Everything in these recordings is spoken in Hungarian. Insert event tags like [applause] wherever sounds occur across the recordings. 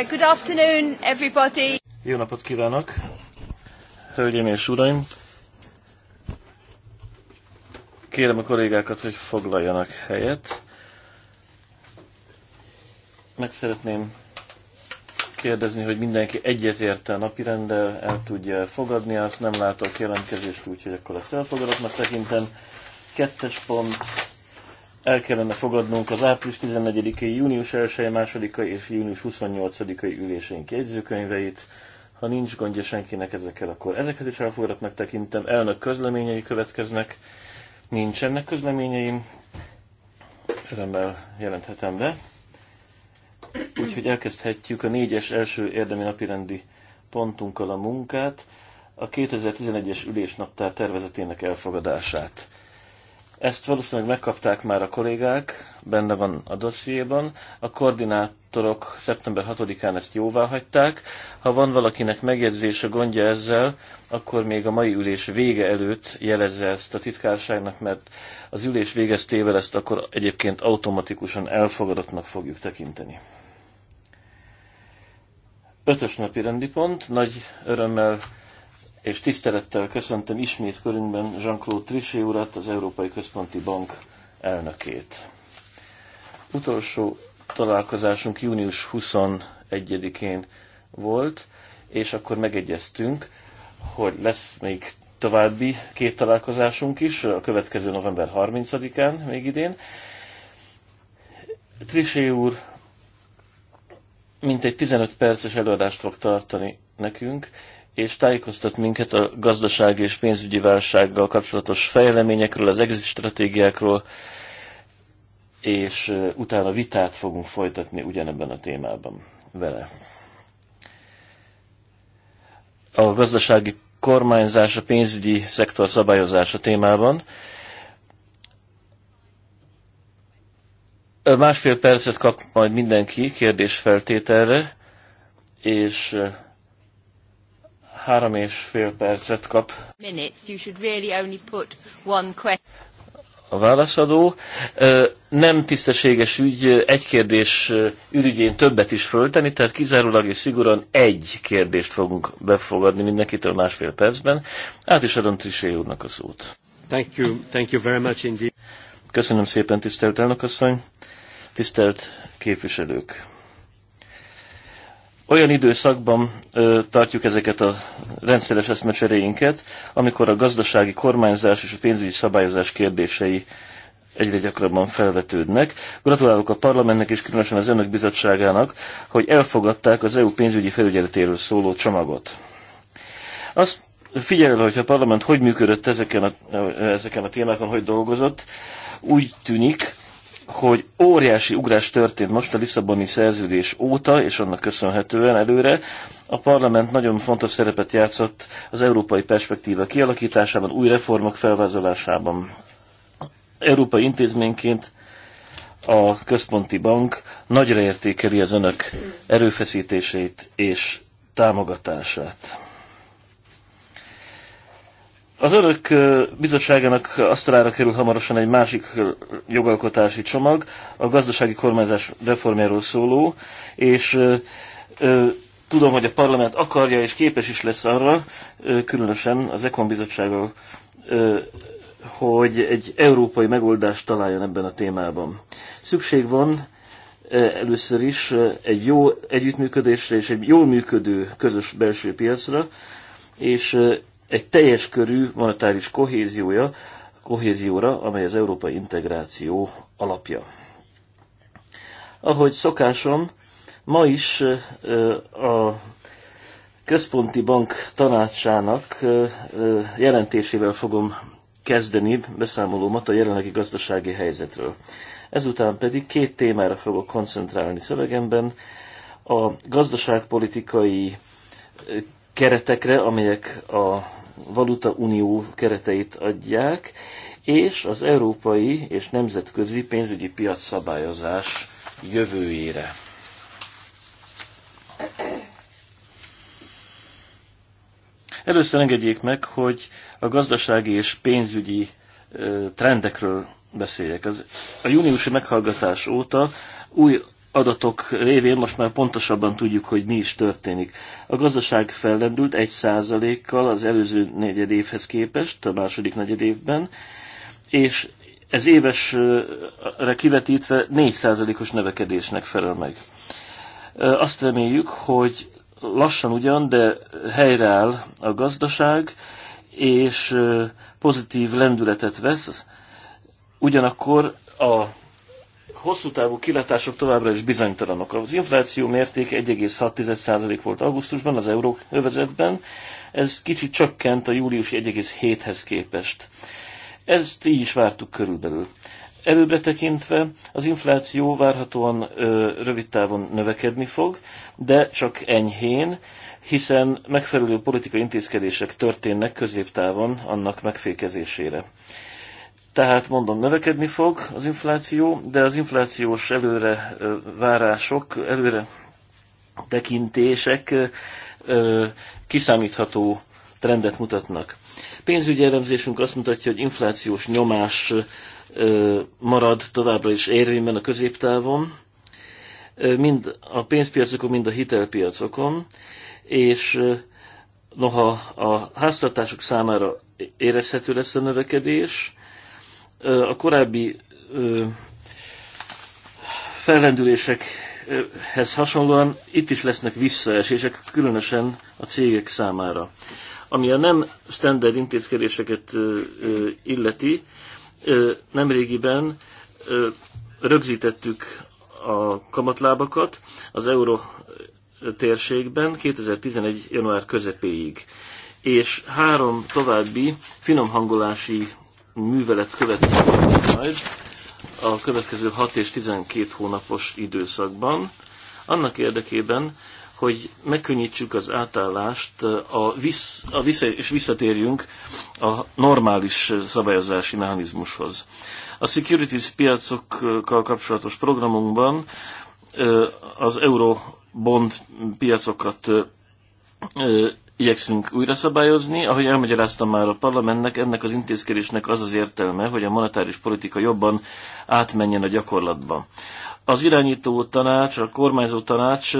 Good afternoon, everybody. Jó napot kívánok, hölgyeim és uraim. Kérem a kollégákat, hogy foglaljanak helyet. Meg szeretném kérdezni, hogy mindenki egyetérte a rendel, el tudja fogadni, azt nem látok jelentkezést, úgyhogy akkor ezt elfogadottnak tekintem. Kettes pont, el kellene fogadnunk az április 14-i, június 1 2 és június 28-ai ülésénk jegyzőkönyveit. Ha nincs gondja senkinek ezekkel, akkor ezeket is elfogadatnak tekintem. Elnök közleményei következnek. Nincsenek közleményeim. Örömmel jelenthetem be. Úgyhogy elkezdhetjük a négyes első érdemi napirendi pontunkkal a munkát, a 2011-es ülésnaptár tervezetének elfogadását. Ezt valószínűleg megkapták már a kollégák, benne van a dossziéban. A koordinátorok szeptember 6-án ezt jóvá hagyták. Ha van valakinek megjegyzése, gondja ezzel, akkor még a mai ülés vége előtt jelezze ezt a titkárságnak, mert az ülés végeztével ezt akkor egyébként automatikusan elfogadottnak fogjuk tekinteni. Ötös napi rendi pont, nagy örömmel és tisztelettel köszöntöm ismét körünkben Jean-Claude Trichy urat, az Európai Központi Bank elnökét. Utolsó találkozásunk június 21-én volt, és akkor megegyeztünk, hogy lesz még további két találkozásunk is, a következő november 30-án még idén. Trisé úr mintegy 15 perces előadást fog tartani nekünk, és tájékoztat minket a gazdasági és pénzügyi válsággal kapcsolatos fejleményekről, az exit stratégiákról, és utána vitát fogunk folytatni ugyanebben a témában vele. A gazdasági kormányzás, a pénzügyi szektor szabályozása témában. Másfél percet kap majd mindenki kérdésfeltételre, és Három és fél percet kap. Minutes, you should really only put one question. A válaszadó nem tisztességes ügy egy kérdés ürügyén többet is fölteni, tehát kizárólag és szigorúan egy kérdést fogunk befogadni mindenkitől másfél percben. Át is adom Trisé úrnak a szót. Thank you, thank you very much indeed. Köszönöm szépen, tisztelt elnökasszony, tisztelt képviselők olyan időszakban ö, tartjuk ezeket a rendszeres eszmecseréinket, amikor a gazdasági kormányzás és a pénzügyi szabályozás kérdései egyre gyakrabban felvetődnek. Gratulálok a parlamentnek és különösen az önök bizottságának, hogy elfogadták az EU pénzügyi felügyeletéről szóló csomagot. Azt figyelve, hogy a parlament hogy működött ezeken a, ezeken a témákon, hogy dolgozott, úgy tűnik, hogy óriási ugrás történt most a Lisszaboni szerződés óta, és annak köszönhetően előre. A parlament nagyon fontos szerepet játszott az európai perspektíva kialakításában, új reformok felvázolásában. Európai intézményként a központi bank nagyra értékeli az önök erőfeszítését és támogatását. Az örök bizottságának asztalára kerül hamarosan egy másik jogalkotási csomag, a gazdasági kormányzás reformjáról szóló, és tudom, hogy a parlament akarja és képes is lesz arra, különösen az Ekon bizottsággal, hogy egy európai megoldást találjon ebben a témában. Szükség van először is egy jó együttműködésre és egy jól működő közös belső piacra, és egy teljes körű monetáris kohéziója, kohézióra, amely az európai integráció alapja. Ahogy szokásom, ma is a központi bank tanácsának jelentésével fogom kezdeni beszámolómat a jelenlegi gazdasági helyzetről. Ezután pedig két témára fogok koncentrálni szövegemben, a gazdaságpolitikai keretekre, amelyek a valuta unió kereteit adják, és az európai és nemzetközi pénzügyi piac szabályozás jövőjére. Először engedjék meg, hogy a gazdasági és pénzügyi trendekről beszéljek. Az, a júniusi meghallgatás óta új adatok révén most már pontosabban tudjuk, hogy mi is történik. A gazdaság fellendült 1%-kal az előző negyed évhez képest, a második negyed évben, és ez évesre kivetítve 4%-os növekedésnek felel meg. Azt reméljük, hogy lassan ugyan, de helyreáll a gazdaság, és pozitív lendületet vesz, ugyanakkor a hosszú távú kilátások továbbra is bizonytalanok. Az infláció mértéke 1,6% volt augusztusban az euróövezetben, ez kicsit csökkent a júliusi 1,7-hez képest. Ezt így is vártuk körülbelül. Előbbre tekintve az infláció várhatóan ö, rövid távon növekedni fog, de csak enyhén, hiszen megfelelő politikai intézkedések történnek középtávon annak megfékezésére. Tehát mondom, növekedni fog az infláció, de az inflációs előre várások, előre tekintések kiszámítható trendet mutatnak. Pénzügyi elemzésünk azt mutatja, hogy inflációs nyomás marad továbbra is érvényben a középtávon, mind a pénzpiacokon, mind a hitelpiacokon, és noha a háztartások számára érezhető lesz a növekedés, a korábbi fellendülésekhez hasonlóan itt is lesznek visszaesések, különösen a cégek számára. Ami a nem standard intézkedéseket illeti, nemrégiben rögzítettük a kamatlábakat az euró térségben 2011. január közepéig, és három további finomhangolási művelet következik majd a következő 6 és 12 hónapos időszakban, annak érdekében, hogy megkönnyítsük az átállást, a visz, a visz, és visszatérjünk a normális szabályozási mechanizmushoz. A securities piacokkal kapcsolatos programunkban az euro bond piacokat igyekszünk újra szabályozni. Ahogy elmagyaráztam már a parlamentnek, ennek az intézkedésnek az az értelme, hogy a monetáris politika jobban átmenjen a gyakorlatba. Az irányító tanács, a kormányzó tanács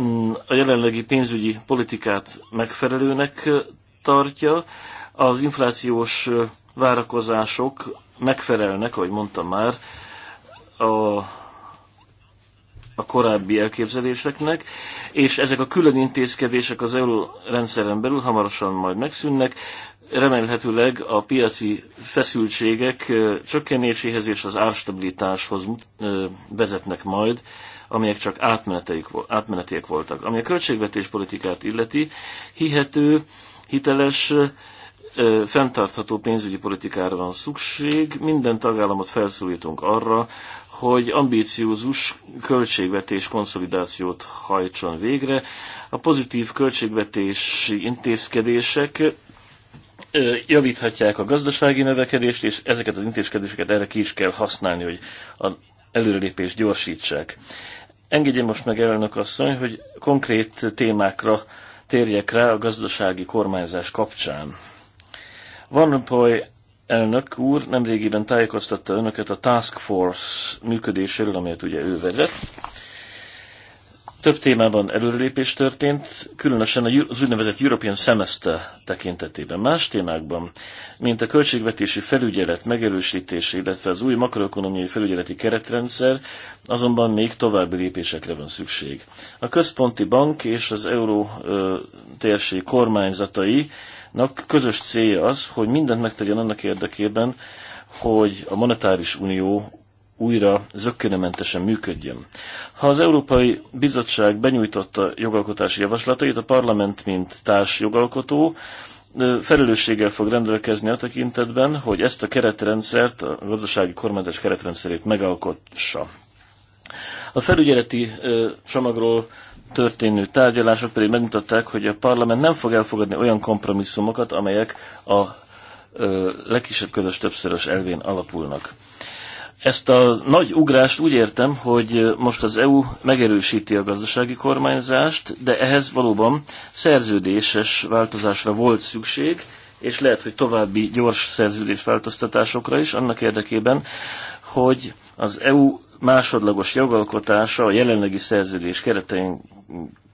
mm, a jelenlegi pénzügyi politikát megfelelőnek tartja, az inflációs várakozások megfelelnek, ahogy mondtam már, a a korábbi elképzeléseknek, és ezek a külön intézkedések az euró rendszeren belül hamarosan majd megszűnnek, remélhetőleg a piaci feszültségek csökkenéséhez és az árstabilitáshoz vezetnek majd, amelyek csak átmenetiek voltak. Ami a költségvetéspolitikát illeti, hihető, hiteles, fenntartható pénzügyi politikára van szükség. Minden tagállamot felszólítunk arra, hogy ambíciózus költségvetés konszolidációt hajtson végre. A pozitív költségvetési intézkedések javíthatják a gazdasági növekedést, és ezeket az intézkedéseket erre ki is kell használni, hogy az előrelépést gyorsítsák. Engedje most meg elnök asszony, hogy konkrét témákra térjek rá a gazdasági kormányzás kapcsán. Van hogy elnök úr nemrégiben tájékoztatta önöket a Task Force működéséről, amelyet ugye ő vezet. Több témában előrelépés történt, különösen az úgynevezett European Semester tekintetében. Más témákban, mint a költségvetési felügyelet megerősítése, illetve az új makroökonomiai felügyeleti keretrendszer, azonban még további lépésekre van szükség. A központi bank és az euró ö, térség kormányzatai közös célja az, hogy mindent megtegyen annak érdekében, hogy a monetáris unió újra zöggenementesen működjön. Ha az Európai Bizottság benyújtotta jogalkotási javaslatait, a parlament, mint társ jogalkotó, felelősséggel fog rendelkezni a tekintetben, hogy ezt a keretrendszert, a gazdasági kormányzás keretrendszerét megalkotsa. A felügyeleti csomagról történő tárgyalások pedig megmutatták, hogy a parlament nem fog elfogadni olyan kompromisszumokat, amelyek a ö, legkisebb közös többszörös elvén alapulnak. Ezt a nagy ugrást úgy értem, hogy most az EU megerősíti a gazdasági kormányzást, de ehhez valóban szerződéses változásra volt szükség, és lehet, hogy további gyors szerződés változtatásokra is, annak érdekében, hogy az EU másodlagos jogalkotása a jelenlegi szerződés keretein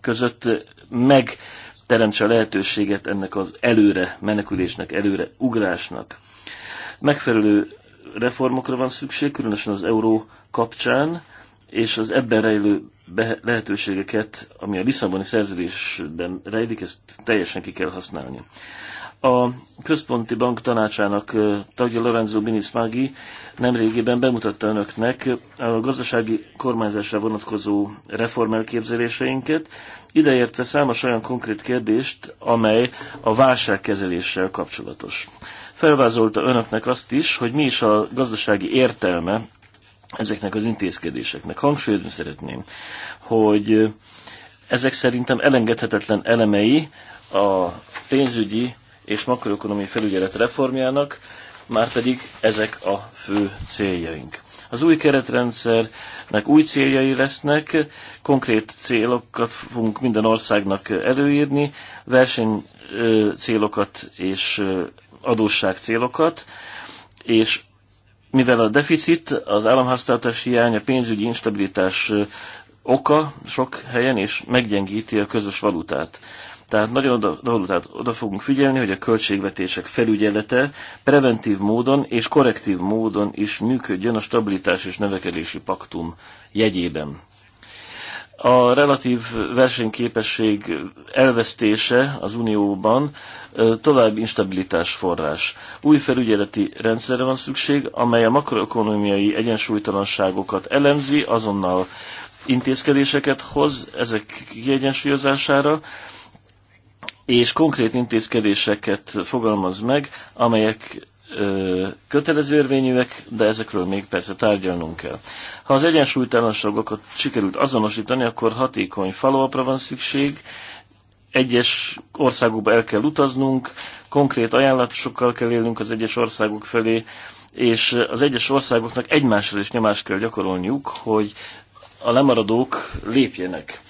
között megteremtse a lehetőséget ennek az előre menekülésnek, előre ugrásnak. Megfelelő reformokra van szükség, különösen az euró kapcsán, és az ebben rejlő lehetőségeket, ami a Lisszaboni szerződésben rejlik, ezt teljesen ki kell használni. A Központi Bank tanácsának tagja Lorenzo Binismagi nemrégiben bemutatta önöknek a gazdasági kormányzásra vonatkozó elképzeléseinket, ideértve számos olyan konkrét kérdést, amely a válságkezeléssel kapcsolatos. Felvázolta önöknek azt is, hogy mi is a gazdasági értelme ezeknek az intézkedéseknek. Hangsúlyozni szeretném, hogy ezek szerintem elengedhetetlen elemei a pénzügyi és makroökonomiai felügyelet reformjának, már pedig ezek a fő céljaink. Az új keretrendszernek új céljai lesznek, konkrét célokat fogunk minden országnak előírni, verseny célokat és adósság célokat, és mivel a deficit, az államháztartás hiány, a pénzügyi instabilitás oka sok helyen, és meggyengíti a közös valutát. Tehát nagyon oda, oda, tehát oda fogunk figyelni, hogy a költségvetések felügyelete preventív módon és korrektív módon is működjön a stabilitás és növekedési paktum jegyében. A relatív versenyképesség elvesztése az Unióban további instabilitás forrás. Új felügyeleti rendszerre van szükség, amely a makroökonomiai egyensúlytalanságokat elemzi, azonnal intézkedéseket hoz ezek kiegyensúlyozására, és konkrét intézkedéseket fogalmaz meg, amelyek ö, kötelező érvényűek, de ezekről még persze tárgyalnunk kell. Ha az egyensúlytalanságokat sikerült azonosítani, akkor hatékony falóapra van szükség, egyes országokba el kell utaznunk, konkrét ajánlatosokkal kell élnünk az egyes országok felé, és az egyes országoknak egymással is nyomást kell gyakorolniuk, hogy a lemaradók lépjenek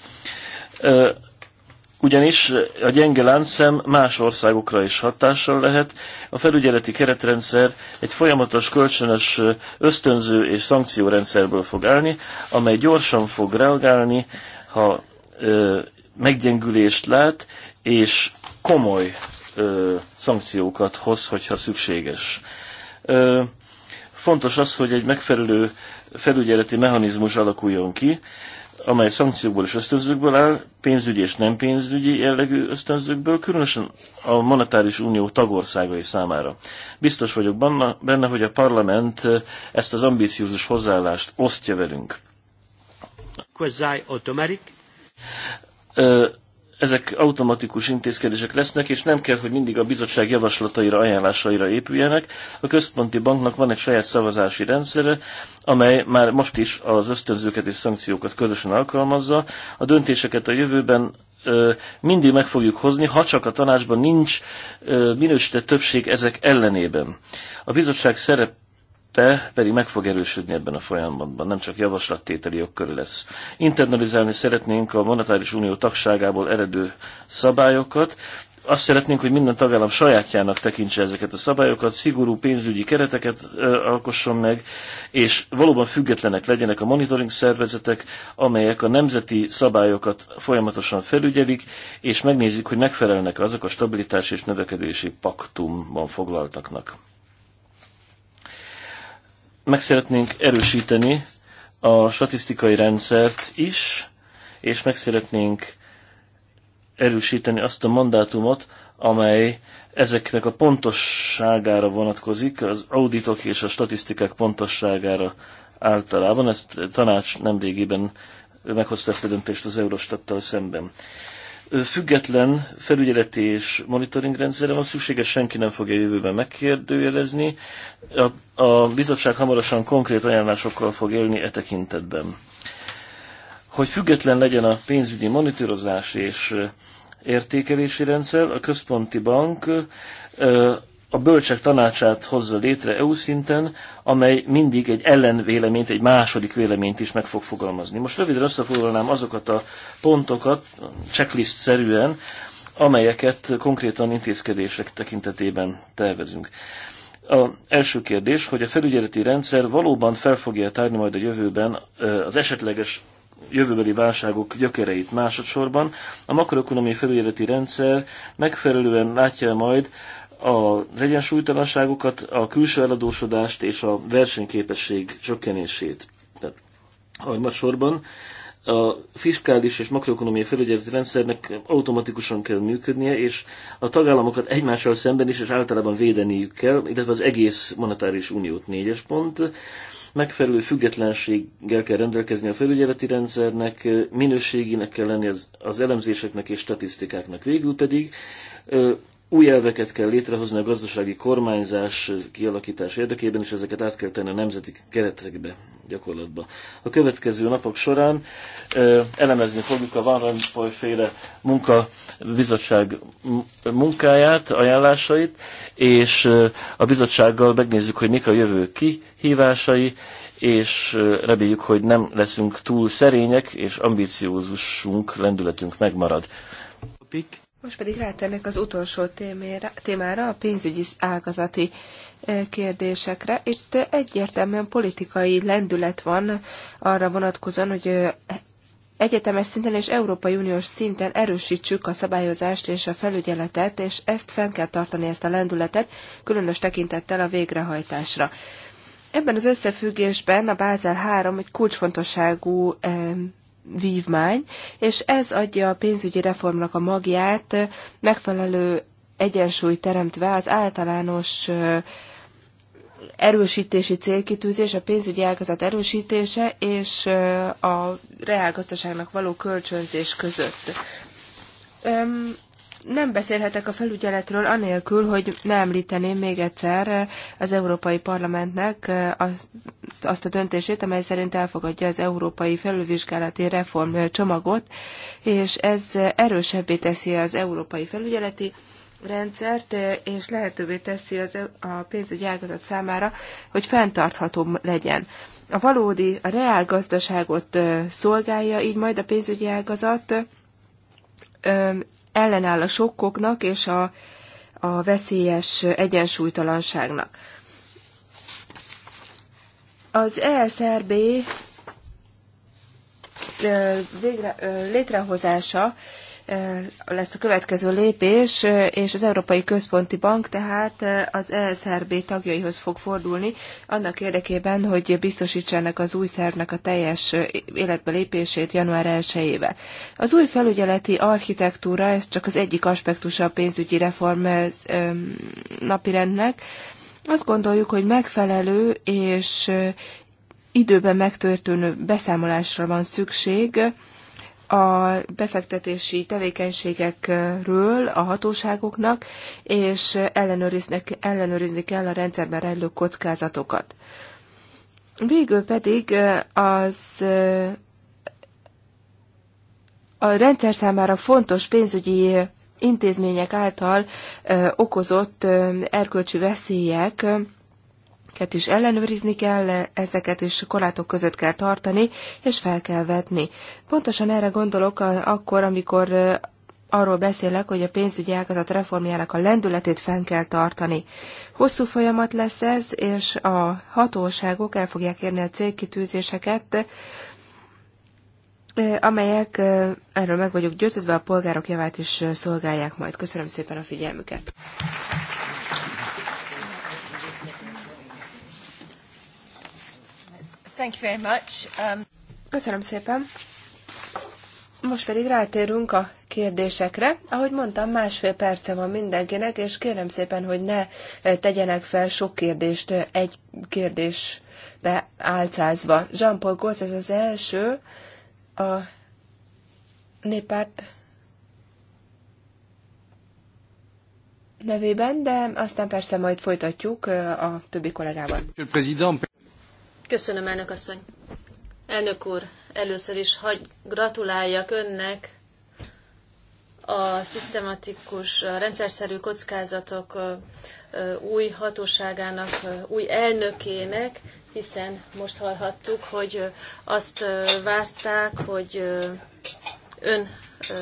ugyanis a gyenge láncszem más országokra is hatással lehet. A felügyeleti keretrendszer egy folyamatos kölcsönös ösztönző és szankciórendszerből fog állni, amely gyorsan fog reagálni, ha ö, meggyengülést lát, és komoly ö, szankciókat hoz, hogyha szükséges. Ö, fontos az, hogy egy megfelelő felügyeleti mechanizmus alakuljon ki, amely szankciókból és ösztönzőkből áll, pénzügyi és nem pénzügyi jellegű ösztönzőkből, különösen a monetáris unió tagországai számára. Biztos vagyok benne, hogy a parlament eh, ezt az ambíciózus hozzáállást osztja velünk ezek automatikus intézkedések lesznek, és nem kell, hogy mindig a bizottság javaslataira, ajánlásaira épüljenek. A központi banknak van egy saját szavazási rendszere, amely már most is az ösztönzőket és szankciókat közösen alkalmazza. A döntéseket a jövőben ö, mindig meg fogjuk hozni, ha csak a tanácsban nincs minősített többség ezek ellenében. A bizottság szerep te, pedig meg fog erősödni ebben a folyamatban, nem csak javaslattételi jogkörű lesz. Internalizálni szeretnénk a monetáris unió tagságából eredő szabályokat, azt szeretnénk, hogy minden tagállam sajátjának tekintse ezeket a szabályokat, szigorú pénzügyi kereteket ö, alkosson meg, és valóban függetlenek legyenek a monitoring szervezetek, amelyek a nemzeti szabályokat folyamatosan felügyelik, és megnézik, hogy megfelelnek azok a stabilitás és növekedési paktumban foglaltaknak meg szeretnénk erősíteni a statisztikai rendszert is, és meg szeretnénk erősíteni azt a mandátumot, amely ezeknek a pontosságára vonatkozik, az auditok és a statisztikák pontosságára általában. Ezt tanács nemrégiben meghozta ezt a döntést az Eurostattal szemben. Független felügyeleti és monitoring rendszerre van szükséges, senki nem fogja jövőben megkérdőjelezni. A, a bizottság hamarosan konkrét ajánlásokkal fog élni e tekintetben. Hogy független legyen a pénzügyi monitorozás és értékelési rendszer, a központi bank a bölcsek tanácsát hozza létre EU szinten, amely mindig egy ellenvéleményt, egy második véleményt is meg fog fogalmazni. Most röviden összefoglalnám azokat a pontokat, checklist-szerűen, amelyeket konkrétan intézkedések tekintetében tervezünk. A első kérdés, hogy a felügyeleti rendszer valóban fel fogja tárni majd a jövőben az esetleges jövőbeli válságok gyökereit másodszorban. A makroekonomiai felügyeleti rendszer megfelelően látja majd az egyensúlytalanságokat, a külső eladósodást és a versenyképesség csökkenését. Tehát, sorban, a fiskális és makroekonomiai felügyeleti rendszernek automatikusan kell működnie, és a tagállamokat egymással szemben is, és általában védeniük kell, illetve az egész monetáris uniót négyes pont. Megfelelő függetlenséggel kell rendelkezni a felügyeleti rendszernek, minőségének kell lenni az, az elemzéseknek és statisztikáknak. Végül pedig új elveket kell létrehozni a gazdasági kormányzás kialakítás érdekében, és ezeket át kell tenni a nemzeti keretekbe, gyakorlatba. A következő napok során elemezni fogjuk a Van Rompuy féle munkabizottság munkáját, ajánlásait, és a bizottsággal megnézzük, hogy mik a jövő kihívásai, és reméljük, hogy nem leszünk túl szerények, és ambíciózusunk, lendületünk megmarad. Most pedig rátennék az utolsó témére, témára, a pénzügyi ágazati e, kérdésekre. Itt egyértelműen politikai lendület van arra vonatkozóan, hogy e, egyetemes szinten és Európai Uniós szinten erősítsük a szabályozást és a felügyeletet, és ezt fenn kell tartani, ezt a lendületet, különös tekintettel a végrehajtásra. Ebben az összefüggésben a Bázel 3 egy kulcsfontosságú vívmány, és ez adja a pénzügyi reformnak a magját, megfelelő egyensúly teremtve az általános erősítési célkitűzés, a pénzügyi ágazat erősítése és a reálgazdaságnak való kölcsönzés között nem beszélhetek a felügyeletről anélkül, hogy ne említeném még egyszer az Európai Parlamentnek azt a döntését, amely szerint elfogadja az Európai Felülvizsgálati Reform csomagot, és ez erősebbé teszi az Európai Felügyeleti rendszert, és lehetővé teszi az, e- a pénzügyi ágazat számára, hogy fenntartható legyen. A valódi, a reál gazdaságot szolgálja így majd a pénzügyi ágazat, ellenáll a sokkoknak és a, a veszélyes egyensúlytalanságnak. Az ESRB végre, létrehozása Eh, lesz a következő lépés, eh, és az Európai Központi Bank tehát eh, az ESRB tagjaihoz fog fordulni, annak érdekében, hogy biztosítsanak az új szervnek a teljes életbe lépését január 1 éve. Az új felügyeleti architektúra, ez csak az egyik aspektusa a pénzügyi reform napirendnek, azt gondoljuk, hogy megfelelő és időben megtörténő beszámolásra van szükség, a befektetési tevékenységekről a hatóságoknak, és ellenőrizni kell a rendszerben rejlő kockázatokat. Végül pedig az a rendszer számára fontos pénzügyi intézmények által okozott erkölcsi veszélyek ezeket is ellenőrizni kell, ezeket is korlátok között kell tartani, és fel kell vetni. Pontosan erre gondolok akkor, amikor arról beszélek, hogy a pénzügyi ágazat reformjának a lendületét fenn kell tartani. Hosszú folyamat lesz ez, és a hatóságok el fogják érni a célkitűzéseket, amelyek, erről meg vagyok győződve, a polgárok javát is szolgálják majd. Köszönöm szépen a figyelmüket! Thank you very much. Um... Köszönöm szépen. Most pedig rátérünk a kérdésekre. Ahogy mondtam, másfél perce van mindenkinek, és kérem szépen, hogy ne eh, tegyenek fel sok kérdést eh, egy kérdésbe álcázva. Jean-Paul Gossz, ez az első, a népárt nevében, de aztán persze majd folytatjuk eh, a többi kollégával. Köszönöm, elnök asszony. Elnök úr, először is hagy gratuláljak önnek a szisztematikus, rendszerszerű kockázatok új hatóságának, új elnökének, hiszen most hallhattuk, hogy azt várták, hogy ön,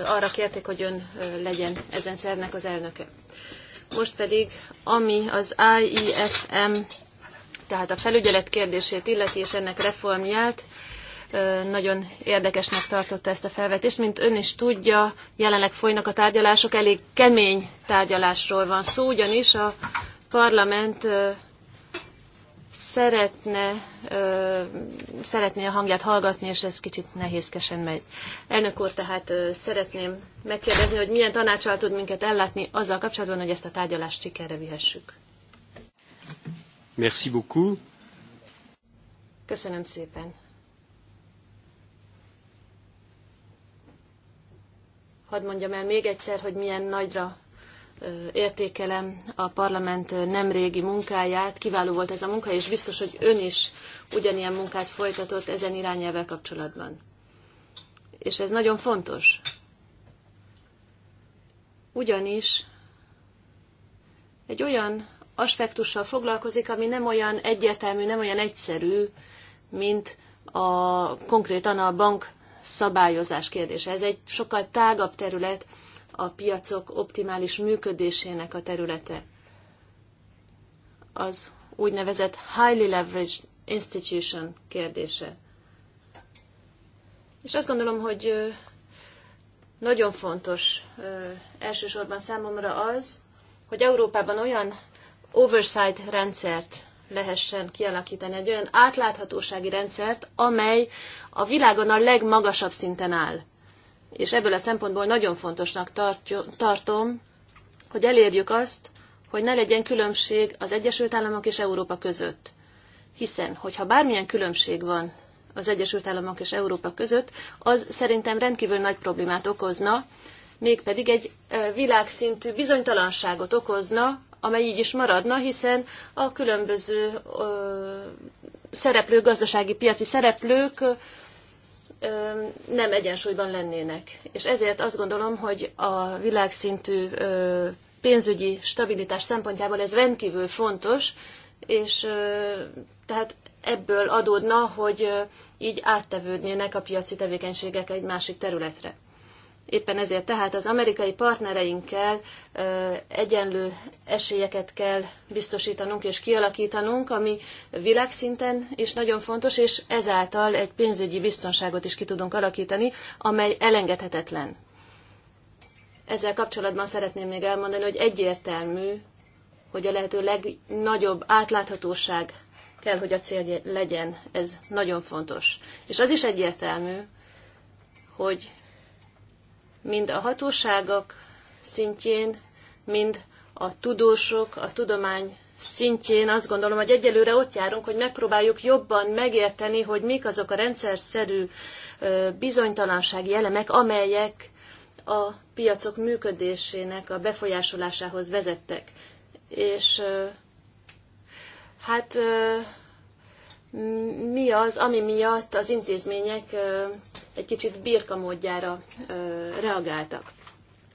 arra kérték, hogy ön legyen ezen szernek az elnöke. Most pedig, ami az IEFM tehát a felügyelet kérdését illeti és ennek reformját, nagyon érdekesnek tartotta ezt a felvetést. Mint ön is tudja, jelenleg folynak a tárgyalások, elég kemény tárgyalásról van szó, ugyanis a parlament szeretne, szeretné a hangját hallgatni, és ez kicsit nehézkesen megy. Elnök úr, tehát szeretném megkérdezni, hogy milyen tanácsal tud minket ellátni azzal kapcsolatban, hogy ezt a tárgyalást sikerre vihessük. Merci beaucoup. Köszönöm szépen. Hadd mondjam el még egyszer, hogy milyen nagyra értékelem a parlament nemrégi munkáját. Kiváló volt ez a munka, és biztos, hogy ön is ugyanilyen munkát folytatott ezen irányelvvel kapcsolatban. És ez nagyon fontos. Ugyanis egy olyan aspektussal foglalkozik, ami nem olyan egyértelmű, nem olyan egyszerű, mint a konkrétan a bank szabályozás kérdése. Ez egy sokkal tágabb terület, a piacok optimális működésének a területe. Az úgynevezett highly leveraged institution kérdése. És azt gondolom, hogy nagyon fontos elsősorban számomra az, hogy Európában olyan oversight rendszert lehessen kialakítani, egy olyan átláthatósági rendszert, amely a világon a legmagasabb szinten áll. És ebből a szempontból nagyon fontosnak tartom, hogy elérjük azt, hogy ne legyen különbség az Egyesült Államok és Európa között. Hiszen, hogyha bármilyen különbség van az Egyesült Államok és Európa között, az szerintem rendkívül nagy problémát okozna, mégpedig egy világszintű bizonytalanságot okozna amely így is maradna, hiszen a különböző ö, szereplők, gazdasági piaci szereplők ö, nem egyensúlyban lennének. És ezért azt gondolom, hogy a világszintű ö, pénzügyi stabilitás szempontjából ez rendkívül fontos, és ö, tehát ebből adódna, hogy így áttevődnének a piaci tevékenységek egy másik területre. Éppen ezért tehát az amerikai partnereinkkel egyenlő esélyeket kell biztosítanunk és kialakítanunk, ami világszinten is nagyon fontos, és ezáltal egy pénzügyi biztonságot is ki tudunk alakítani, amely elengedhetetlen. Ezzel kapcsolatban szeretném még elmondani, hogy egyértelmű, hogy a lehető legnagyobb átláthatóság kell, hogy a cél legyen. Ez nagyon fontos. És az is egyértelmű, hogy mind a hatóságok szintjén, mind a tudósok, a tudomány szintjén azt gondolom, hogy egyelőre ott járunk, hogy megpróbáljuk jobban megérteni, hogy mik azok a szerű bizonytalansági elemek, amelyek a piacok működésének a befolyásolásához vezettek. És hát mi az, ami miatt az intézmények egy kicsit birka módjára reagáltak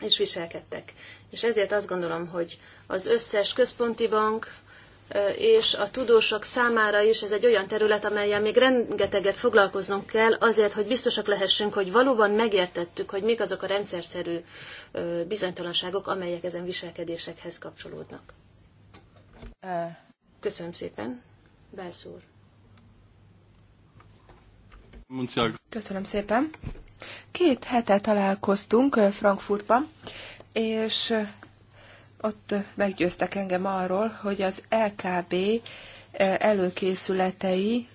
és viselkedtek. És ezért azt gondolom, hogy az összes központi bank és a tudósok számára is ez egy olyan terület, amelyen még rengeteget foglalkoznunk kell azért, hogy biztosak lehessünk, hogy valóban megértettük, hogy mik azok a rendszerszerű bizonytalanságok, amelyek ezen viselkedésekhez kapcsolódnak. Köszönöm szépen. Belszúr. Köszönöm szépen. Két hete találkoztunk Frankfurtban, és ott meggyőztek engem arról, hogy az LKB előkészületei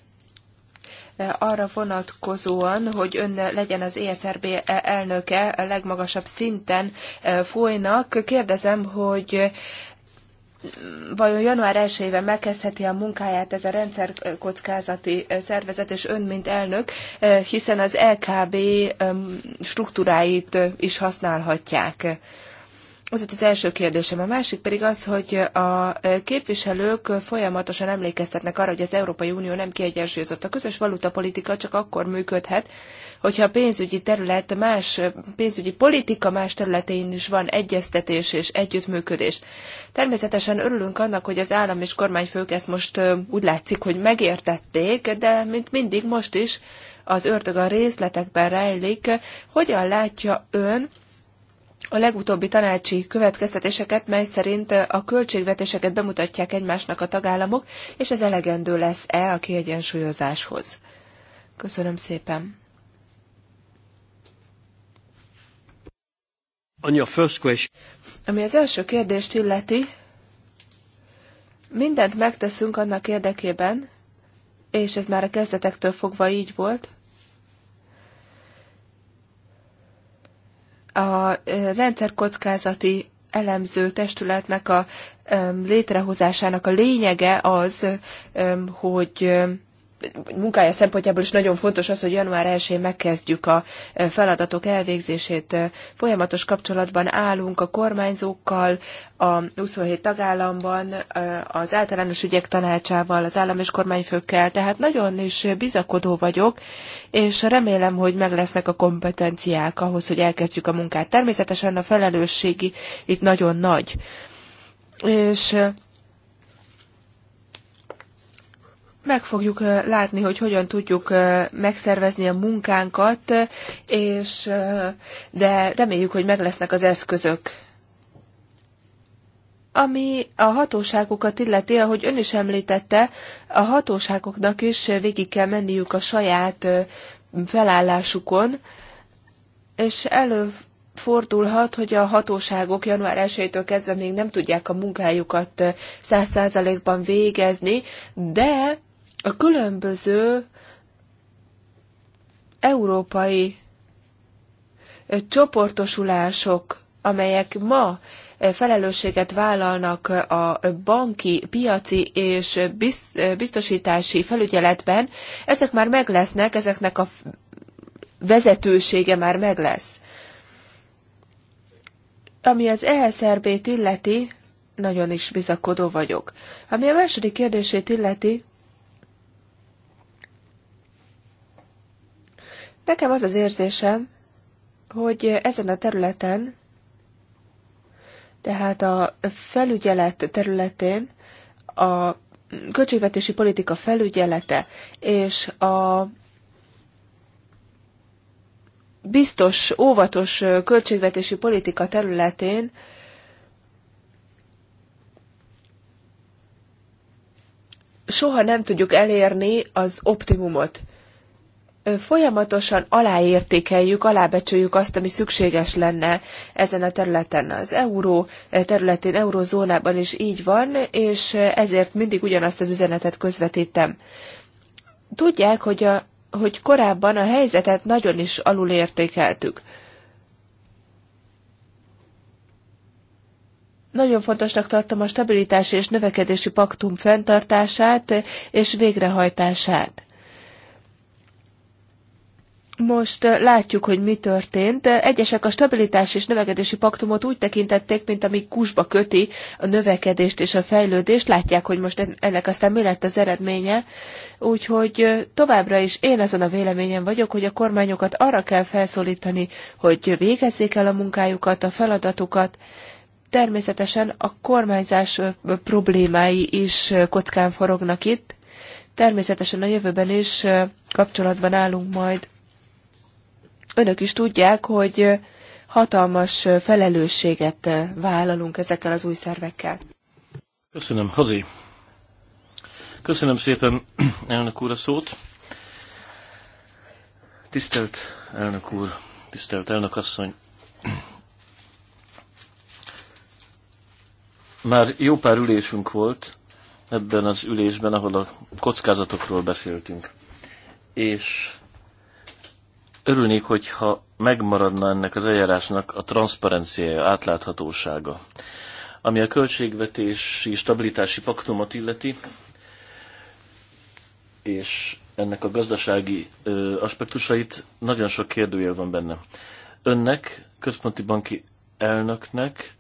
arra vonatkozóan, hogy ön legyen az ESRB elnöke legmagasabb szinten folynak. Kérdezem, hogy vajon január 1-ével megkezdheti a munkáját ez a rendszerkockázati szervezet, és ön, mint elnök, hiszen az LKB struktúráit is használhatják. Az itt az első kérdésem. A másik pedig az, hogy a képviselők folyamatosan emlékeztetnek arra, hogy az Európai Unió nem kiegyensúlyozott. A közös valutapolitika csak akkor működhet, hogyha a pénzügyi terület más, pénzügyi politika más területein is van egyeztetés és együttműködés. Természetesen örülünk annak, hogy az állam és kormányfők ezt most úgy látszik, hogy megértették, de mint mindig most is az ördög a részletekben rejlik. Hogyan látja ön, a legutóbbi tanácsi következtetéseket, mely szerint a költségvetéseket bemutatják egymásnak a tagállamok, és ez elegendő lesz-e a kiegyensúlyozáshoz. Köszönöm szépen. On your first question. Ami az első kérdést illeti, mindent megteszünk annak érdekében, és ez már a kezdetektől fogva így volt, a rendszerkockázati elemző testületnek a létrehozásának a lényege az, hogy munkája szempontjából is nagyon fontos az, hogy január 1-én megkezdjük a eh, feladatok elvégzését. Eh, folyamatos kapcsolatban állunk a kormányzókkal, a 27 tagállamban, eh, az általános ügyek tanácsával, az állam és kormányfőkkel, tehát nagyon is bizakodó vagyok, és remélem, hogy meg lesznek a kompetenciák ahhoz, hogy elkezdjük a munkát. Természetesen a felelősségi itt nagyon nagy. És meg fogjuk látni, hogy hogyan tudjuk megszervezni a munkánkat, és, de reméljük, hogy meg lesznek az eszközök. Ami a hatóságokat illeti, ahogy ön is említette, a hatóságoknak is végig kell menniük a saját felállásukon, és előfordulhat, hogy a hatóságok január 1-től kezdve még nem tudják a munkájukat száz százalékban végezni, de a különböző európai csoportosulások, amelyek ma felelősséget vállalnak a banki, piaci és biztosítási felügyeletben, ezek már meg lesznek, ezeknek a vezetősége már meg lesz. Ami az ESRB-t illeti, nagyon is bizakodó vagyok. Ami a második kérdését illeti, Nekem az az érzésem, hogy ezen a területen, tehát a felügyelet területén a költségvetési politika felügyelete és a biztos, óvatos költségvetési politika területén soha nem tudjuk elérni az optimumot folyamatosan aláértékeljük, alábecsüljük azt, ami szükséges lenne ezen a területen, az euró területén, eurozónában is így van, és ezért mindig ugyanazt az üzenetet közvetítem. Tudják, hogy, a, hogy korábban a helyzetet nagyon is alulértékeltük. Nagyon fontosnak tartom a stabilitási és növekedési paktum fenntartását és végrehajtását most látjuk, hogy mi történt. Egyesek a stabilitás és növekedési paktumot úgy tekintették, mint ami kusba köti a növekedést és a fejlődést. Látják, hogy most ennek aztán mi lett az eredménye. Úgyhogy továbbra is én azon a véleményen vagyok, hogy a kormányokat arra kell felszólítani, hogy végezzék el a munkájukat, a feladatukat. Természetesen a kormányzás problémái is kockán forognak itt. Természetesen a jövőben is kapcsolatban állunk majd Önök is tudják, hogy hatalmas felelősséget vállalunk ezekkel az új szervekkel. Köszönöm, Hazi. Köszönöm szépen, elnök úr, a szót. Tisztelt elnök úr, tisztelt elnök asszony. Már jó pár ülésünk volt ebben az ülésben, ahol a kockázatokról beszéltünk. És Örülnék, hogyha megmaradna ennek az eljárásnak a transzparenciája, átláthatósága. Ami a költségvetési stabilitási paktumot illeti, és ennek a gazdasági ö, aspektusait, nagyon sok kérdőjel van benne. Önnek, központi banki elnöknek,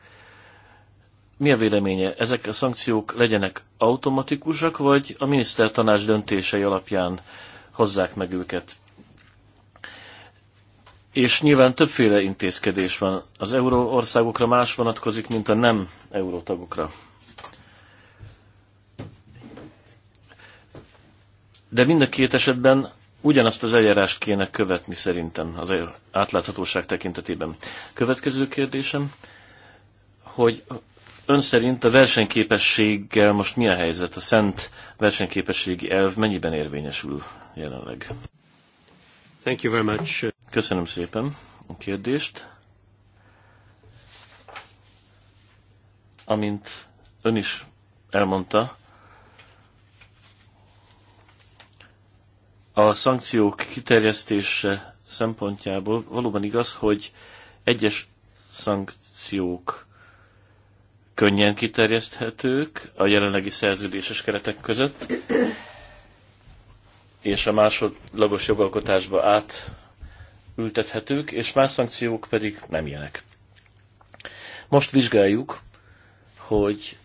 mi a véleménye? Ezek a szankciók legyenek automatikusak, vagy a tanács döntései alapján hozzák meg őket? És nyilván többféle intézkedés van. Az euró országokra más vonatkozik, mint a nem eurótagokra. De mind a két esetben ugyanazt az eljárást kéne követni szerintem az átláthatóság tekintetében. Következő kérdésem, hogy ön szerint a versenyképességgel most mi a helyzet? A szent versenyképességi elv mennyiben érvényesül jelenleg? Thank you very much. Köszönöm szépen a kérdést. Amint ön is elmondta, a szankciók kiterjesztése szempontjából valóban igaz, hogy egyes szankciók könnyen kiterjeszthetők a jelenlegi szerződéses keretek között, és a másodlagos jogalkotásba át ültethetők, és más szankciók pedig nem ilyenek. Most vizsgáljuk, hogy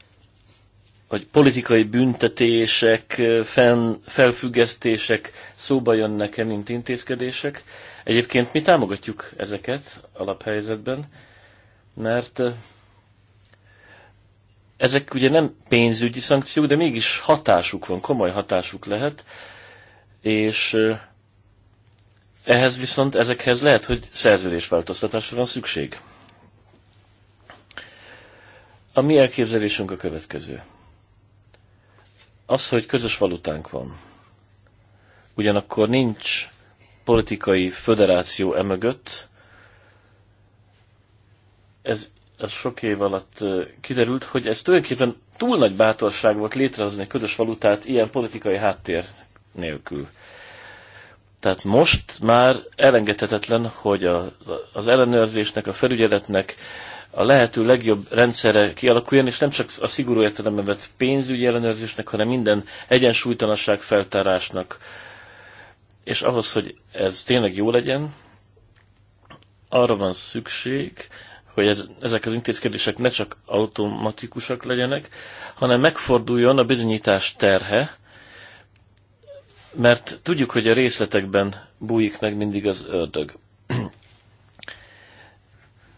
hogy politikai büntetések, fenn, felfüggesztések szóba jönnek-e, mint intézkedések. Egyébként mi támogatjuk ezeket alaphelyzetben, mert ezek ugye nem pénzügyi szankciók, de mégis hatásuk van, komoly hatásuk lehet, és ehhez viszont ezekhez lehet, hogy szerződésváltoztatásra van szükség. A mi elképzelésünk a következő. Az, hogy közös valutánk van. Ugyanakkor nincs politikai föderáció emögött. Ez, ez sok év alatt kiderült, hogy ez tulajdonképpen túl nagy bátorság volt létrehozni közös valutát ilyen politikai háttér nélkül. Tehát most már elengedhetetlen, hogy a, az ellenőrzésnek, a felügyeletnek a lehető legjobb rendszere kialakuljon, és nem csak a szigorú értelemben vett pénzügyi ellenőrzésnek, hanem minden egyensúlytalanság feltárásnak. És ahhoz, hogy ez tényleg jó legyen, arra van szükség, hogy ez, ezek az intézkedések ne csak automatikusak legyenek, hanem megforduljon a bizonyítás terhe, mert tudjuk, hogy a részletekben bújik meg mindig az ördög.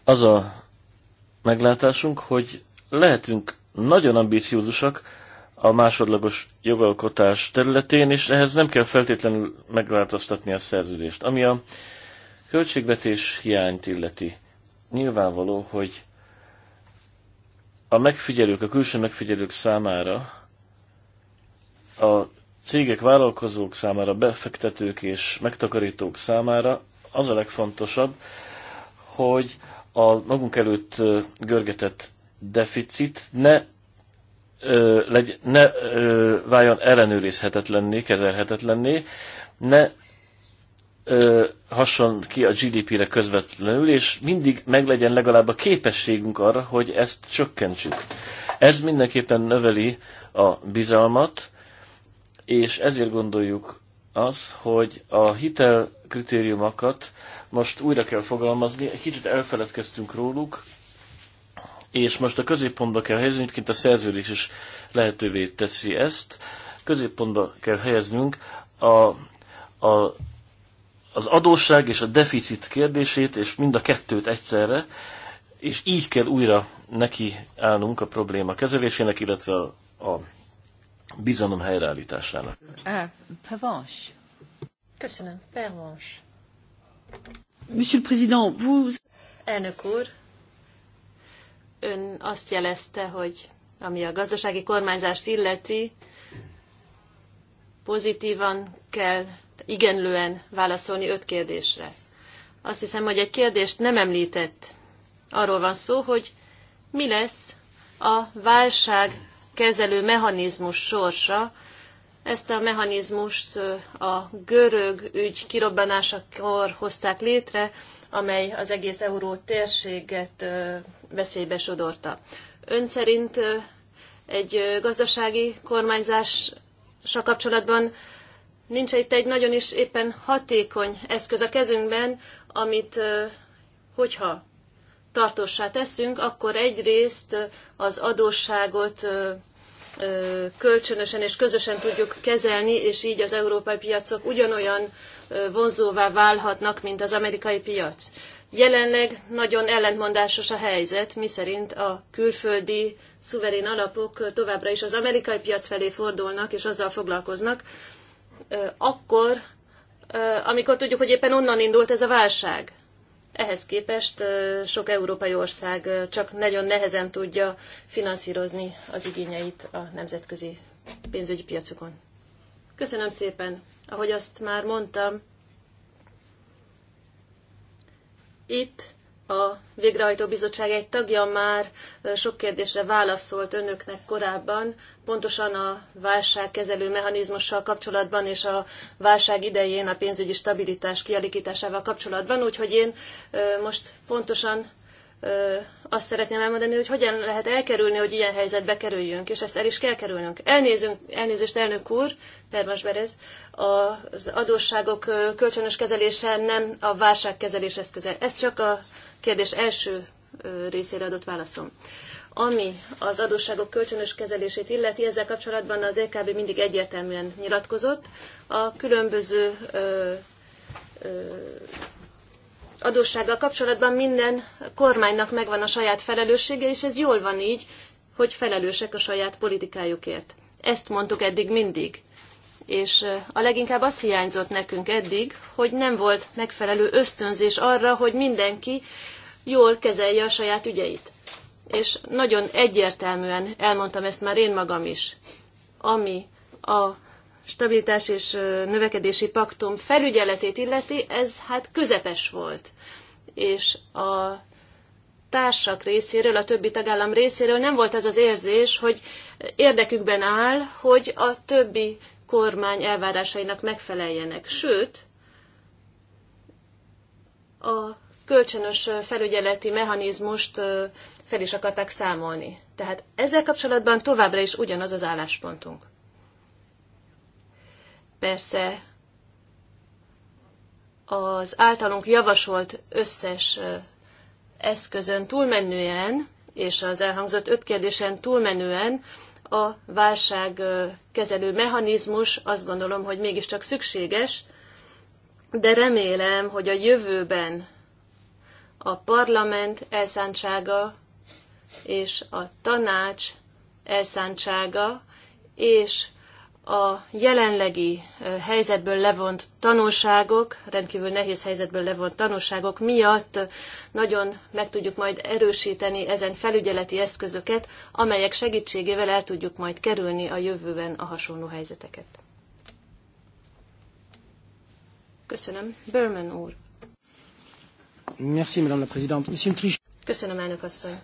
Az a meglátásunk, hogy lehetünk nagyon ambiciózusak a másodlagos jogalkotás területén, és ehhez nem kell feltétlenül megváltoztatni a szerződést. Ami a költségvetés hiányt illeti, nyilvánvaló, hogy a megfigyelők, a külső megfigyelők számára a cégek, vállalkozók számára, befektetők és megtakarítók számára az a legfontosabb, hogy a magunk előtt görgetett deficit ne, ö, legy, ne ö, váljon ellenőrizhetetlenné, kezelhetetlenné, ne ö, hasson ki a GDP-re közvetlenül, és mindig meglegyen legalább a képességünk arra, hogy ezt csökkentsük. Ez mindenképpen növeli a bizalmat, és ezért gondoljuk az, hogy a hitel kritériumokat most újra kell fogalmazni, egy kicsit elfeledkeztünk róluk, és most a középpontba kell helyezni, egyébként a szerződés is lehetővé teszi ezt, középpontba kell helyeznünk a, a, az adósság és a deficit kérdését, és mind a kettőt egyszerre, és így kell újra neki állnunk a probléma kezelésének, illetve a, a bizalom helyreállításának. Eh, Pervans. Köszönöm. Pervans. Monsieur le Président, vous... Elnök úr, ön azt jelezte, hogy ami a gazdasági kormányzást illeti, pozitívan kell igenlően válaszolni öt kérdésre. Azt hiszem, hogy egy kérdést nem említett. Arról van szó, hogy mi lesz a válság kezelő mechanizmus sorsa. Ezt a mechanizmust a görög ügy kirobbanásakor hozták létre, amely az egész euró térséget veszélybe sodorta. Ön szerint egy gazdasági kormányzással kapcsolatban nincs itt egy nagyon is éppen hatékony eszköz a kezünkben, amit hogyha tartósá teszünk, akkor egyrészt az adósságot kölcsönösen és közösen tudjuk kezelni, és így az európai piacok ugyanolyan vonzóvá válhatnak, mint az amerikai piac. Jelenleg nagyon ellentmondásos a helyzet, miszerint a külföldi szuverén alapok továbbra is az amerikai piac felé fordulnak és azzal foglalkoznak, akkor, amikor tudjuk, hogy éppen onnan indult ez a válság. Ehhez képest sok európai ország csak nagyon nehezen tudja finanszírozni az igényeit a nemzetközi pénzügyi piacokon. Köszönöm szépen! Ahogy azt már mondtam, itt a végrehajtó bizottság egy tagja már sok kérdésre válaszolt önöknek korábban, pontosan a válságkezelő mechanizmussal kapcsolatban és a válság idején a pénzügyi stabilitás kialakításával kapcsolatban, úgyhogy én most pontosan azt szeretném elmondani, hogy hogyan lehet elkerülni, hogy ilyen helyzetbe kerüljünk, és ezt el is kell kerülnünk. Elnézünk, elnézést, elnök úr, Pervas Berez, az adósságok kölcsönös kezelése nem a válságkezelés eszköze. Ez csak a kérdés első részére adott válaszom. Ami az adósságok kölcsönös kezelését illeti, ezzel kapcsolatban az EKB mindig egyértelműen nyilatkozott. A különböző ö, ö, adóssággal kapcsolatban minden kormánynak megvan a saját felelőssége, és ez jól van így, hogy felelősek a saját politikájukért. Ezt mondtuk eddig mindig. És a leginkább az hiányzott nekünk eddig, hogy nem volt megfelelő ösztönzés arra, hogy mindenki jól kezelje a saját ügyeit és nagyon egyértelműen elmondtam ezt már én magam is, ami a stabilitás és növekedési paktum felügyeletét illeti, ez hát közepes volt. És a társak részéről, a többi tagállam részéről nem volt az az érzés, hogy érdekükben áll, hogy a többi kormány elvárásainak megfeleljenek. Sőt, a kölcsönös felügyeleti mechanizmust fel is akarták számolni. Tehát ezzel kapcsolatban továbbra is ugyanaz az álláspontunk. Persze az általunk javasolt összes eszközön túlmenően, és az elhangzott öt kérdésen túlmenően a válságkezelő mechanizmus azt gondolom, hogy mégiscsak szükséges, de remélem, hogy a jövőben a parlament elszántsága és a tanács elszántsága és a jelenlegi helyzetből levont tanulságok, rendkívül nehéz helyzetből levont tanulságok miatt nagyon meg tudjuk majd erősíteni ezen felügyeleti eszközöket, amelyek segítségével el tudjuk majd kerülni a jövőben a hasonló helyzeteket. Köszönöm. Berman úr. Merci, Madame la Présidente. Köszönöm, elnök asszony.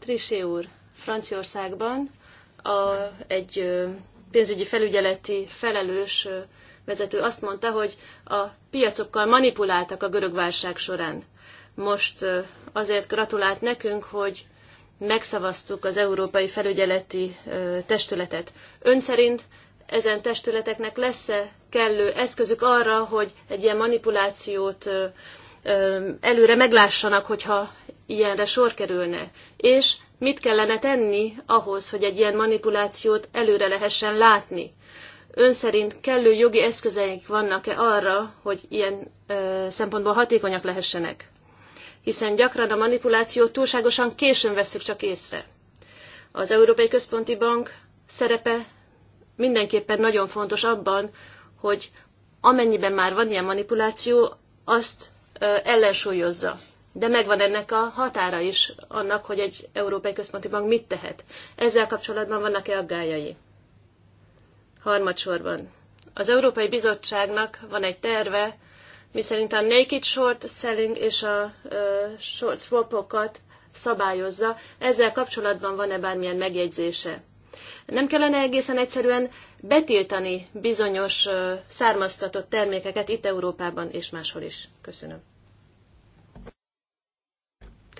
Trisé úr, Franciaországban a, egy pénzügyi felügyeleti felelős vezető azt mondta, hogy a piacokkal manipuláltak a görög válság során. Most azért gratulált nekünk, hogy megszavaztuk az Európai Felügyeleti Testületet. Ön szerint ezen testületeknek lesz-e kellő eszközük arra, hogy egy ilyen manipulációt előre meglássanak, hogyha ilyenre sor kerülne, és mit kellene tenni ahhoz, hogy egy ilyen manipulációt előre lehessen látni. Ön szerint kellő jogi eszközeink vannak-e arra, hogy ilyen ö, szempontból hatékonyak lehessenek? Hiszen gyakran a manipulációt túlságosan későn veszük csak észre. Az Európai Központi Bank szerepe mindenképpen nagyon fontos abban, hogy amennyiben már van ilyen manipuláció, azt ellensúlyozza de megvan ennek a határa is annak, hogy egy Európai Központi Bank mit tehet. Ezzel kapcsolatban vannak-e aggájai? Harmadsorban. Az Európai Bizottságnak van egy terve, miszerint a naked short selling és a uh, short swapokat szabályozza. Ezzel kapcsolatban van-e bármilyen megjegyzése? Nem kellene egészen egyszerűen betiltani bizonyos uh, származtatott termékeket itt Európában és máshol is. Köszönöm.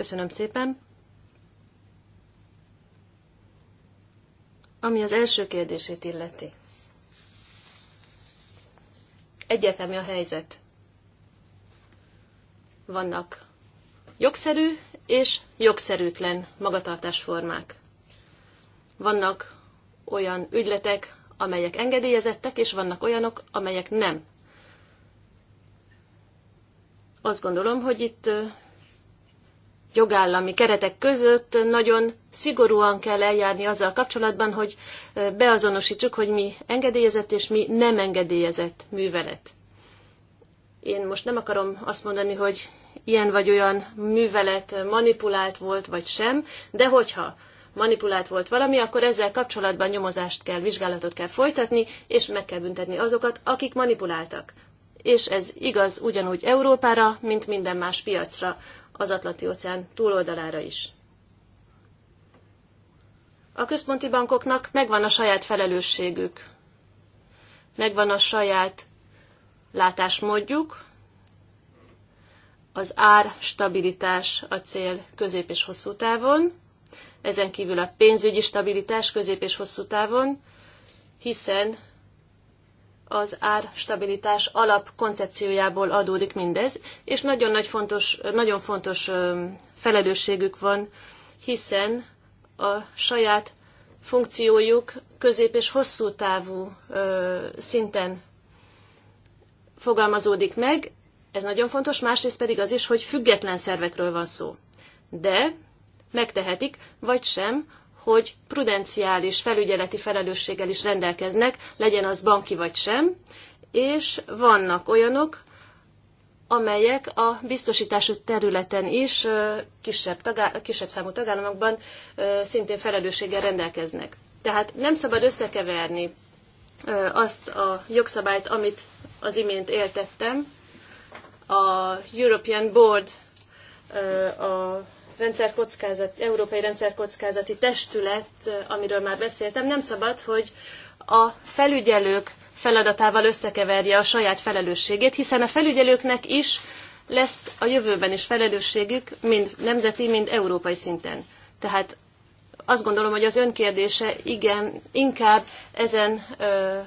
Köszönöm szépen. Ami az első kérdését illeti. Egyértelmű a helyzet. Vannak jogszerű és jogszerűtlen magatartásformák. Vannak olyan ügyletek, amelyek engedélyezettek, és vannak olyanok, amelyek nem. Azt gondolom, hogy itt jogállami keretek között nagyon szigorúan kell eljárni azzal kapcsolatban, hogy beazonosítsuk, hogy mi engedélyezett és mi nem engedélyezett művelet. Én most nem akarom azt mondani, hogy ilyen vagy olyan művelet manipulált volt vagy sem, de hogyha manipulált volt valami, akkor ezzel kapcsolatban nyomozást kell, vizsgálatot kell folytatni, és meg kell büntetni azokat, akik manipuláltak. És ez igaz ugyanúgy Európára, mint minden más piacra az Atlanti-óceán túloldalára is. A központi bankoknak megvan a saját felelősségük, megvan a saját látásmódjuk, az ár stabilitás a cél közép és hosszú távon, ezen kívül a pénzügyi stabilitás közép és hosszú távon, hiszen az árstabilitás koncepciójából adódik mindez, és nagyon, nagy fontos, nagyon fontos felelősségük van, hiszen a saját funkciójuk közép- és hosszú távú szinten fogalmazódik meg, ez nagyon fontos, másrészt pedig az is, hogy független szervekről van szó. De megtehetik, vagy sem, hogy prudenciális felügyeleti felelősséggel is rendelkeznek, legyen az banki vagy sem, és vannak olyanok, amelyek a biztosítású területen is kisebb, tagá- kisebb számú tagállamokban szintén felelősséggel rendelkeznek. Tehát nem szabad összekeverni azt a jogszabályt, amit az imént éltettem, a European Board a rendszerkockázat, Európai Rendszerkockázati Testület, amiről már beszéltem, nem szabad, hogy a felügyelők feladatával összekeverje a saját felelősségét, hiszen a felügyelőknek is lesz a jövőben is felelősségük, mind nemzeti, mind európai szinten. Tehát azt gondolom, hogy az önkérdése igen, inkább ezen ö,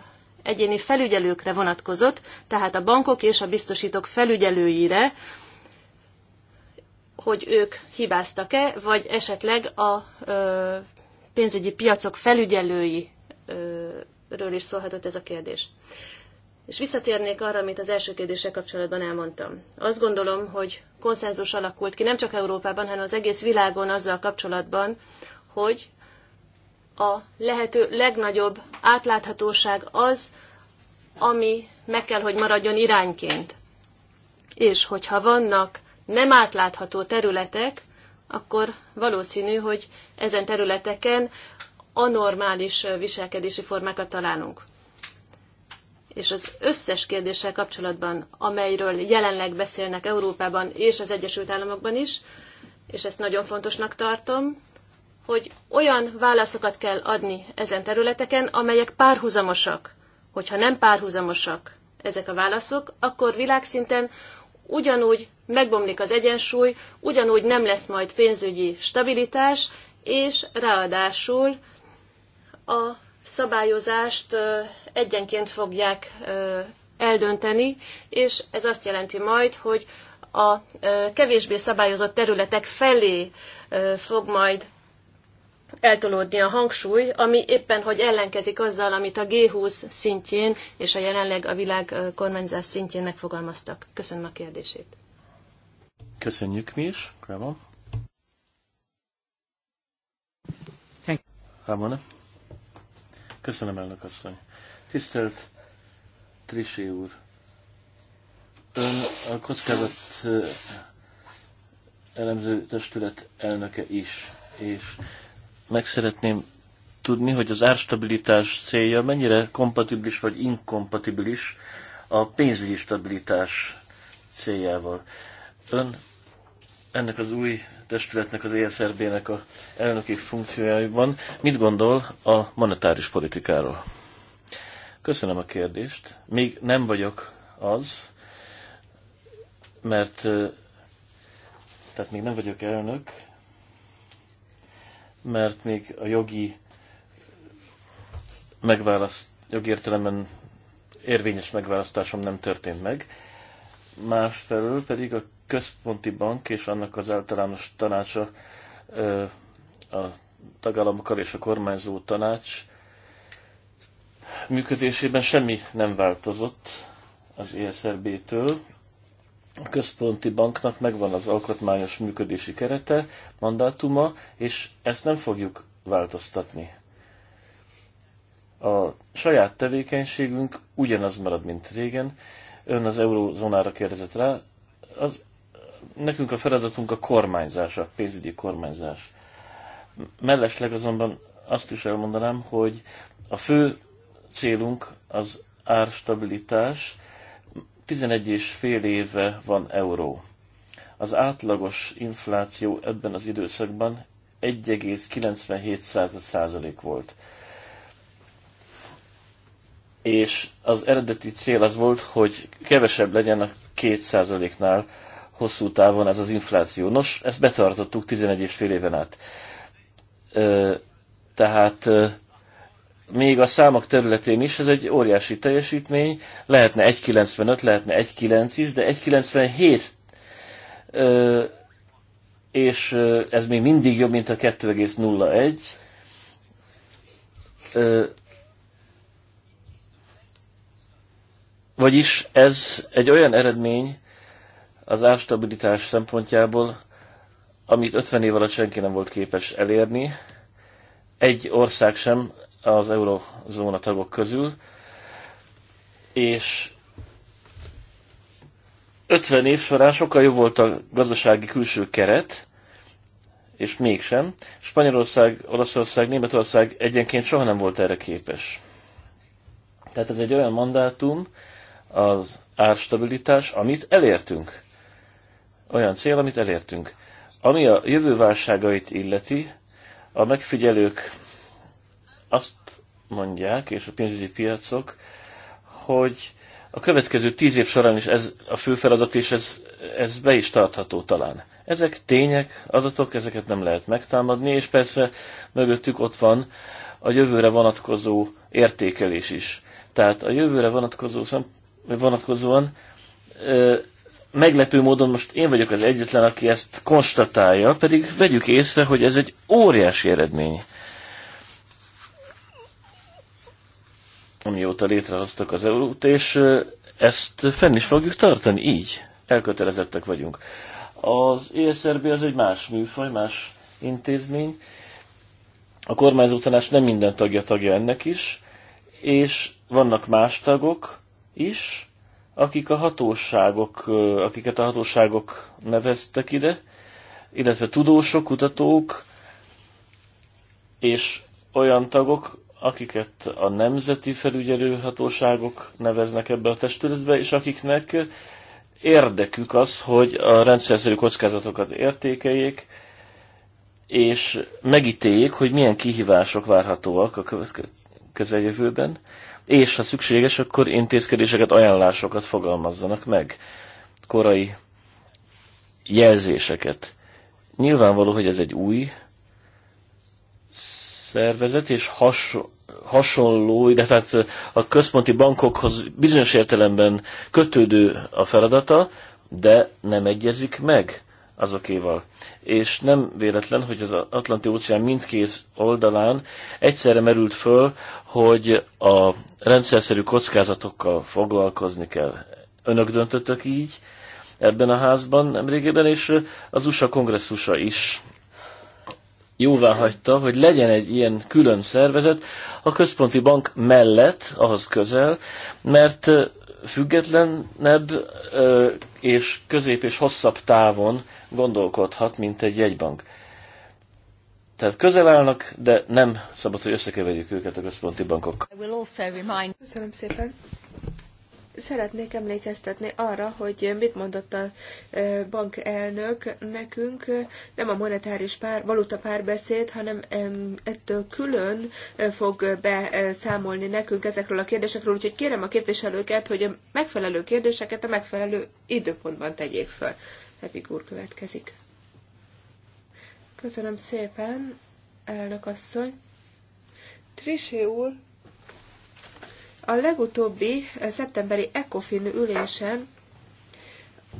egyéni felügyelőkre vonatkozott, tehát a bankok és a biztosítók felügyelőire, hogy ők hibáztak-e, vagy esetleg a ö, pénzügyi piacok felügyelői ö, ről is szólhatott ez a kérdés. És visszatérnék arra, amit az első kérdéssel kapcsolatban elmondtam. Azt gondolom, hogy konszenzus alakult ki nem csak Európában, hanem az egész világon azzal kapcsolatban, hogy a lehető legnagyobb átláthatóság az, ami meg kell, hogy maradjon irányként. És hogyha vannak nem átlátható területek, akkor valószínű, hogy ezen területeken anormális viselkedési formákat találunk. És az összes kérdéssel kapcsolatban, amelyről jelenleg beszélnek Európában és az Egyesült Államokban is, és ezt nagyon fontosnak tartom, hogy olyan válaszokat kell adni ezen területeken, amelyek párhuzamosak. Hogyha nem párhuzamosak ezek a válaszok, akkor világszinten ugyanúgy megbomlik az egyensúly, ugyanúgy nem lesz majd pénzügyi stabilitás, és ráadásul a szabályozást egyenként fogják eldönteni, és ez azt jelenti majd, hogy a kevésbé szabályozott területek felé fog majd eltolódni a hangsúly, ami éppen, hogy ellenkezik azzal, amit a G20 szintjén és a jelenleg a világ kormányzás szintjén megfogalmaztak. Köszönöm a kérdését. Köszönjük mi is. Ramon. Ramona. Köszönöm, elnök asszony. Tisztelt Trisi úr, ön a kockázat elemző testület elnöke is, és meg szeretném tudni, hogy az árstabilitás célja mennyire kompatibilis vagy inkompatibilis a pénzügyi stabilitás céljával. Ön ennek az új testületnek, az ESRB-nek a elnöki funkciójában mit gondol a monetáris politikáról? Köszönöm a kérdést. Még nem vagyok az, mert tehát még nem vagyok elnök, mert még a jogi megválaszt, jogi értelemben érvényes megválasztásom nem történt meg. Másfelől pedig a központi bank és annak az általános tanácsa, a tagállamokkal és a kormányzó tanács működésében semmi nem változott az ESRB-től, a központi banknak megvan az alkotmányos működési kerete, mandátuma, és ezt nem fogjuk változtatni. A saját tevékenységünk ugyanaz marad, mint régen. Ön az eurózónára kérdezett rá. Az, nekünk a feladatunk a kormányzás, a pénzügyi kormányzás. Mellesleg azonban azt is elmondanám, hogy a fő célunk az árstabilitás, 11 és fél éve van euró. Az átlagos infláció ebben az időszakban 1,97% volt. És az eredeti cél az volt, hogy kevesebb legyen a 2%-nál hosszú távon ez az infláció. Nos, ezt betartottuk 11 és fél éven át. tehát még a számok területén is ez egy óriási teljesítmény, lehetne 1,95, lehetne 1,9 is, de 1,97 és ez még mindig jobb, mint a 2,01. Vagyis ez egy olyan eredmény az árstabilitás szempontjából, amit 50 év alatt senki nem volt képes elérni. Egy ország sem az eurozóna tagok közül, és 50 év során sokkal jobb volt a gazdasági külső keret, és mégsem. Spanyolország, Olaszország, Németország egyenként soha nem volt erre képes. Tehát ez egy olyan mandátum, az árstabilitás, amit elértünk. Olyan cél, amit elértünk. Ami a jövő válságait illeti, a megfigyelők azt mondják, és a pénzügyi piacok, hogy a következő tíz év során is ez a fő feladat, és ez, ez be is tartható talán. Ezek tények, adatok, ezeket nem lehet megtámadni, és persze mögöttük ott van a jövőre vonatkozó értékelés is. Tehát a jövőre vonatkozó szem, vonatkozóan ö, meglepő módon most én vagyok az egyetlen, aki ezt konstatálja, pedig vegyük észre, hogy ez egy óriási eredmény. amióta létrehoztak az EU-t, és ezt fenn is fogjuk tartani, így elkötelezettek vagyunk. Az ESRB az egy más műfaj, más intézmény. A kormányzó tanács nem minden tagja tagja ennek is, és vannak más tagok is, akik a hatóságok, akiket a hatóságok neveztek ide, illetve tudósok, kutatók, és olyan tagok, akiket a nemzeti felügyelőhatóságok neveznek ebbe a testületbe, és akiknek érdekük az, hogy a rendszerszerű kockázatokat értékeljék, és megítéljék, hogy milyen kihívások várhatóak a közeljövőben, és ha szükséges, akkor intézkedéseket, ajánlásokat fogalmazzanak meg, korai jelzéseket. Nyilvánvaló, hogy ez egy új szervezet, és has, hasonló, de tehát a központi bankokhoz bizonyos értelemben kötődő a feladata, de nem egyezik meg azokéval. És nem véletlen, hogy az Atlanti óceán mindkét oldalán egyszerre merült föl, hogy a rendszerszerű kockázatokkal foglalkozni kell. Önök döntöttek így ebben a házban nemrégében, és az USA kongresszusa is jóvá hagyta, hogy legyen egy ilyen külön szervezet a központi bank mellett, ahhoz közel, mert függetlenebb és közép és hosszabb távon gondolkodhat, mint egy jegybank. Tehát közel állnak, de nem szabad, hogy összekeverjük őket a központi Bankokkal. Köszönöm szépen. Szeretnék emlékeztetni arra, hogy mit mondott a bankelnök nekünk, nem a monetáris pár, valuta párbeszéd, hanem ettől külön fog beszámolni nekünk ezekről a kérdésekről, úgyhogy kérem a képviselőket, hogy a megfelelő kérdéseket a megfelelő időpontban tegyék föl. Epik úr következik. Köszönöm szépen, elnök asszony. Trisé úr, a legutóbbi eh, szeptemberi ECOFIN ülésen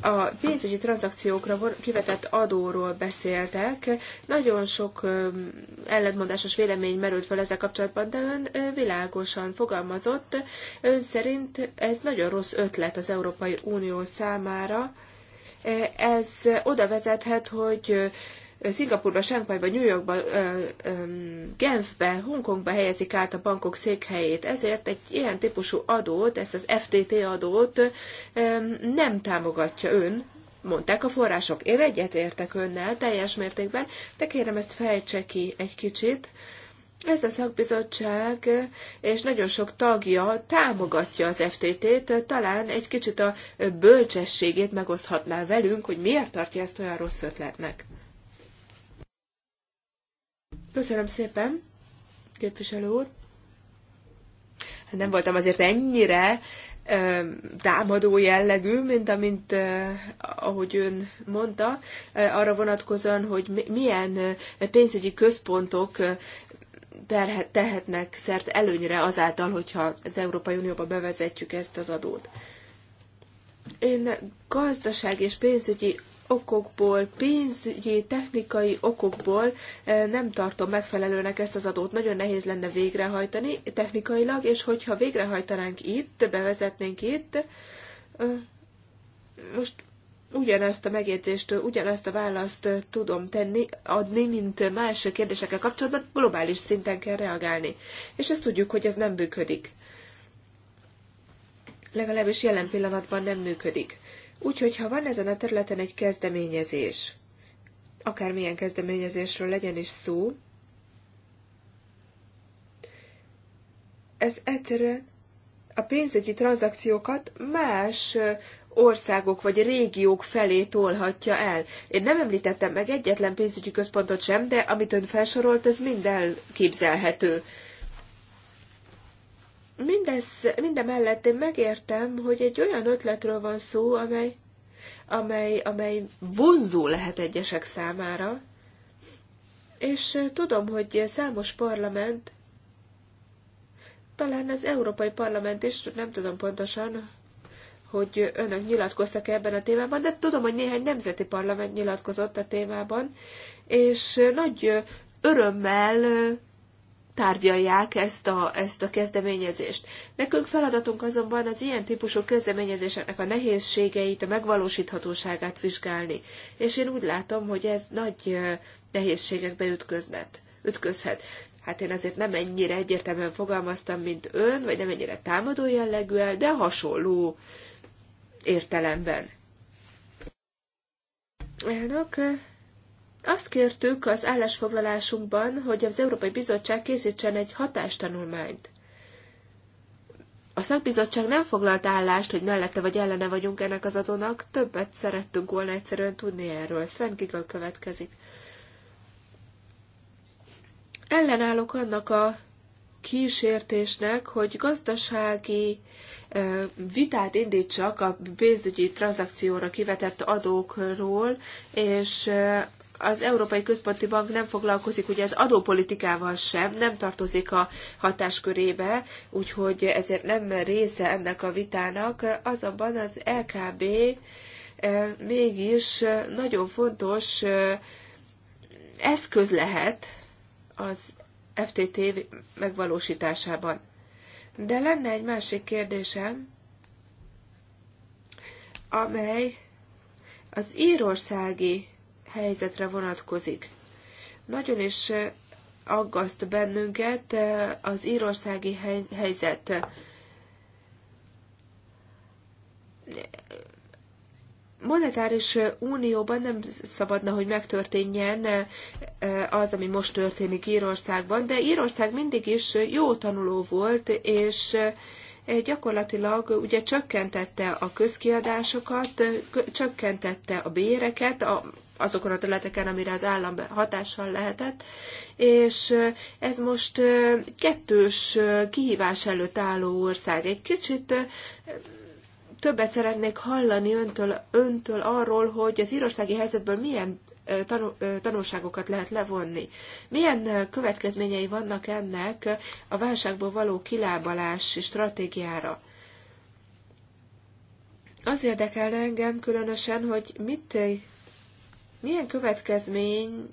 a pénzügyi tranzakciókra kivetett adóról beszéltek. Nagyon sok ellentmondásos vélemény merült fel ezzel kapcsolatban, de ön világosan fogalmazott. Ön szerint ez nagyon rossz ötlet az Európai Unió számára. Eh, ez oda vezethet, hogy Szingapurba, Sánkpályba, New Yorkba, Genfbe, Hongkongba helyezik át a bankok székhelyét. Ezért egy ilyen típusú adót, ezt az FTT adót nem támogatja ön, mondták a források. Én értek önnel teljes mértékben, de kérem ezt fejtse ki egy kicsit. Ez a szakbizottság és nagyon sok tagja támogatja az FTT-t, talán egy kicsit a bölcsességét megoszthatná velünk, hogy miért tartja ezt olyan rossz ötletnek. Köszönöm szépen, képviselő úr. Hát nem voltam azért ennyire támadó jellegű, mint amint, ahogy ön mondta, arra vonatkozóan, hogy milyen pénzügyi központok terhet, tehetnek szert előnyre azáltal, hogyha az Európai Unióba bevezetjük ezt az adót. Én gazdaság és pénzügyi okokból, pénzügyi, technikai okokból eh, nem tartom megfelelőnek ezt az adót. Nagyon nehéz lenne végrehajtani technikailag, és hogyha végrehajtanánk itt, bevezetnénk itt, eh, most ugyanazt a megértést, ugyanazt a választ tudom tenni, adni, mint más kérdésekkel kapcsolatban, globális szinten kell reagálni. És ezt tudjuk, hogy ez nem működik. Legalábbis jelen pillanatban nem működik. Úgyhogy, ha van ezen a területen egy kezdeményezés, akármilyen kezdeményezésről legyen is szó, ez egyszerűen a pénzügyi tranzakciókat más országok vagy régiók felé tolhatja el. Én nem említettem meg egyetlen pénzügyi központot sem, de amit ön felsorolt, ez mind elképzelhető. Mindez, mindemellett én megértem, hogy egy olyan ötletről van szó, amely, amely, amely vonzó lehet egyesek számára, és tudom, hogy számos parlament, talán az Európai Parlament is, nem tudom pontosan, hogy önök nyilatkoztak ebben a témában, de tudom, hogy néhány nemzeti parlament nyilatkozott a témában, és nagy örömmel tárgyalják ezt a, ezt a kezdeményezést. Nekünk feladatunk azonban az ilyen típusú kezdeményezéseknek a nehézségeit, a megvalósíthatóságát vizsgálni. És én úgy látom, hogy ez nagy nehézségekbe ütköznet, ütközhet. Hát én azért nem ennyire egyértelműen fogalmaztam, mint ön, vagy nem ennyire támadó jellegűen, de hasonló értelemben. Elnök, azt kértük az állásfoglalásunkban, hogy az Európai Bizottság készítsen egy hatástanulmányt. A szakbizottság nem foglalt állást, hogy mellette vagy ellene vagyunk ennek az adónak, többet szerettünk volna egyszerűen tudni erről. Sven Giga következik. Ellenállok annak a kísértésnek, hogy gazdasági vitát indítsak a pénzügyi tranzakcióra kivetett adókról, és az Európai Központi Bank nem foglalkozik ugye az adópolitikával sem, nem tartozik a hatáskörébe, úgyhogy ezért nem része ennek a vitának, azonban az LKB eh, mégis eh, nagyon fontos eh, eszköz lehet az FTT megvalósításában. De lenne egy másik kérdésem, amely az írországi helyzetre vonatkozik. Nagyon is aggaszt bennünket az írországi helyzet. Monetáris unióban nem szabadna, hogy megtörténjen az, ami most történik Írországban, de Írország mindig is jó tanuló volt, és gyakorlatilag ugye csökkentette a közkiadásokat, csökkentette a béreket, a azokon a területeken, amire az állam hatással lehetett, és ez most kettős kihívás előtt álló ország. Egy kicsit többet szeretnék hallani öntől, öntől arról, hogy az írországi helyzetből milyen tanulságokat lehet levonni. Milyen következményei vannak ennek a válságból való kilábalás stratégiára? Az érdekel engem különösen, hogy mit milyen következmény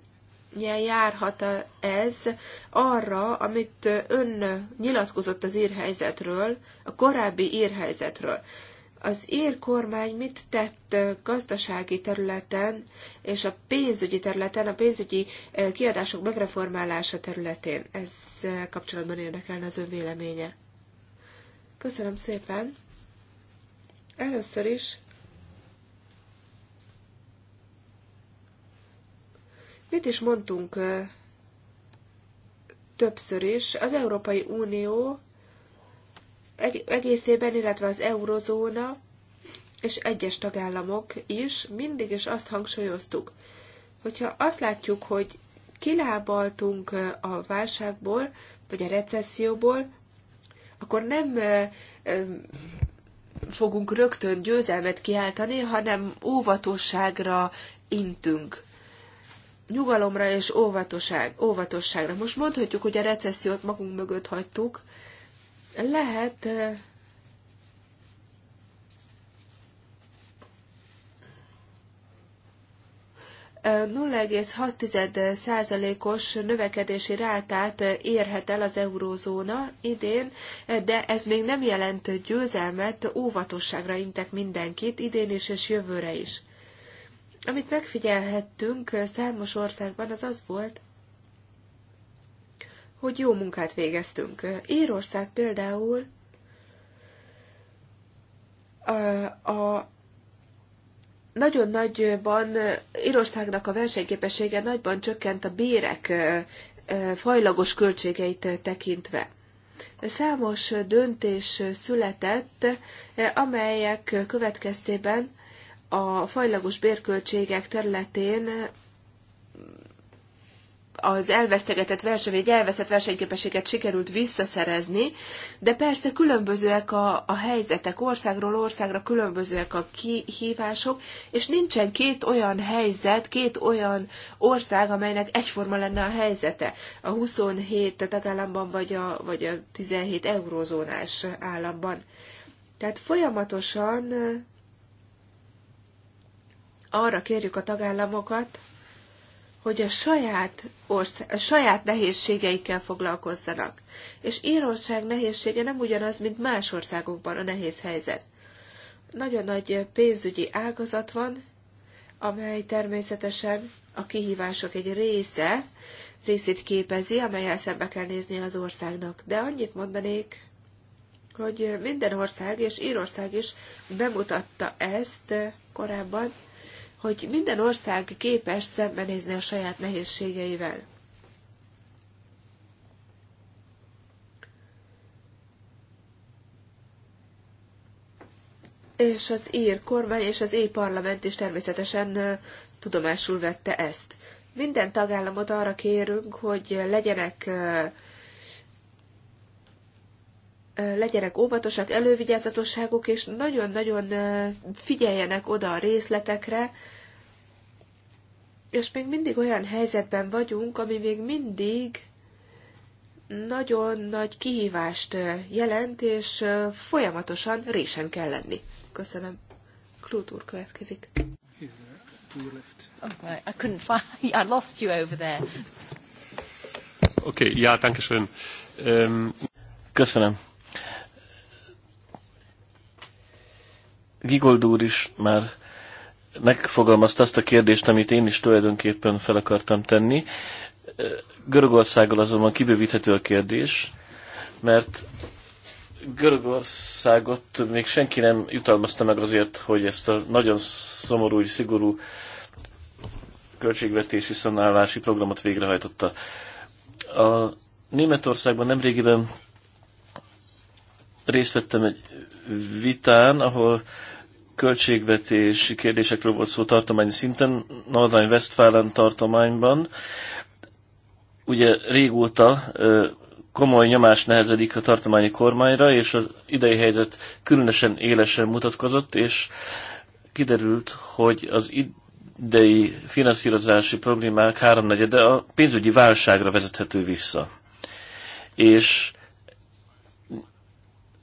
járhat ez arra, amit ön nyilatkozott az írhelyzetről, a korábbi írhelyzetről? az ír kormány mit tett gazdasági területen és a pénzügyi területen, a pénzügyi eh, kiadások megreformálása területén? Ez kapcsolatban érdekelne az ön véleménye. Köszönöm szépen. Először is Mit is mondtunk többször is, az Európai Unió egészében, illetve az eurozóna és egyes tagállamok is mindig is azt hangsúlyoztuk, hogyha azt látjuk, hogy kilábaltunk a válságból, vagy a recesszióból, akkor nem fogunk rögtön győzelmet kiáltani, hanem óvatosságra intünk nyugalomra és óvatosság, óvatosságra. Most mondhatjuk, hogy a recessziót magunk mögött hagytuk. Lehet, 6%-os növekedési rátát érhet el az eurózóna idén, de ez még nem jelent győzelmet, óvatosságra intek mindenkit, idén is és jövőre is. Amit megfigyelhettünk számos országban, az az volt, hogy jó munkát végeztünk. Írország például a, a nagyon nagyban, Írországnak a versenyképessége nagyban csökkent a bérek fajlagos költségeit tekintve. Számos döntés született, amelyek következtében a fajlagos bérköltségek területén az elvesztegetett verseny, vagy elveszett versenyképességet sikerült visszaszerezni, de persze különbözőek a, a helyzetek, országról országra különbözőek a kihívások, és nincsen két olyan helyzet, két olyan ország, amelynek egyforma lenne a helyzete. A 27 tagállamban, vagy a, vagy a 17 eurózónás államban. Tehát folyamatosan arra kérjük a tagállamokat, hogy a saját, ország, a saját nehézségeikkel foglalkozzanak. És Írország nehézsége nem ugyanaz, mint más országokban a nehéz helyzet. Nagyon nagy pénzügyi ágazat van, amely természetesen a kihívások egy része, részét képezi, amelyel szembe kell nézni az országnak. De annyit mondanék, hogy minden ország, és Írország is bemutatta ezt korábban, hogy minden ország képes szembenézni a saját nehézségeivel. És az ír kormány és az ír parlament is természetesen tudomásul vette ezt. Minden tagállamot arra kérünk, hogy legyenek legyenek óvatosak, elővigyázatosságok, és nagyon-nagyon figyeljenek oda a részletekre, és még mindig olyan helyzetben vagyunk, ami még mindig nagyon nagy kihívást jelent, és folyamatosan résen kell lenni. Köszönöm. Klút úr következik. I couldn't find, [laughs] I lost you over there. Oké, já, ja, danke schön. Um... Köszönöm. Gigold úr is már megfogalmazta azt a kérdést, amit én is tulajdonképpen fel akartam tenni. Görögországgal azonban kibővíthető a kérdés, mert Görögországot még senki nem jutalmazta meg azért, hogy ezt a nagyon szomorú és szigorú költségvetési viszonállási programot végrehajtotta. A Németországban nemrégiben részt vettem egy vitán, ahol költségvetési kérdésekről volt szó tartományi szinten, Nordrhein-Westfalen tartományban. Ugye régóta komoly nyomás nehezedik a tartományi kormányra, és az idei helyzet különösen élesen mutatkozott, és kiderült, hogy az idei finanszírozási problémák háromnegyede a pénzügyi válságra vezethető vissza. És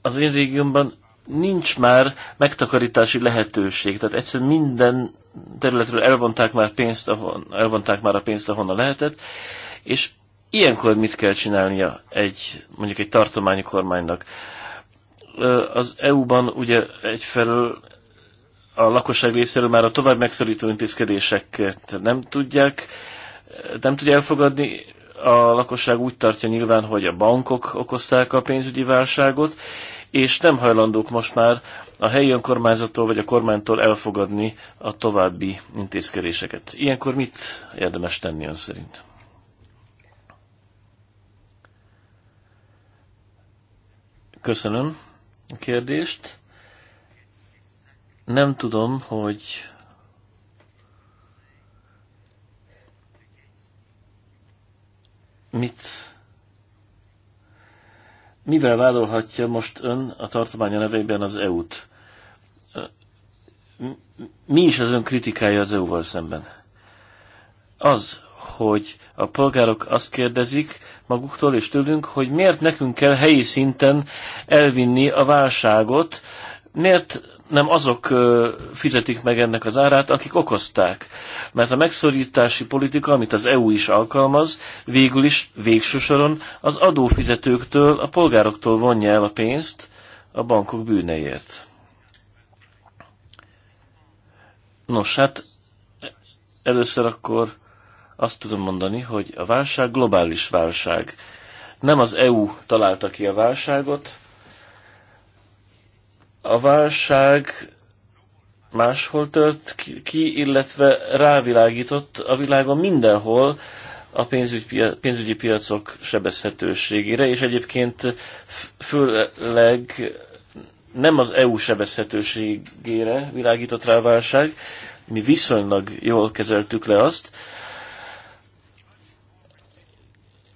az én régiómban nincs már megtakarítási lehetőség, tehát egyszerűen minden területről elvonták már, pénzt, ahon, elvonták már a pénzt, ahonnan lehetett, és ilyenkor mit kell csinálnia egy, mondjuk egy tartományi kormánynak? Az EU-ban ugye egyfelől a lakosság részéről már a tovább megszorító intézkedéseket nem tudják, nem tudja elfogadni, a lakosság úgy tartja nyilván, hogy a bankok okozták a pénzügyi válságot, és nem hajlandók most már a helyi önkormányzattól vagy a kormánytól elfogadni a további intézkedéseket. Ilyenkor mit érdemes tenni ön szerint? Köszönöm a kérdést. Nem tudom, hogy mit mivel vádolhatja most ön a tartománya nevében az EU-t? Mi is az ön kritikája az EU-val szemben? Az, hogy a polgárok azt kérdezik maguktól és tőlünk, hogy miért nekünk kell helyi szinten elvinni a válságot, miért nem azok fizetik meg ennek az árát, akik okozták. Mert a megszorítási politika, amit az EU is alkalmaz, végül is végső soron az adófizetőktől, a polgároktól vonja el a pénzt a bankok bűneért. Nos, hát először akkor azt tudom mondani, hogy a válság globális válság. Nem az EU találta ki a válságot, a válság máshol tört ki, illetve rávilágított a világon mindenhol a pénzügyi piacok sebezhetőségére, és egyébként főleg nem az EU sebezhetőségére világított rá a válság, mi viszonylag jól kezeltük le azt.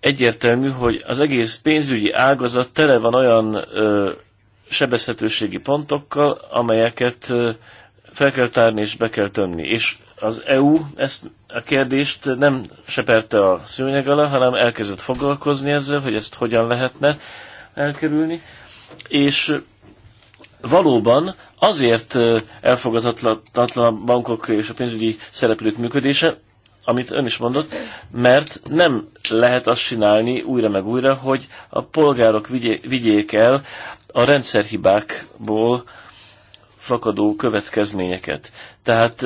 Egyértelmű, hogy az egész pénzügyi ágazat tele van olyan ö, sebezhetőségi pontokkal, amelyeket fel kell tárni és be kell tömni. És az EU ezt a kérdést nem seperte a szőnyeg alá, hanem elkezdett foglalkozni ezzel, hogy ezt hogyan lehetne elkerülni. És valóban azért elfogadhatatlan a bankok és a pénzügyi szereplők működése, amit ön is mondott, mert nem lehet azt csinálni újra meg újra, hogy a polgárok vigyék el a rendszerhibákból fakadó következményeket. Tehát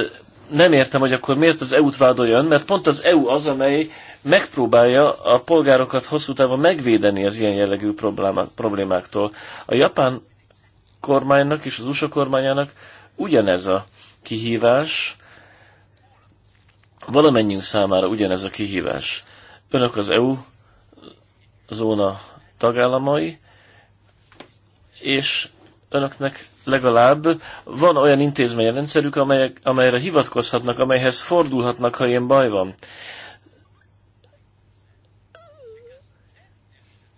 nem értem, hogy akkor miért az EU-t vádolja ön, mert pont az EU az, amely megpróbálja a polgárokat hosszú távon megvédeni az ilyen jellegű problémáktól. A japán kormánynak és az USA kormányának ugyanez a kihívás, valamennyiünk számára ugyanez a kihívás. Önök az EU zóna tagállamai, és önöknek legalább van olyan rendszerük, amelyek, amelyre hivatkozhatnak, amelyhez fordulhatnak, ha ilyen baj van.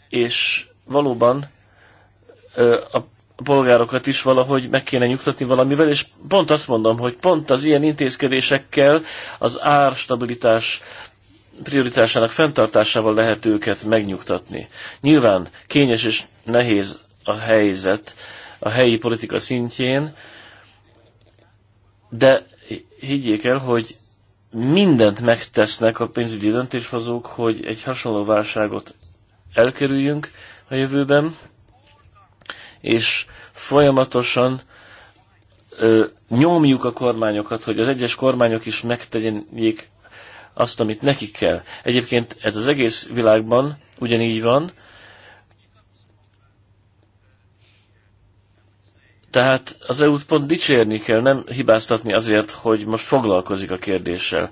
És valóban a polgárokat is valahogy meg kéne nyugtatni valamivel, és pont azt mondom, hogy pont az ilyen intézkedésekkel az árstabilitás prioritásának fenntartásával lehet őket megnyugtatni. Nyilván kényes és nehéz a helyzet a helyi politika szintjén, de higgyék el, hogy mindent megtesznek a pénzügyi döntéshozók, hogy egy hasonló válságot elkerüljünk a jövőben, és folyamatosan ö, nyomjuk a kormányokat, hogy az egyes kormányok is megtegyenjék azt, amit nekik kell. Egyébként ez az egész világban ugyanígy van, Tehát az EU-t pont dicsérni kell, nem hibáztatni azért, hogy most foglalkozik a kérdéssel,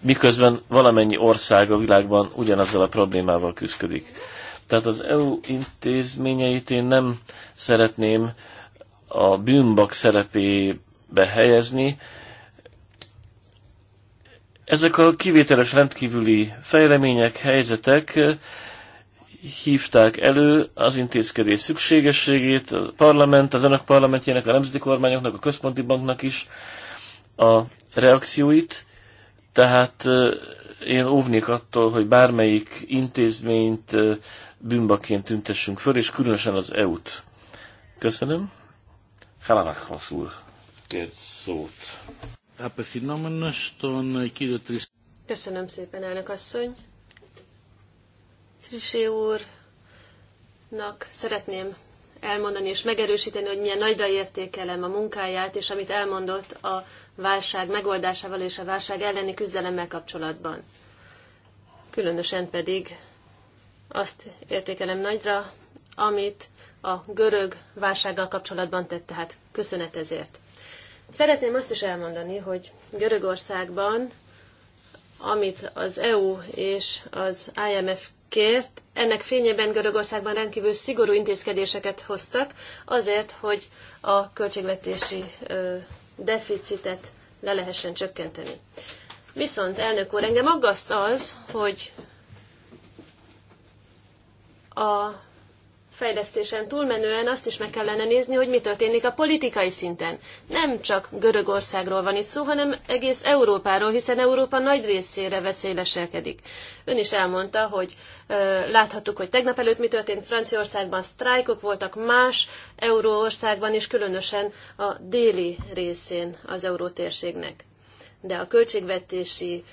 miközben valamennyi ország a világban ugyanazzal a problémával küzdik. Tehát az EU intézményeit én nem szeretném a bűnbak szerepébe helyezni. Ezek a kivételes rendkívüli fejlemények, helyzetek hívták elő az intézkedés szükségességét, a parlament, az önök parlamentjének, a nemzeti kormányoknak, a központi banknak is a reakcióit, tehát én óvnék attól, hogy bármelyik intézményt bűnbaként tüntessünk föl, és különösen az EU-t. Köszönöm. Halalakhas úr kért szót. Köszönöm szépen, elnök asszony. Trisé úrnak szeretném elmondani és megerősíteni, hogy milyen nagyra értékelem a munkáját, és amit elmondott a válság megoldásával és a válság elleni küzdelemmel kapcsolatban. Különösen pedig azt értékelem nagyra, amit a görög válsággal kapcsolatban tett, tehát köszönet ezért. Szeretném azt is elmondani, hogy Görögországban, amit az EU és az IMF kért. Ennek fényében Görögországban rendkívül szigorú intézkedéseket hoztak azért, hogy a költségvetési deficitet le lehessen csökkenteni. Viszont, elnök úr, engem aggaszt az, hogy a fejlesztésen túlmenően azt is meg kellene nézni, hogy mi történik a politikai szinten. Nem csak Görögországról van itt szó, hanem egész Európáról, hiszen Európa nagy részére veszélyleselkedik. Ön is elmondta, hogy ö, láthattuk, hogy tegnap előtt mi történt, Franciaországban sztrájkok voltak, más Euróországban is, különösen a déli részén az eurótérségnek de a költségvetési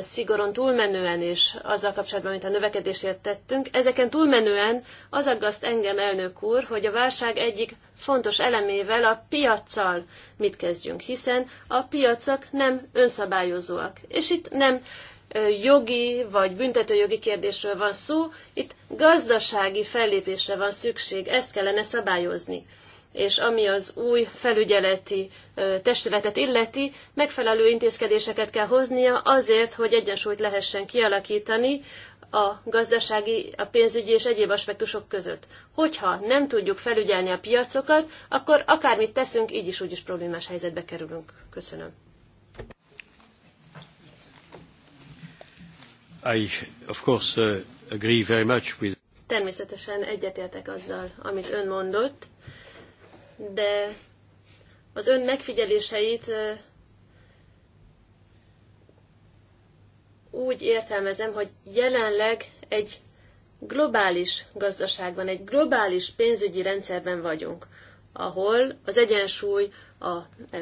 szigoron túlmenően és azzal kapcsolatban, amit a növekedésért tettünk, ezeken túlmenően az aggaszt engem, elnök úr, hogy a válság egyik fontos elemével, a piaccal mit kezdjünk, hiszen a piacok nem önszabályozóak. És itt nem jogi vagy büntetőjogi kérdésről van szó, itt gazdasági fellépésre van szükség, ezt kellene szabályozni és ami az új felügyeleti testületet illeti, megfelelő intézkedéseket kell hoznia azért, hogy egyensúlyt lehessen kialakítani a gazdasági, a pénzügyi és egyéb aspektusok között. Hogyha nem tudjuk felügyelni a piacokat, akkor akármit teszünk, így is úgyis problémás helyzetbe kerülünk. Köszönöm. I, of course, uh, agree very much with... Természetesen egyetértek azzal, amit ön mondott, de az ön megfigyeléseit úgy értelmezem, hogy jelenleg egy globális gazdaságban, egy globális pénzügyi rendszerben vagyunk, ahol az egyensúly, a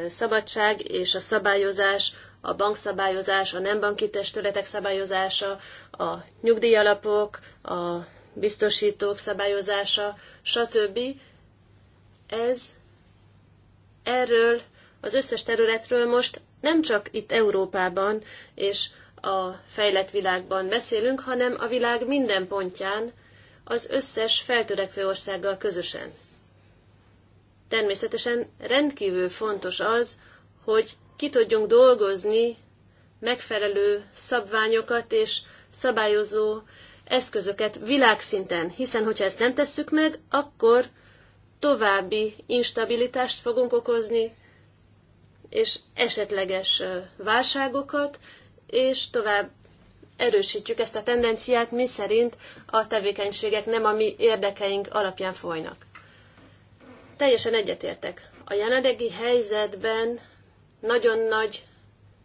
szabadság és a szabályozás, a bankszabályozás, a nem banki testületek szabályozása, a nyugdíjalapok, a biztosítók szabályozása, stb ez erről az összes területről most nem csak itt Európában és a fejlett világban beszélünk, hanem a világ minden pontján az összes feltörekvő országgal közösen. Természetesen rendkívül fontos az, hogy ki tudjunk dolgozni megfelelő szabványokat és szabályozó eszközöket világszinten, hiszen hogyha ezt nem tesszük meg, akkor további instabilitást fogunk okozni, és esetleges válságokat, és tovább erősítjük ezt a tendenciát, mi szerint a tevékenységek nem a mi érdekeink alapján folynak. Teljesen egyetértek. A jelenlegi helyzetben nagyon nagy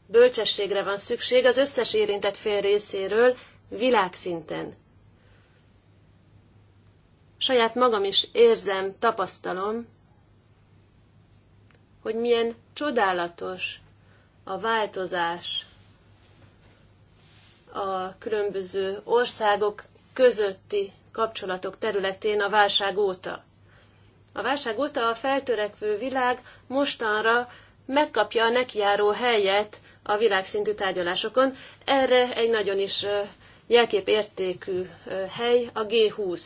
bölcsességre van szükség az összes érintett fél részéről világszinten saját magam is érzem, tapasztalom, hogy milyen csodálatos a változás a különböző országok közötti kapcsolatok területén a válság óta. A válság óta a feltörekvő világ mostanra megkapja a nekiáró helyet a világszintű tárgyalásokon. Erre egy nagyon is jelképértékű hely a G20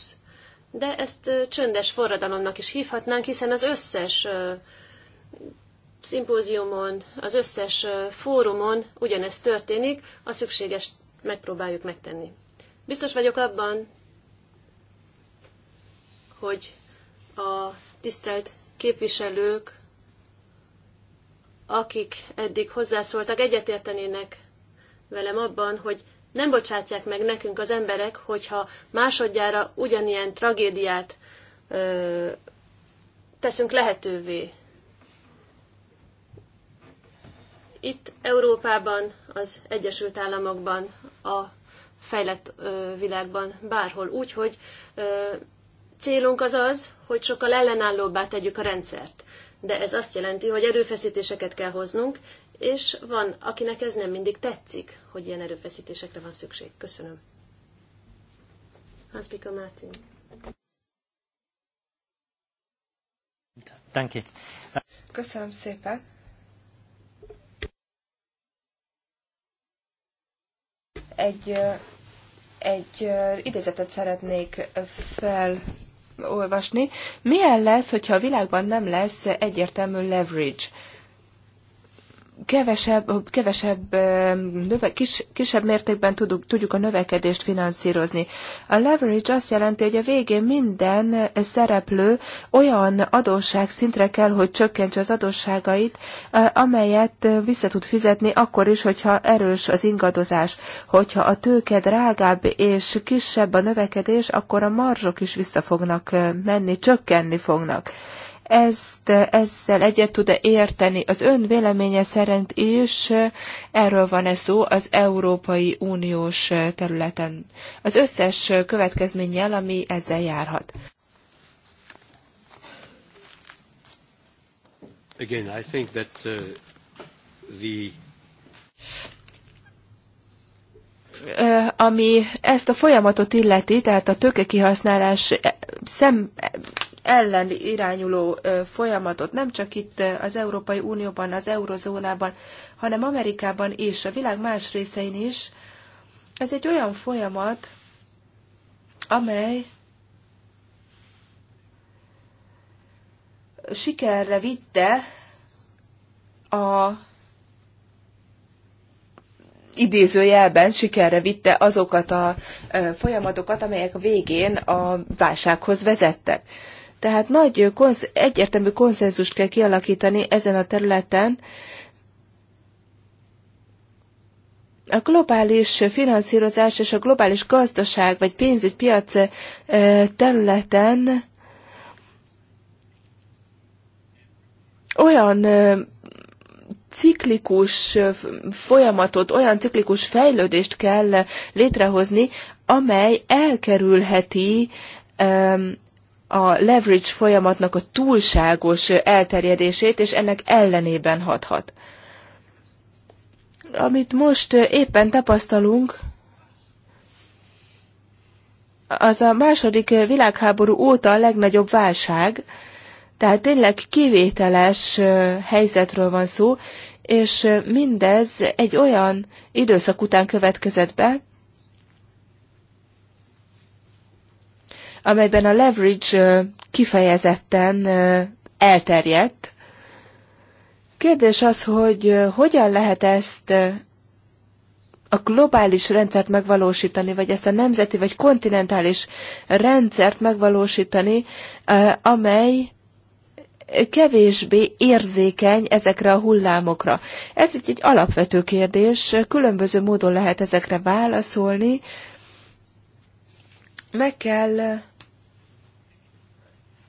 de ezt csöndes forradalomnak is hívhatnánk, hiszen az összes szimpóziumon, az összes fórumon ugyanezt történik, a szükséges megpróbáljuk megtenni. Biztos vagyok abban, hogy a tisztelt képviselők, akik eddig hozzászóltak, egyetértenének velem abban, hogy nem bocsátják meg nekünk az emberek, hogyha másodjára ugyanilyen tragédiát ö, teszünk lehetővé. Itt Európában, az Egyesült Államokban, a fejlett ö, világban, bárhol. Úgy, hogy ö, célunk az az, hogy sokkal ellenállóbbá tegyük a rendszert. De ez azt jelenti, hogy erőfeszítéseket kell hoznunk, és van, akinek ez nem mindig tetszik, hogy ilyen erőfeszítésekre van szükség. Köszönöm. Hans-Pika Mártin. Danke. Köszönöm szépen. Egy, egy idézetet szeretnék fel olvasni. Milyen lesz, hogyha a világban nem lesz egyértelmű leverage? kevesebb, kevesebb növe, kis, kisebb mértékben tudjuk, tudjuk a növekedést finanszírozni. A leverage azt jelenti, hogy a végén minden szereplő olyan szintre kell, hogy csökkentse az adósságait, amelyet vissza tud fizetni akkor is, hogyha erős az ingadozás. Hogyha a tőke drágább és kisebb a növekedés, akkor a marzsok is vissza fognak menni, csökkenni fognak ezt, ezzel egyet tud-e érteni? Az ön véleménye szerint is eh, erről van ez szó az Európai Uniós eh, területen. Az összes eh, következménnyel, ami ezzel járhat. Again, I think that uh, the ami ezt a folyamatot illeti, tehát a tőkekihasználás szem, ellen irányuló folyamatot, nem csak itt az Európai Unióban, az eurozónában, hanem Amerikában és a világ más részein is. Ez egy olyan folyamat, amely sikerre vitte a idézőjelben sikerre vitte azokat a folyamatokat, amelyek végén a válsághoz vezettek. Tehát nagy konz- egyértelmű konszenzust kell kialakítani ezen a területen. A globális finanszírozás és a globális gazdaság vagy pénzügypiac e, területen olyan e, ciklikus folyamatot, olyan ciklikus fejlődést kell létrehozni, amely elkerülheti e, a leverage folyamatnak a túlságos elterjedését, és ennek ellenében hathat. Amit most éppen tapasztalunk, az a második világháború óta a legnagyobb válság, tehát tényleg kivételes helyzetről van szó, és mindez egy olyan időszak után következett be, amelyben a leverage kifejezetten elterjedt. Kérdés az, hogy hogyan lehet ezt a globális rendszert megvalósítani, vagy ezt a nemzeti vagy kontinentális rendszert megvalósítani, amely kevésbé érzékeny ezekre a hullámokra. Ez egy, egy alapvető kérdés, különböző módon lehet ezekre válaszolni. Meg kell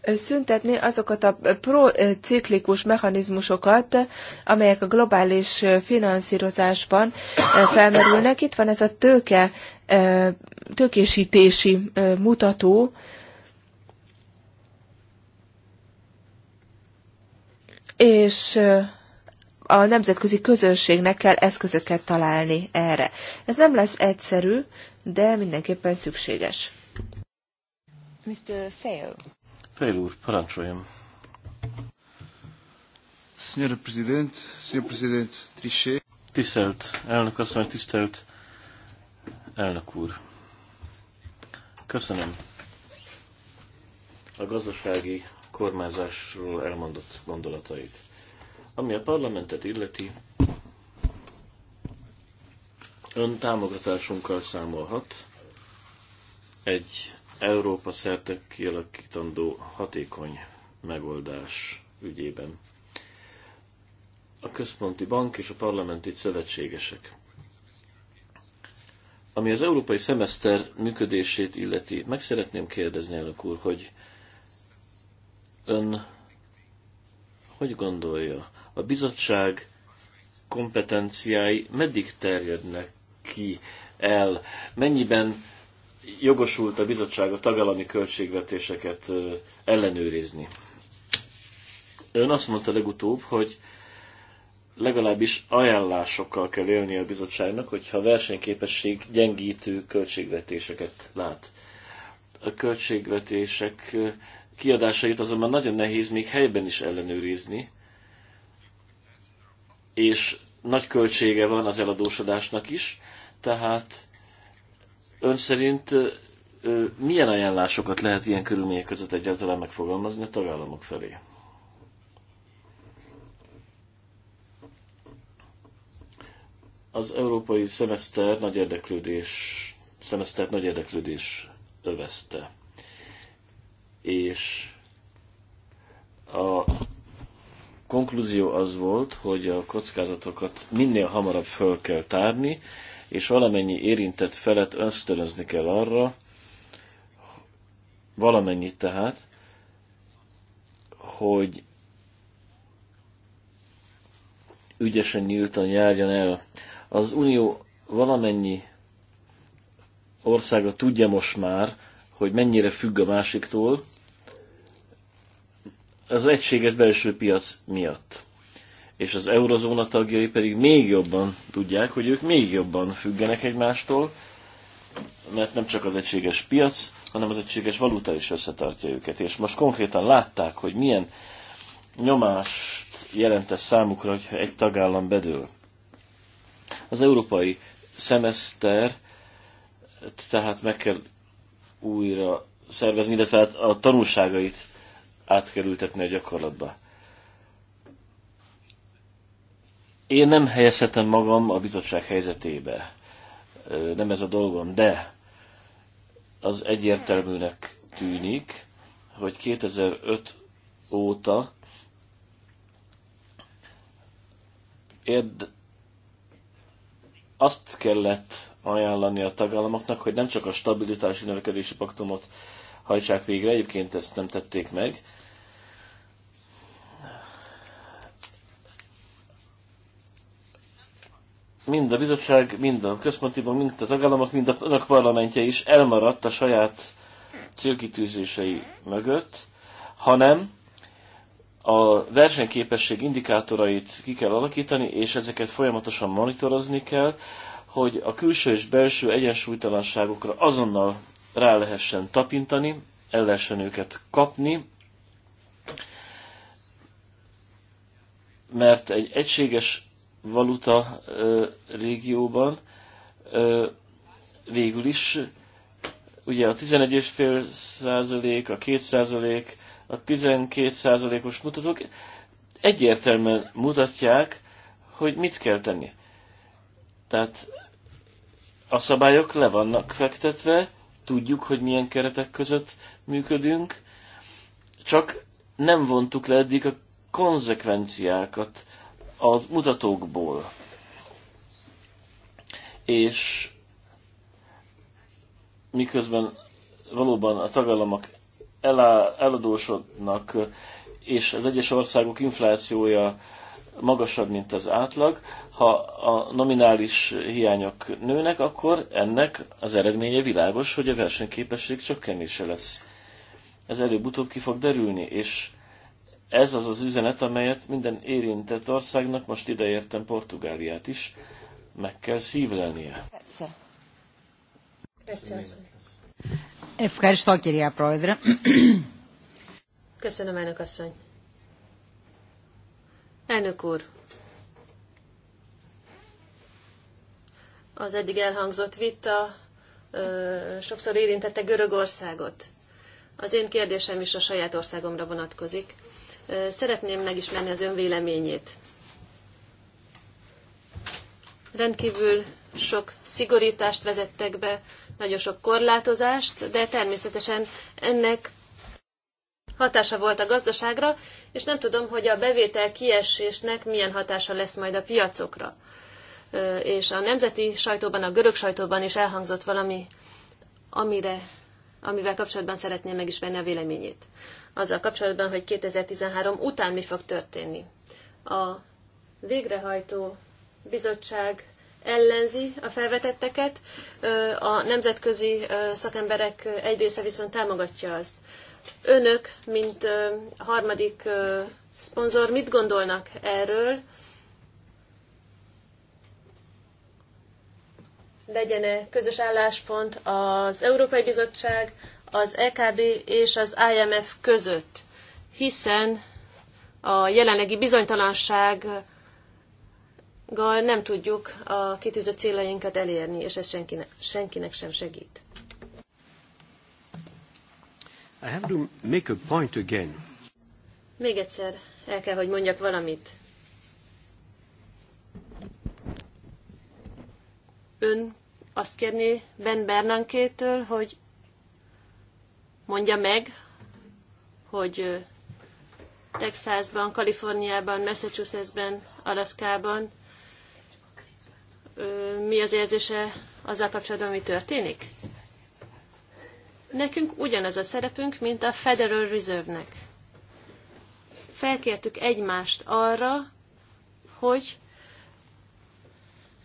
szüntetni azokat a prociklikus mechanizmusokat, amelyek a globális finanszírozásban eh, felmerülnek. Itt van ez a tőke, eh, tőkésítési eh, mutató, és a nemzetközi közönségnek kell eszközöket találni erre. Ez nem lesz egyszerű, de mindenképpen szükséges. Mr. Fail. Fél úr, parancsoljon. Senhora Presidente, Senhor Presidente Trichet. Tisztelt elnök asszony, tisztelt elnök úr. Köszönöm a gazdasági kormányzásról elmondott gondolatait. Ami a parlamentet illeti, ön támogatásunkkal számolhat egy Európa szerte kialakítandó hatékony megoldás ügyében. A központi bank és a parlament itt szövetségesek. Ami az európai szemeszter működését illeti, meg szeretném kérdezni, elnök úr, hogy ön hogy gondolja, a bizottság kompetenciái meddig terjednek ki el, mennyiben jogosult a bizottság a tagállami költségvetéseket ellenőrizni. Ön azt mondta legutóbb, hogy legalábbis ajánlásokkal kell élni a bizottságnak, hogyha versenyképesség gyengítő költségvetéseket lát. A költségvetések kiadásait azonban nagyon nehéz még helyben is ellenőrizni, és nagy költsége van az eladósodásnak is, tehát Ön szerint milyen ajánlásokat lehet ilyen körülmények között egyáltalán megfogalmazni a tagállamok felé? Az európai szemeszter nagy érdeklődés, szemesztert nagy érdeklődés övezte. És a konklúzió az volt, hogy a kockázatokat minél hamarabb föl kell tárni, és valamennyi érintett felet ösztönözni kell arra, valamennyit tehát, hogy ügyesen nyíltan járjon el. Az Unió valamennyi országa tudja most már, hogy mennyire függ a másiktól, az egységes belső piac miatt és az eurozóna tagjai pedig még jobban tudják, hogy ők még jobban függenek egymástól, mert nem csak az egységes piac, hanem az egységes valuta is összetartja őket. És most konkrétan látták, hogy milyen nyomást jelent ez számukra, hogyha egy tagállam bedől. Az európai szemeszter, tehát meg kell újra szervezni, illetve hát a tanulságait átkerültetni a gyakorlatba. Én nem helyezhetem magam a bizottság helyzetébe. Nem ez a dolgom, de az egyértelműnek tűnik, hogy 2005 óta érd, azt kellett ajánlani a tagállamoknak, hogy nem csak a stabilitási növekedési paktumot hajtsák végre, egyébként ezt nem tették meg, mind a bizottság, mind a központi bank, mind a tagállamok, mind a önök parlamentje is elmaradt a saját célkitűzései mögött, hanem a versenyképesség indikátorait ki kell alakítani, és ezeket folyamatosan monitorozni kell, hogy a külső és belső egyensúlytalanságokra azonnal rá lehessen tapintani, el lehessen őket kapni, mert egy egységes valuta ö, régióban ö, végül is ugye a 11,5 százalék, a 2 százalék, a 12 os mutatók egyértelműen mutatják, hogy mit kell tenni. Tehát a szabályok le vannak fektetve, tudjuk, hogy milyen keretek között működünk, csak nem vontuk le eddig a konzekvenciákat az mutatókból. És miközben valóban a tagállamok elá, eladósodnak, és az egyes országok inflációja magasabb, mint az átlag, ha a nominális hiányok nőnek, akkor ennek az eredménye világos, hogy a versenyképesség csökkenése lesz. Ez előbb-utóbb ki fog derülni, és ez az az üzenet, amelyet minden érintett országnak, most ideértem Portugáliát is, meg kell szívlelnie. Köszönöm, elnök asszony. Elnök úr, az eddig elhangzott vita ö, sokszor érintette Görögországot. Az én kérdésem is a saját országomra vonatkozik. Szeretném megismerni az ön véleményét. Rendkívül sok szigorítást vezettek be, nagyon sok korlátozást, de természetesen ennek hatása volt a gazdaságra, és nem tudom, hogy a bevétel kiesésnek milyen hatása lesz majd a piacokra. És a nemzeti sajtóban, a görög sajtóban is elhangzott valami, amire, amivel kapcsolatban szeretném megismerni a véleményét azzal kapcsolatban, hogy 2013 után mi fog történni. A végrehajtó bizottság ellenzi a felvetetteket, a nemzetközi szakemberek egy része viszont támogatja azt. Önök, mint harmadik szponzor, mit gondolnak erről? legyen -e közös álláspont az Európai Bizottság, az EKB és az IMF között, hiszen a jelenlegi bizonytalansággal nem tudjuk a kitűzött céljainkat elérni, és ez senkinek, senkinek sem segít. I have to make a point again. Még egyszer el kell, hogy mondjak valamit. Ön azt kérni Ben Bernankétől, hogy mondja meg, hogy Texasban, Kaliforniában, Massachusettsben, Alaszkában mi az érzése azzal kapcsolatban, ami történik? Nekünk ugyanaz a szerepünk, mint a Federal Reserve-nek. Felkértük egymást arra, hogy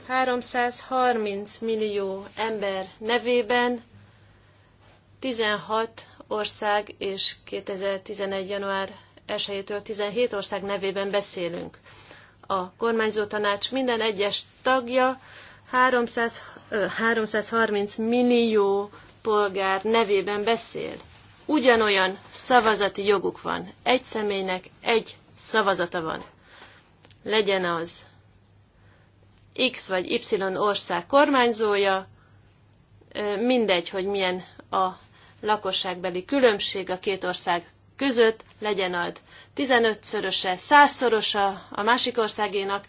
330 millió ember nevében 16 ország, és 2011. január 1-től 17 ország nevében beszélünk. A kormányzó tanács minden egyes tagja 300, ö, 330 millió polgár nevében beszél. Ugyanolyan szavazati joguk van. Egy személynek egy szavazata van. Legyen az X vagy Y ország kormányzója, mindegy, hogy milyen a lakosságbeli különbség a két ország között legyen ad 15-szöröse, 100-szorosa a másik országénak,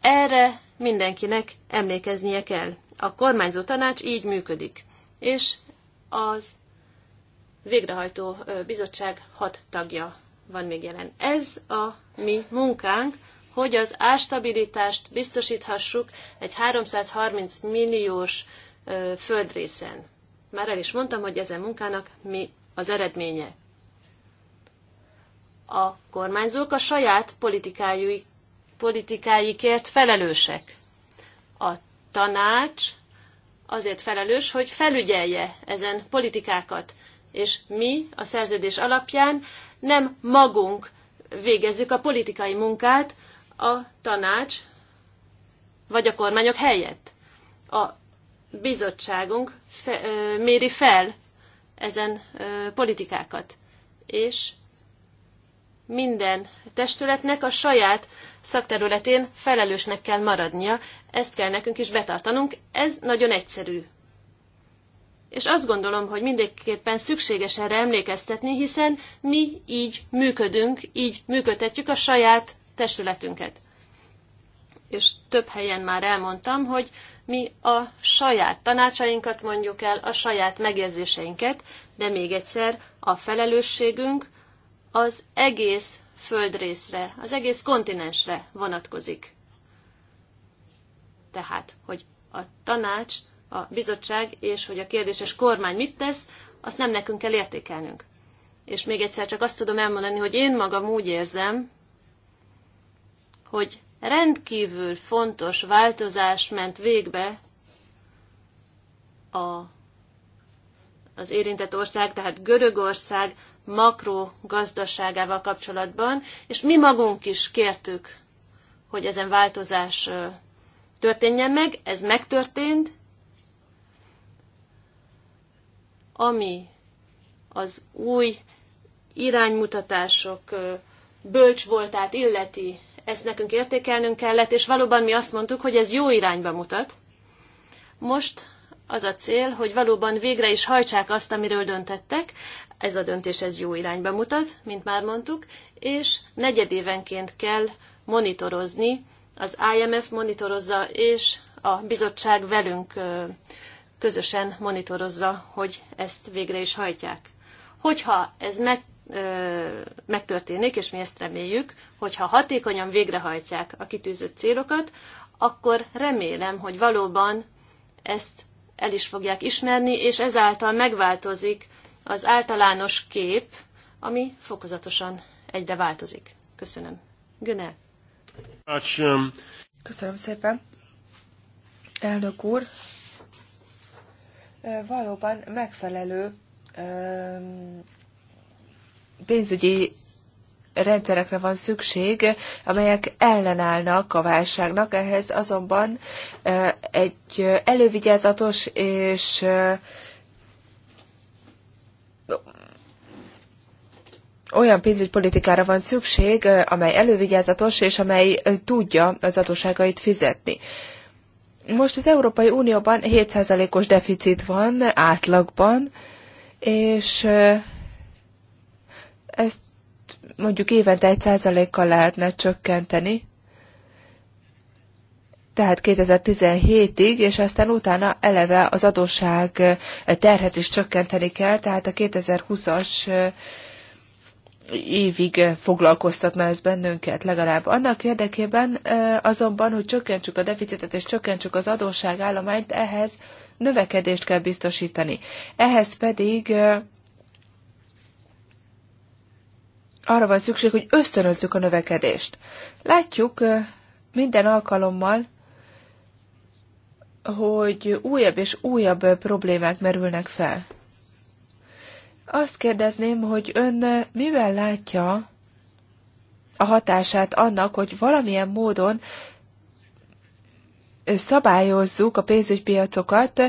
erre mindenkinek emlékeznie kell. A kormányzó tanács így működik, és az végrehajtó bizottság hat tagja van még jelen. Ez a mi munkánk, hogy az ástabilitást biztosíthassuk egy 330 milliós földrészen. Már el is mondtam, hogy ezen munkának mi az eredménye. A kormányzók a saját politikáikért felelősek. A tanács azért felelős, hogy felügyelje ezen politikákat, és mi a szerződés alapján nem magunk végezzük a politikai munkát a tanács vagy a kormányok helyett. A bizottságunk fe, ö, méri fel ezen ö, politikákat. És minden testületnek a saját szakterületén felelősnek kell maradnia, ezt kell nekünk is betartanunk, ez nagyon egyszerű. És azt gondolom, hogy mindenképpen szükséges erre emlékeztetni, hiszen mi így működünk, így működtetjük a saját testületünket. És több helyen már elmondtam, hogy mi a saját tanácsainkat mondjuk el, a saját megjegyzéseinket, de még egyszer a felelősségünk az egész földrészre, az egész kontinensre vonatkozik. Tehát, hogy a tanács, a bizottság és hogy a kérdéses kormány mit tesz, azt nem nekünk kell értékelnünk. És még egyszer csak azt tudom elmondani, hogy én magam úgy érzem, hogy rendkívül fontos változás ment végbe a, az érintett ország, tehát Görögország makro gazdaságával kapcsolatban, és mi magunk is kértük, hogy ezen változás történjen meg, ez megtörtént, ami az új iránymutatások bölcs voltát illeti ezt nekünk értékelnünk kellett, és valóban mi azt mondtuk, hogy ez jó irányba mutat. Most az a cél, hogy valóban végre is hajtsák azt, amiről döntettek. Ez a döntés ez jó irányba mutat, mint már mondtuk, és negyedévenként kell monitorozni, az IMF monitorozza, és a bizottság velünk közösen monitorozza, hogy ezt végre is hajtják. Hogyha ez meg megtörténik, és mi ezt reméljük, hogyha hatékonyan végrehajtják a kitűzött célokat, akkor remélem, hogy valóban ezt el is fogják ismerni, és ezáltal megváltozik az általános kép, ami fokozatosan egyre változik. Köszönöm. Güne. Köszönöm szépen. Elnök úr, valóban megfelelő pénzügyi rendszerekre van szükség, amelyek ellenállnak a válságnak, ehhez azonban egy elővigyázatos és olyan pénzügypolitikára van szükség, amely elővigyázatos és amely tudja az adóságait fizetni. Most az Európai Unióban 7%-os deficit van átlagban, és ezt mondjuk évente egy százalékkal lehetne csökkenteni, tehát 2017-ig, és aztán utána eleve az adósság eh, terhet is csökkenteni kell, tehát a 2020-as eh, évig eh, foglalkoztatna ez bennünket legalább. Annak érdekében azonban, hogy csökkentsük a deficitet és csökkentsük az adósságállományt, ehhez növekedést kell biztosítani. Ehhez pedig arra van szükség, hogy ösztönözzük a növekedést. Látjuk minden alkalommal, hogy újabb és újabb problémák merülnek fel. Azt kérdezném, hogy ön mivel látja a hatását annak, hogy valamilyen módon szabályozzuk a pénzügypiacokat,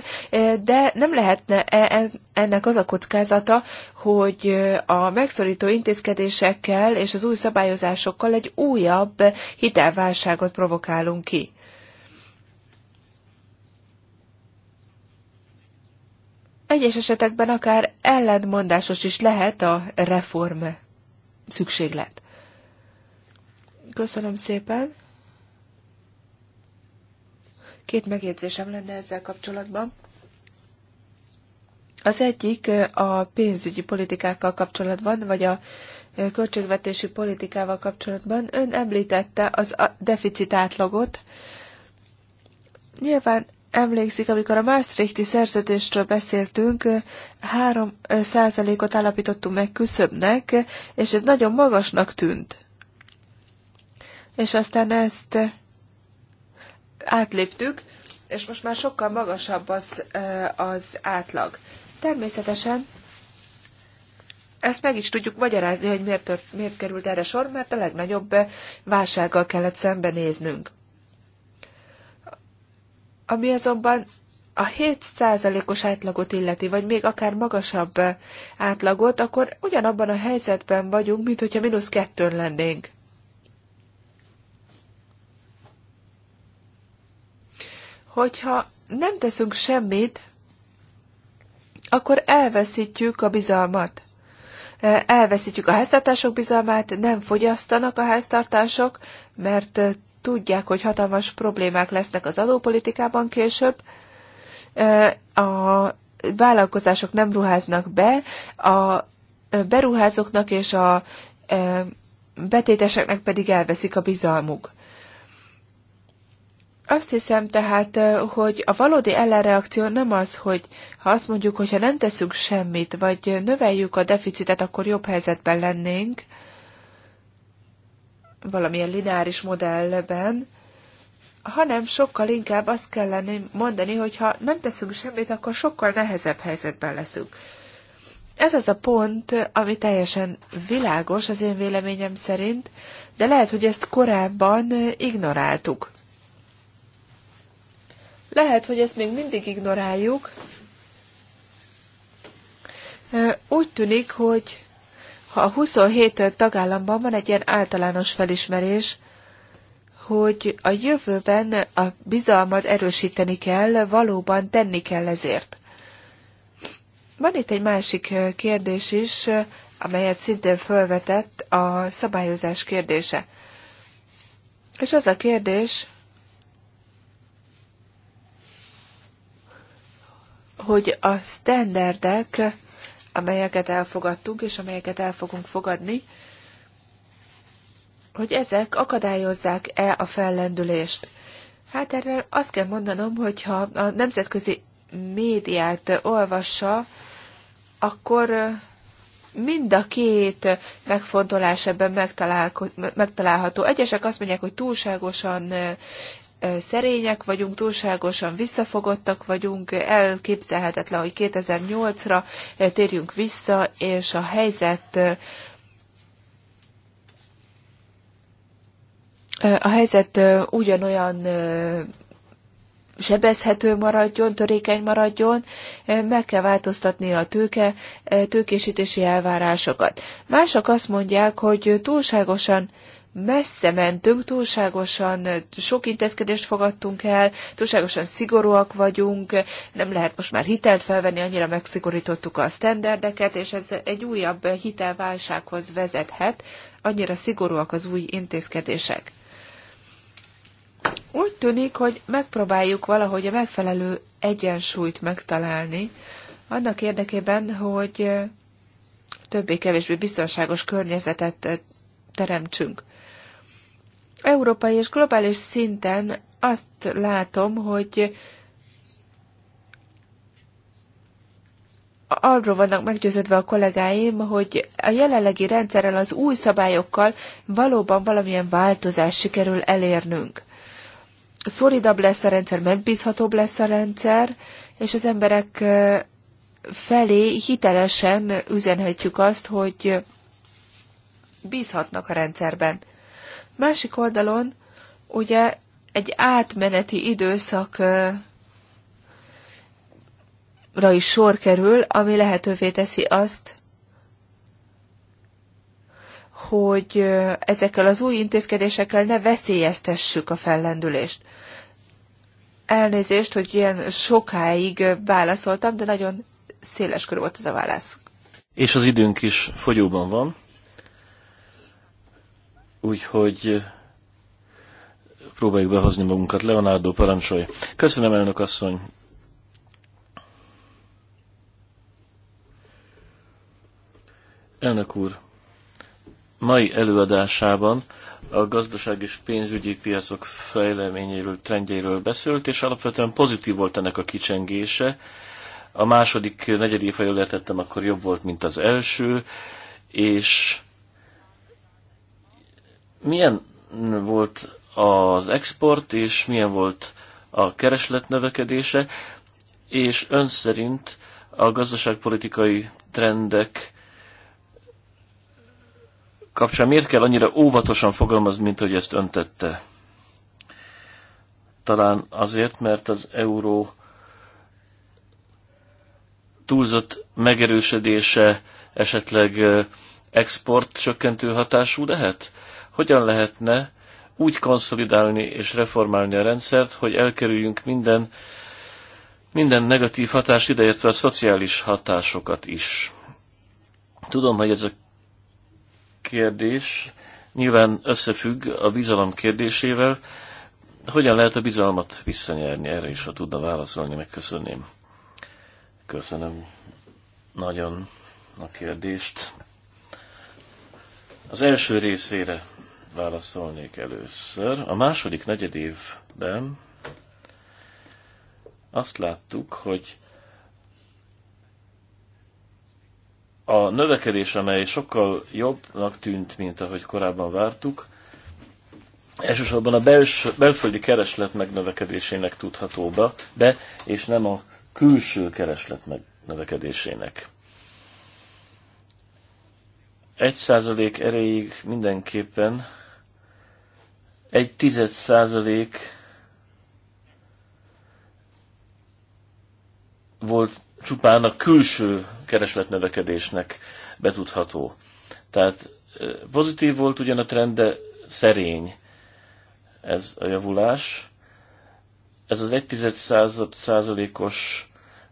de nem lehetne e, e, ennek az a kockázata, hogy a megszorító intézkedésekkel és az új szabályozásokkal egy újabb hitelválságot provokálunk ki. Egyes esetekben akár ellentmondásos is lehet a reform szükséglet. Köszönöm szépen! Két megjegyzésem lenne ezzel kapcsolatban. Az egyik a pénzügyi politikákkal kapcsolatban, vagy a költségvetési politikával kapcsolatban. Ön említette az a deficit átlagot. Nyilván emlékszik, amikor a Maastrichti szerződésről beszéltünk, 3 ot állapítottunk meg küszöbnek, és ez nagyon magasnak tűnt. És aztán ezt átléptük, és most már sokkal magasabb az, az átlag. Természetesen ezt meg is tudjuk magyarázni, hogy miért, tört, miért került erre sor, mert a legnagyobb válsággal kellett szembenéznünk. Ami azonban a 7%-os átlagot illeti, vagy még akár magasabb átlagot, akkor ugyanabban a helyzetben vagyunk, mint hogyha mínusz kettőn lennénk. hogyha nem teszünk semmit, akkor elveszítjük a bizalmat. E, elveszítjük a háztartások bizalmát, nem fogyasztanak a háztartások, mert e, tudják, hogy hatalmas problémák lesznek az adópolitikában később. E, a vállalkozások nem ruháznak be, a beruházóknak és a betéteseknek pedig elveszik a bizalmuk. Azt hiszem tehát, hogy a valódi ellenreakció nem az, hogy ha azt mondjuk, hogy ha nem teszünk semmit, vagy növeljük a deficitet, akkor jobb helyzetben lennénk, valamilyen lineáris modellben, hanem sokkal inkább azt kellene mondani, hogy ha nem teszünk semmit, akkor sokkal nehezebb helyzetben leszünk. Ez az a pont, ami teljesen világos az én véleményem szerint, de lehet, hogy ezt korábban ignoráltuk. Lehet, hogy ezt még mindig ignoráljuk. Úgy tűnik, hogy ha a 27 tagállamban van egy ilyen általános felismerés, hogy a jövőben a bizalmat erősíteni kell, valóban tenni kell ezért. Van itt egy másik kérdés is, amelyet szintén felvetett a szabályozás kérdése. És az a kérdés, hogy a standardek, amelyeket elfogadtunk és amelyeket el fogunk fogadni, hogy ezek akadályozzák-e a fellendülést. Hát erre azt kell mondanom, hogy ha a nemzetközi médiát olvassa, akkor mind a két megfontolás ebben megtalálható. Egyesek azt mondják, hogy túlságosan szerények vagyunk, túlságosan visszafogottak vagyunk, elképzelhetetlen, hogy 2008-ra térjünk vissza, és a helyzet a helyzet ugyanolyan sebezhető maradjon, törékeny maradjon, meg kell változtatni a tőke, tőkésítési elvárásokat. Mások azt mondják, hogy túlságosan messze mentünk, túlságosan sok intézkedést fogadtunk el, túlságosan szigorúak vagyunk, nem lehet most már hitelt felvenni, annyira megszigorítottuk a sztenderdeket, és ez egy újabb hitelválsághoz vezethet, annyira szigorúak az új intézkedések. Úgy tűnik, hogy megpróbáljuk valahogy a megfelelő egyensúlyt megtalálni, annak érdekében, hogy többé-kevésbé biztonságos környezetet teremtsünk európai és globális szinten azt látom, hogy arról vannak meggyőződve a kollégáim, hogy a jelenlegi rendszerrel, az új szabályokkal valóban valamilyen változás sikerül elérnünk. Szolidabb lesz a rendszer, megbízhatóbb lesz a rendszer, és az emberek felé hitelesen üzenhetjük azt, hogy bízhatnak a rendszerben. Másik oldalon ugye egy átmeneti időszak ra is sor kerül, ami lehetővé teszi azt, hogy ezekkel az új intézkedésekkel ne veszélyeztessük a fellendülést. Elnézést, hogy ilyen sokáig válaszoltam, de nagyon széles körül volt ez a válasz. És az időnk is fogyóban van. Úgyhogy eh, próbáljuk behozni magunkat. Leonardo, parancsolj. Köszönöm, elnök asszony. Elnök úr, mai előadásában a gazdaság és pénzügyi piacok fejleményéről, trendjéről beszélt, és alapvetően pozitív volt ennek a kicsengése. A második negyedév, ha jól értettem, akkor jobb volt, mint az első, és milyen volt az export, és milyen volt a kereslet növekedése, és ön szerint a gazdaságpolitikai trendek kapcsán miért kell annyira óvatosan fogalmazni, mint hogy ezt öntette? Talán azért, mert az euró túlzott megerősödése esetleg export csökkentő hatású lehet? hogyan lehetne úgy konszolidálni és reformálni a rendszert, hogy elkerüljünk minden, minden negatív hatást, ideértve a szociális hatásokat is. Tudom, hogy ez a kérdés nyilván összefügg a bizalom kérdésével. Hogyan lehet a bizalmat visszanyerni? Erre is, ha tudna válaszolni, megköszönném. Köszönöm nagyon a kérdést. Az első részére válaszolnék először. A második negyed évben azt láttuk, hogy a növekedés, amely sokkal jobbnak tűnt, mint ahogy korábban vártuk, elsősorban a bels, belföldi kereslet megnövekedésének tudható be, és nem a külső kereslet megnövekedésének. százalék erejéig mindenképpen egy tized százalék volt csupán a külső keresletnövekedésnek betudható. Tehát pozitív volt ugyan a trend, de szerény ez a javulás. Ez az tized század százalékos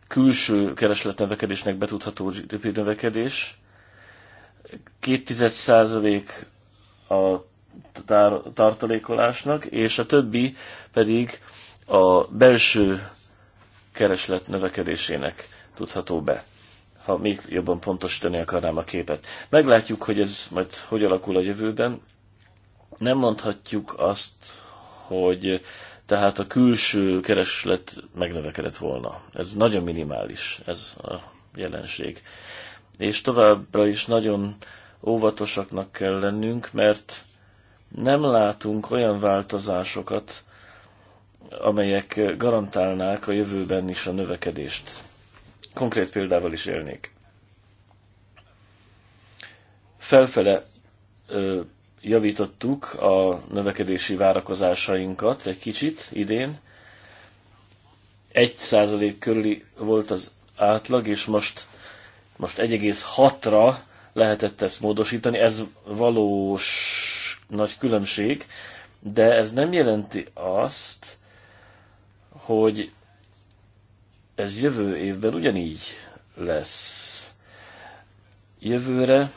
külső keresletnövekedésnek betudható GDP növekedés, tized százalék a tartalékolásnak, és a többi pedig a belső kereslet növekedésének tudható be, ha még jobban pontosítani akarnám a képet. Meglátjuk, hogy ez majd hogy alakul a jövőben. Nem mondhatjuk azt, hogy tehát a külső kereslet megnövekedett volna. Ez nagyon minimális, ez a jelenség. És továbbra is nagyon óvatosaknak kell lennünk, mert nem látunk olyan változásokat, amelyek garantálnák a jövőben is a növekedést. Konkrét példával is élnék. Felfele ö, javítottuk a növekedési várakozásainkat egy kicsit idén. Egy százalék körüli volt az átlag, és most, most 1,6-ra lehetett ezt módosítani. Ez valós nagy különbség, de ez nem jelenti azt, hogy ez jövő évben ugyanígy lesz. Jövőre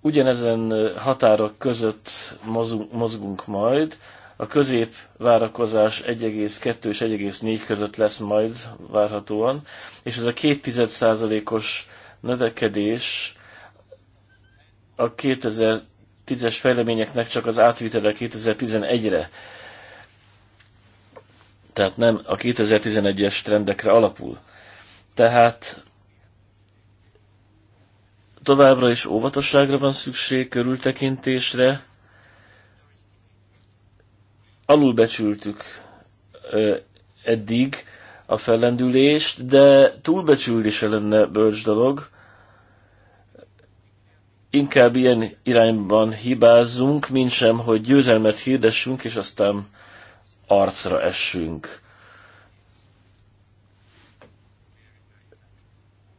ugyanezen határok között mozunk, mozgunk majd, a közép várakozás 1,2 és 1,4 között lesz majd várhatóan, és ez a 2 os növekedés a 2000 2010-es fejleményeknek csak az átvitele 2011-re, tehát nem a 2011-es trendekre alapul. Tehát továbbra is óvatosságra van szükség, körültekintésre. Alulbecsültük eddig a fellendülést, de is lenne bölcs dolog inkább ilyen irányban hibázzunk, mint sem, hogy győzelmet hirdessünk, és aztán arcra essünk.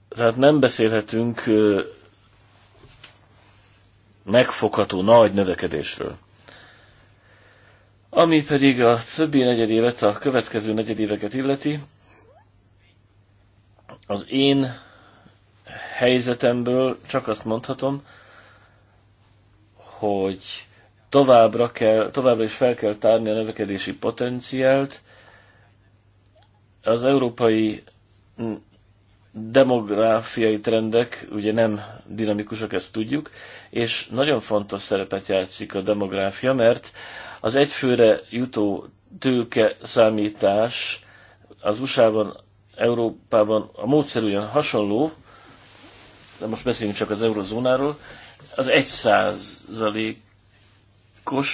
Tehát nem beszélhetünk megfogható nagy növekedésről. Ami pedig a többi negyedévet, a következő negyedéveket illeti, az én helyzetemből csak azt mondhatom, hogy továbbra, kell, továbbra is fel kell tárni a növekedési potenciált. Az európai mm, demográfiai trendek ugye nem dinamikusak, ezt tudjuk, és nagyon fontos szerepet játszik a demográfia, mert az egyfőre jutó tőke számítás az USA-ban, Európában a módszer ugyan hasonló, de most beszélünk csak az eurozónáról, az egy százalékos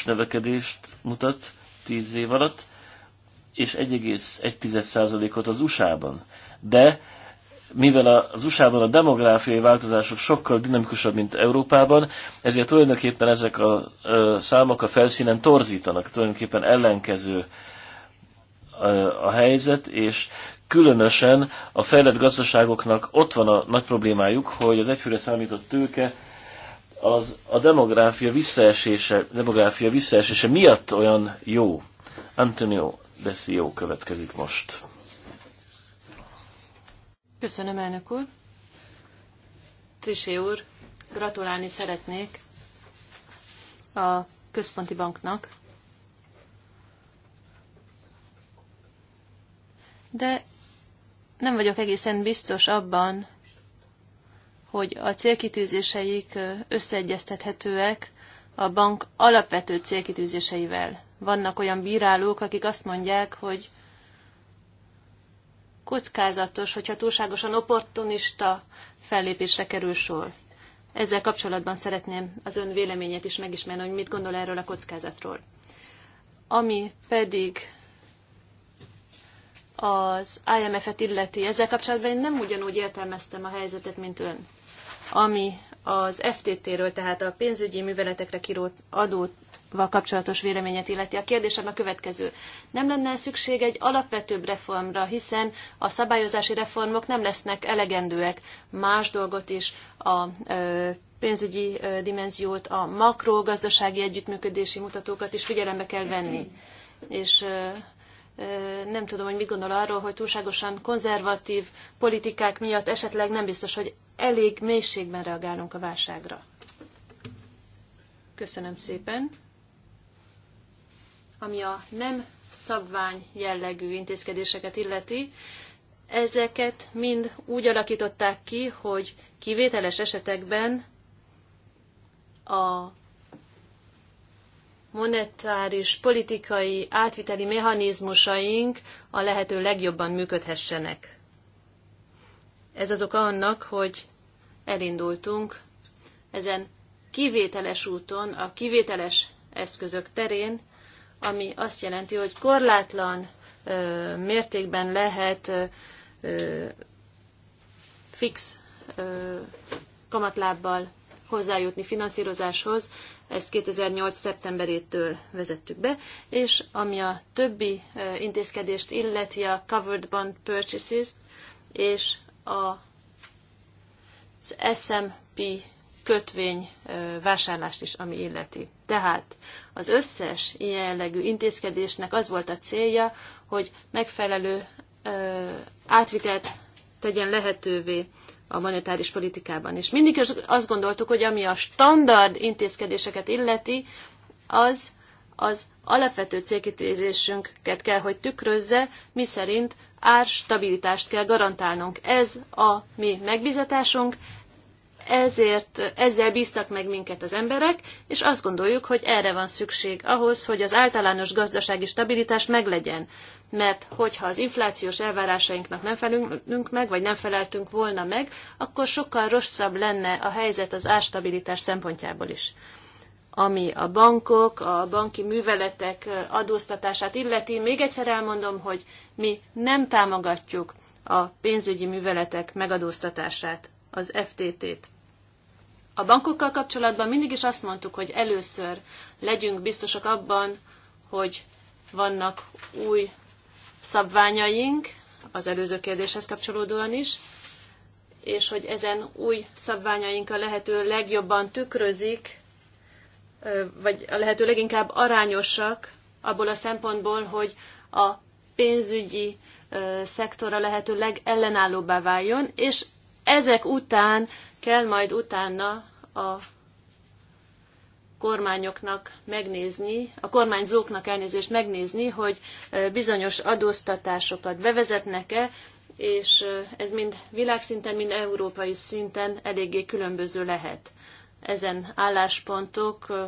növekedést mutat 10 év alatt, és 1,1%-ot az USA-ban. De mivel az USA-ban a demográfiai változások sokkal dinamikusabb, mint Európában, ezért tulajdonképpen ezek a számok a felszínen torzítanak, tulajdonképpen ellenkező a helyzet, és különösen a fejlett gazdaságoknak ott van a nagy problémájuk, hogy az egyfőre számított tőke az a demográfia visszaesése, demográfia visszaesése miatt olyan jó. Antonio de Fio következik most. Köszönöm, elnök úr. Trisé úr, gratulálni szeretnék a központi banknak, de nem vagyok egészen biztos abban, hogy a célkitűzéseik összeegyeztethetőek a bank alapvető célkitűzéseivel. Vannak olyan bírálók, akik azt mondják, hogy kockázatos, hogyha túlságosan opportunista fellépésre kerül sor. Ezzel kapcsolatban szeretném az ön véleményét is megismerni, hogy mit gondol erről a kockázatról. Ami pedig az IMF-et illeti, ezzel kapcsolatban én nem ugyanúgy értelmeztem a helyzetet, mint ön ami az FTT-ről, tehát a pénzügyi műveletekre kirót adót kapcsolatos véleményet illeti. A kérdésem a következő. Nem lenne szükség egy alapvetőbb reformra, hiszen a szabályozási reformok nem lesznek elegendőek. Más dolgot is a ö, pénzügyi ö, dimenziót, a makrogazdasági együttműködési mutatókat is figyelembe kell venni. És ö, nem tudom, hogy mit gondol arról, hogy túlságosan konzervatív politikák miatt esetleg nem biztos, hogy elég mélységben reagálunk a válságra. Köszönöm szépen. Ami a nem szabvány jellegű intézkedéseket illeti, ezeket mind úgy alakították ki, hogy kivételes esetekben a monetáris politikai átviteli mechanizmusaink a lehető legjobban működhessenek. Ez az oka annak, hogy elindultunk ezen kivételes úton, a kivételes eszközök terén, ami azt jelenti, hogy korlátlan ö, mértékben lehet ö, fix ö, kamatlábbal hozzájutni finanszírozáshoz, ezt 2008. szeptemberétől vezettük be, és ami a többi intézkedést illeti a covered bond purchases és az SMP kötvény vásárlást is, ami illeti. Tehát az összes ilyen jellegű intézkedésnek az volt a célja, hogy megfelelő átvitelt tegyen lehetővé a monetáris politikában. És mindig azt gondoltuk, hogy ami a standard intézkedéseket illeti, az az alapvető célkitűzésünket kell, hogy tükrözze, mi szerint árstabilitást kell garantálnunk. Ez a mi megbizatásunk, ezért ezzel bíztak meg minket az emberek, és azt gondoljuk, hogy erre van szükség ahhoz, hogy az általános gazdasági stabilitás meglegyen. Mert hogyha az inflációs elvárásainknak nem felünk meg, vagy nem feleltünk volna meg, akkor sokkal rosszabb lenne a helyzet az árstabilitás szempontjából is ami a bankok, a banki műveletek adóztatását illeti. Még egyszer elmondom, hogy mi nem támogatjuk a pénzügyi műveletek megadóztatását, az FTT-t. A bankokkal kapcsolatban mindig is azt mondtuk, hogy először legyünk biztosak abban, hogy vannak új szabványaink, az előző kérdéshez kapcsolódóan is, és hogy ezen új szabványaink a lehető legjobban tükrözik vagy a lehető leginkább arányosak abból a szempontból, hogy a pénzügyi szektor a lehető legellenállóbbá váljon, és ezek után kell majd utána a kormányoknak megnézni, a kormányzóknak elnézést megnézni, hogy bizonyos adóztatásokat bevezetnek-e, és ez mind világszinten, mind európai szinten eléggé különböző lehet ezen álláspontok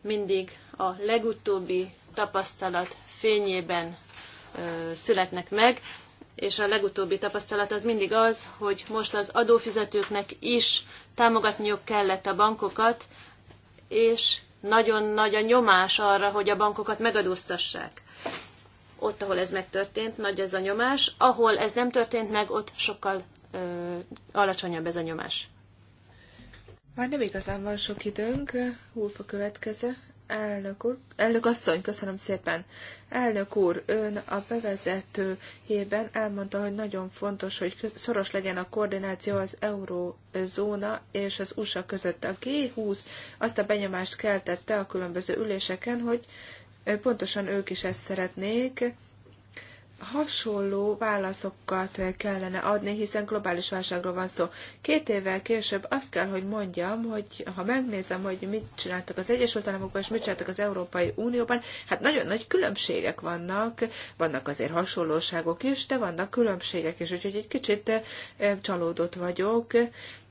mindig a legutóbbi tapasztalat fényében születnek meg, és a legutóbbi tapasztalat az mindig az, hogy most az adófizetőknek is támogatniuk kellett a bankokat, és nagyon nagy a nyomás arra, hogy a bankokat megadóztassák. Ott, ahol ez megtörtént, nagy ez a nyomás. Ahol ez nem történt meg, ott sokkal ö, alacsonyabb ez a nyomás. Már nem igazán van sok időnk, Ulf a következő. Elnök úr, elnök asszony, köszönöm szépen. Elnök úr, ön a bevezetőjében elmondta, hogy nagyon fontos, hogy szoros legyen a koordináció az eurózóna és az USA között. A G20 azt a benyomást keltette a különböző üléseken, hogy pontosan ők is ezt szeretnék hasonló válaszokat kellene adni, hiszen globális válságról van szó. Két évvel később azt kell, hogy mondjam, hogy ha megnézem, hogy mit csináltak az Egyesült Államokban, és mit csináltak az Európai Unióban, hát nagyon nagy különbségek vannak, vannak azért hasonlóságok is, de vannak különbségek is, úgyhogy egy kicsit eh, csalódott vagyok,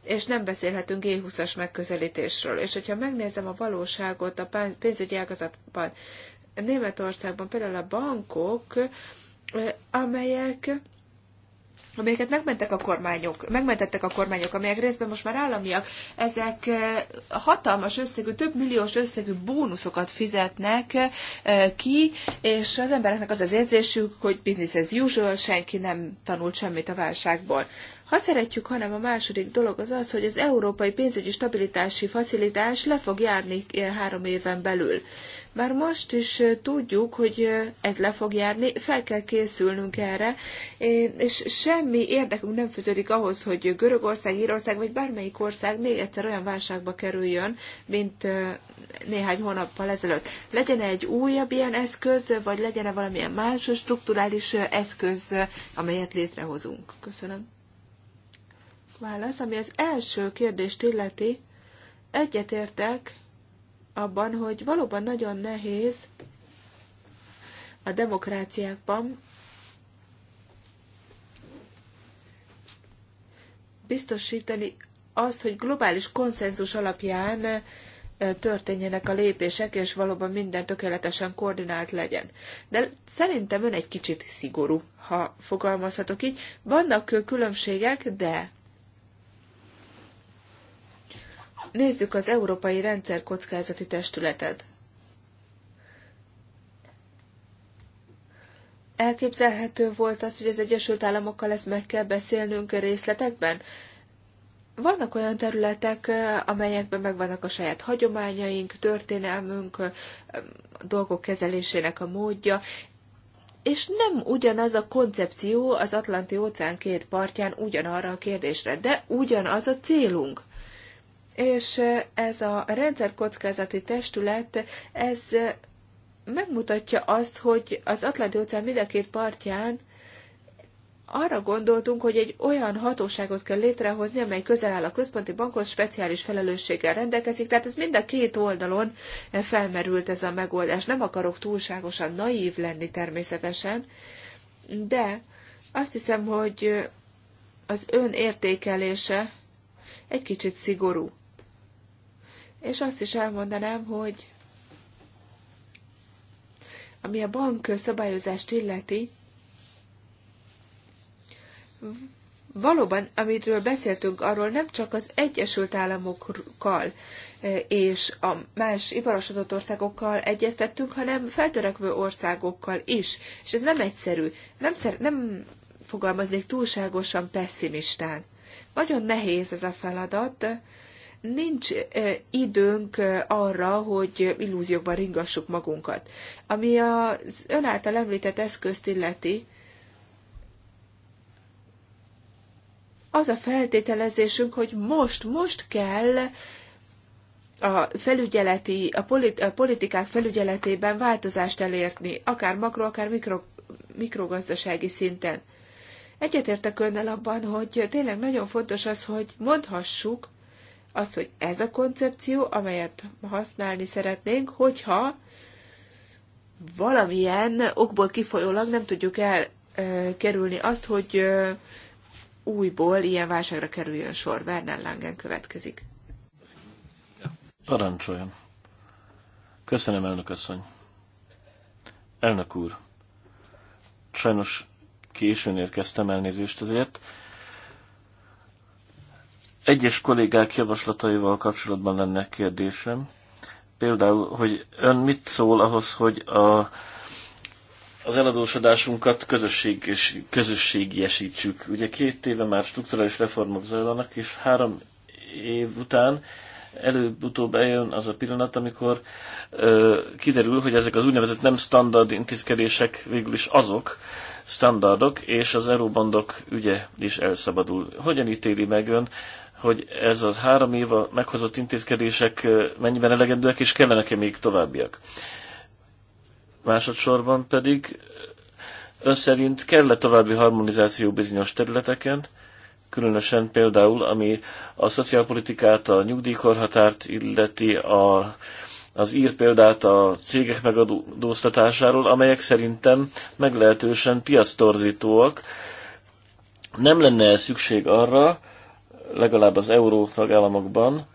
és nem beszélhetünk G20-as megközelítésről. És hogyha megnézem a valóságot a pénzügyi ágazatban, Németországban például a bankok, amelyek amelyeket megmentek a kormányok, megmentettek a kormányok, amelyek részben most már államiak, ezek hatalmas összegű, több milliós összegű bónuszokat fizetnek ki, és az embereknek az az érzésük, hogy business as usual, senki nem tanult semmit a válságból. Ha szeretjük, hanem a második dolog az az, hogy az európai pénzügyi stabilitási facilitás le fog járni három éven belül. Már most is tudjuk, hogy ez le fog járni, fel kell készülnünk erre, és semmi érdekünk nem fűződik ahhoz, hogy Görögország, Írország vagy bármelyik ország még egyszer olyan válságba kerüljön, mint néhány hónappal ezelőtt. Legyen -e egy újabb ilyen eszköz, vagy legyen -e valamilyen más strukturális eszköz, amelyet létrehozunk? Köszönöm. Válasz, ami az első kérdést illeti, egyetértek abban, hogy valóban nagyon nehéz a demokráciákban biztosítani azt, hogy globális konszenzus alapján eh, történjenek a lépések, és valóban minden tökéletesen koordinált legyen. De szerintem ön egy kicsit szigorú, ha fogalmazhatok így. Vannak eh, különbségek, de Nézzük az Európai Rendszer Kockázati Testületet. Elképzelhető volt az, hogy az Egyesült Államokkal ezt meg kell beszélnünk részletekben? Vannak olyan területek, amelyekben megvannak a saját hagyományaink, történelmünk, dolgok kezelésének a módja, és nem ugyanaz a koncepció az Atlanti óceán két partján ugyanarra a kérdésre, de ugyanaz a célunk és ez a rendszerkockázati testület, ez megmutatja azt, hogy az Atlanti-óceán mind a két partján arra gondoltunk, hogy egy olyan hatóságot kell létrehozni, amely közel áll a központi bankhoz, speciális felelősséggel rendelkezik. Tehát ez mind a két oldalon felmerült ez a megoldás. Nem akarok túlságosan naív lenni természetesen, de azt hiszem, hogy az ön értékelése egy kicsit szigorú. És azt is elmondanám, hogy ami a bank szabályozást illeti, valóban, amitről beszéltünk, arról nem csak az Egyesült Államokkal e, és a más iparosodott országokkal egyeztettünk, hanem feltörekvő országokkal is. És ez nem egyszerű. Nem, szer- nem fogalmaznék túlságosan pessimistán. Nagyon nehéz ez a feladat, nincs időnk arra, hogy illúziókban ringassuk magunkat. Ami az ön által említett eszközt illeti, az a feltételezésünk, hogy most, most kell a felügyeleti, a, a politikák felügyeletében változást elérni, akár makro, akár mikro, mikrogazdasági szinten. Egyetértek önnel abban, hogy tényleg nagyon fontos az, hogy mondhassuk, azt, hogy ez a koncepció, amelyet használni szeretnénk, hogyha valamilyen okból kifolyólag nem tudjuk elkerülni azt, hogy újból ilyen válságra kerüljön sor. Werner Langen következik. Parancsoljon. Köszönöm, elnök asszony. Elnök úr, sajnos későn érkeztem elnézést azért egyes kollégák javaslataival kapcsolatban lenne kérdésem. Például, hogy ön mit szól ahhoz, hogy a, az eladósodásunkat közösség és közösségiesítsük. Ugye két éve már strukturális reformok zajlanak, és három év után előbb-utóbb eljön az a pillanat, amikor ö, kiderül, hogy ezek az úgynevezett nem standard intézkedések végül is azok, standardok, és az eurobondok ügye is elszabadul. Hogyan ítéli meg ön hogy ez a három év a meghozott intézkedések mennyiben elegendőek, és kellenek-e még továbbiak. Másodszorban pedig ön szerint kell-e további harmonizáció bizonyos területeken, különösen például, ami a szociálpolitikát, a nyugdíjkorhatárt illeti, a, az ír példát a cégek megadóztatásáról, amelyek szerintem meglehetősen piasztorzítóak. Nem lenne -e szükség arra, legalább az euró tagállamokban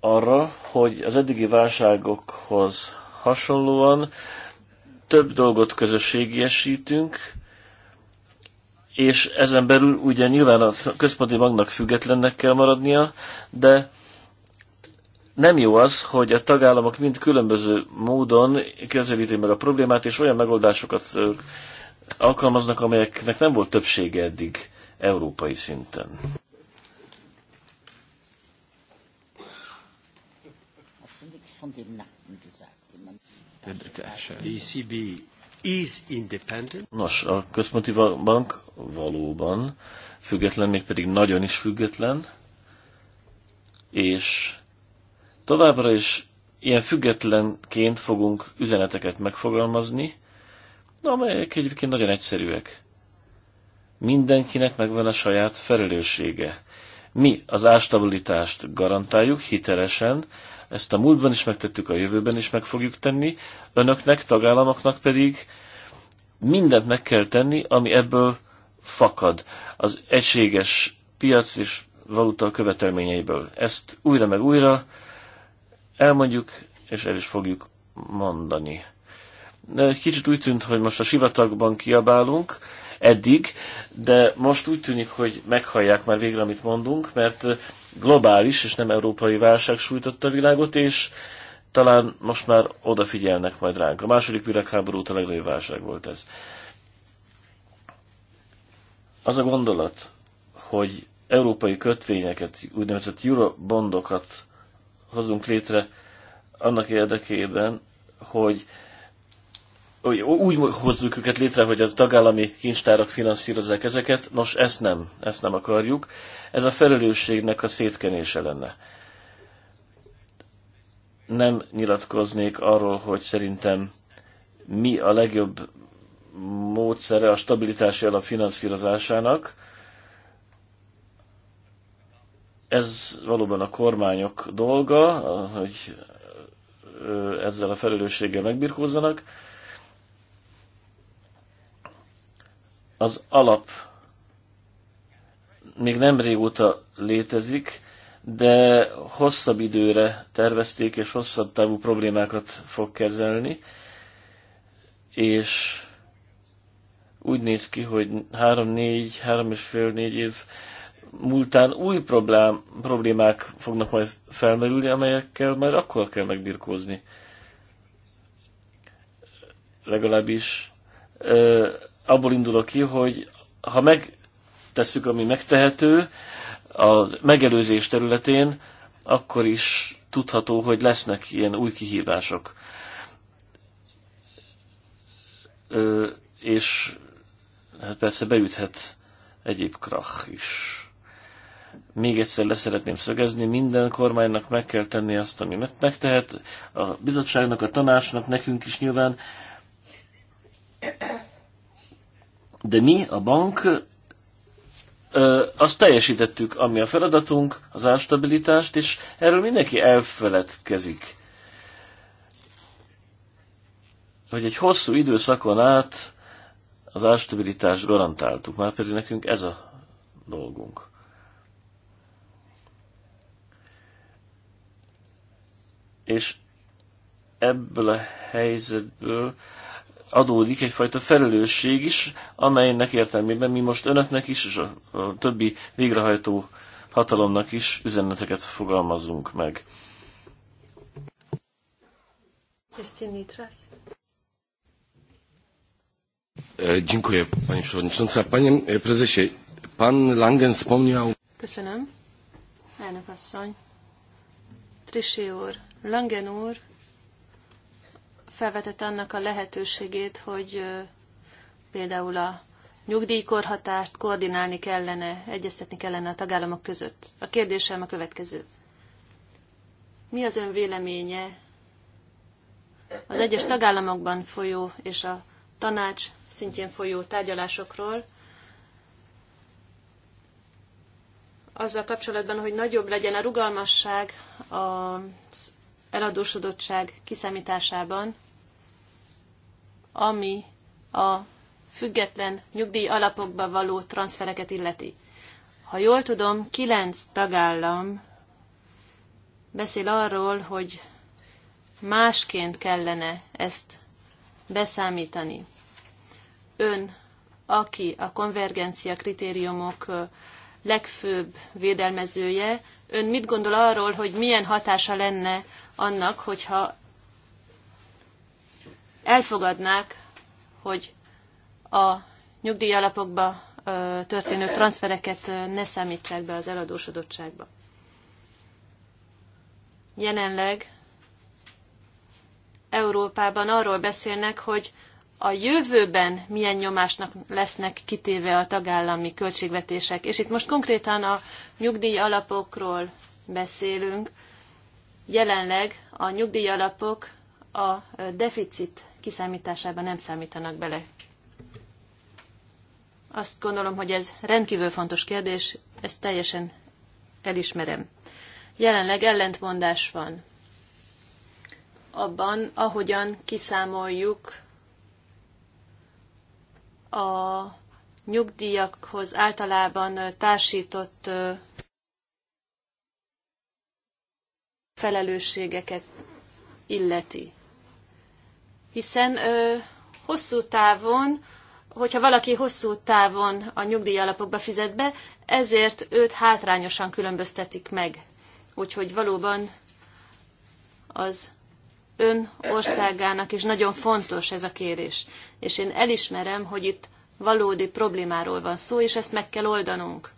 arra, hogy az eddigi válságokhoz hasonlóan több dolgot közösségiesítünk, és ezen belül ugye nyilván a központi magnak függetlennek kell maradnia, de nem jó az, hogy a tagállamok mind különböző módon közelítik meg a problémát, és olyan megoldásokat alkalmaznak, amelyeknek nem volt többsége eddig európai szinten. ECB is independent. Nos, a központi bank valóban független, mégpedig nagyon is független, és továbbra is ilyen függetlenként fogunk üzeneteket megfogalmazni, amelyek egyébként nagyon egyszerűek. Mindenkinek megvan a saját felelőssége. Mi az ástabilitást garantáljuk hitelesen, ezt a múltban is megtettük, a jövőben is meg fogjuk tenni, önöknek, tagállamoknak pedig mindent meg kell tenni, ami ebből fakad. Az egységes piac és valuta követelményeiből. Ezt újra meg újra elmondjuk, és el is fogjuk mondani. De egy kicsit úgy tűnt, hogy most a sivatagban kiabálunk, eddig, de most úgy tűnik, hogy meghallják már végre, amit mondunk, mert globális és nem európai válság sújtotta a világot, és talán most már odafigyelnek majd ránk. A második világháború óta legnagyobb válság volt ez. Az a gondolat, hogy európai kötvényeket, úgynevezett eurobondokat hozunk létre annak érdekében, hogy úgy hozzuk őket létre, hogy az tagállami kincstárak finanszírozzák ezeket. Nos, ezt nem, ezt nem akarjuk. Ez a felelősségnek a szétkenése lenne. Nem nyilatkoznék arról, hogy szerintem mi a legjobb módszere a stabilitási alap finanszírozásának. Ez valóban a kormányok dolga, hogy ezzel a felelősséggel megbirkózzanak az alap még nem régóta létezik, de hosszabb időre tervezték, és hosszabb távú problémákat fog kezelni, és úgy néz ki, hogy három, négy, 3,5-4 négy év múltán új problém, problémák fognak majd felmerülni, amelyekkel már akkor kell megbirkózni. Legalábbis abból indulok ki, hogy ha megtesszük, ami megtehető, a megelőzés területén, akkor is tudható, hogy lesznek ilyen új kihívások. Ö, és hát persze beüthet egyéb krach is. Még egyszer leszeretném szögezni, minden kormánynak meg kell tenni azt, ami megtehet, a bizottságnak, a tanácsnak, nekünk is nyilván, de mi, a bank, azt teljesítettük, ami a feladatunk, az árstabilitást, és erről mindenki elfeledkezik. Hogy egy hosszú időszakon át az árstabilitást garantáltuk, már pedig nekünk ez a dolgunk. És ebből a helyzetből adódik egyfajta felelősség is, amelynek értelmében mi most önöknek is, és a, a többi végrehajtó hatalomnak is üzeneteket fogalmazunk meg. E, e, pan Langen Köszönöm, elnök asszony. Trissi úr, Langen úr felvetett annak a lehetőségét, hogy például a nyugdíjkorhatást koordinálni kellene, egyeztetni kellene a tagállamok között. A kérdésem a következő. Mi az ön véleménye az egyes tagállamokban folyó és a tanács szintjén folyó tárgyalásokról, azzal kapcsolatban, hogy nagyobb legyen a rugalmasság az eladósodottság kiszámításában, ami a független nyugdíj alapokba való transfereket illeti. Ha jól tudom, kilenc tagállam beszél arról, hogy másként kellene ezt beszámítani. Ön, aki a konvergencia kritériumok legfőbb védelmezője, ön mit gondol arról, hogy milyen hatása lenne annak, hogyha elfogadnák, hogy a nyugdíjalapokba történő transfereket ne számítsák be az eladósodottságba. Jelenleg Európában arról beszélnek, hogy a jövőben milyen nyomásnak lesznek kitéve a tagállami költségvetések. És itt most konkrétan a nyugdíj alapokról beszélünk. Jelenleg a nyugdíj alapok a deficit kiszámításában nem számítanak bele. Azt gondolom, hogy ez rendkívül fontos kérdés, ezt teljesen elismerem. Jelenleg ellentmondás van abban, ahogyan kiszámoljuk a nyugdíjakhoz általában társított felelősségeket illeti hiszen ö, hosszú távon, hogyha valaki hosszú távon a nyugdíjalapokba fizet be, ezért őt hátrányosan különböztetik meg. Úgyhogy valóban az ön országának is nagyon fontos ez a kérés. És én elismerem, hogy itt valódi problémáról van szó, és ezt meg kell oldanunk.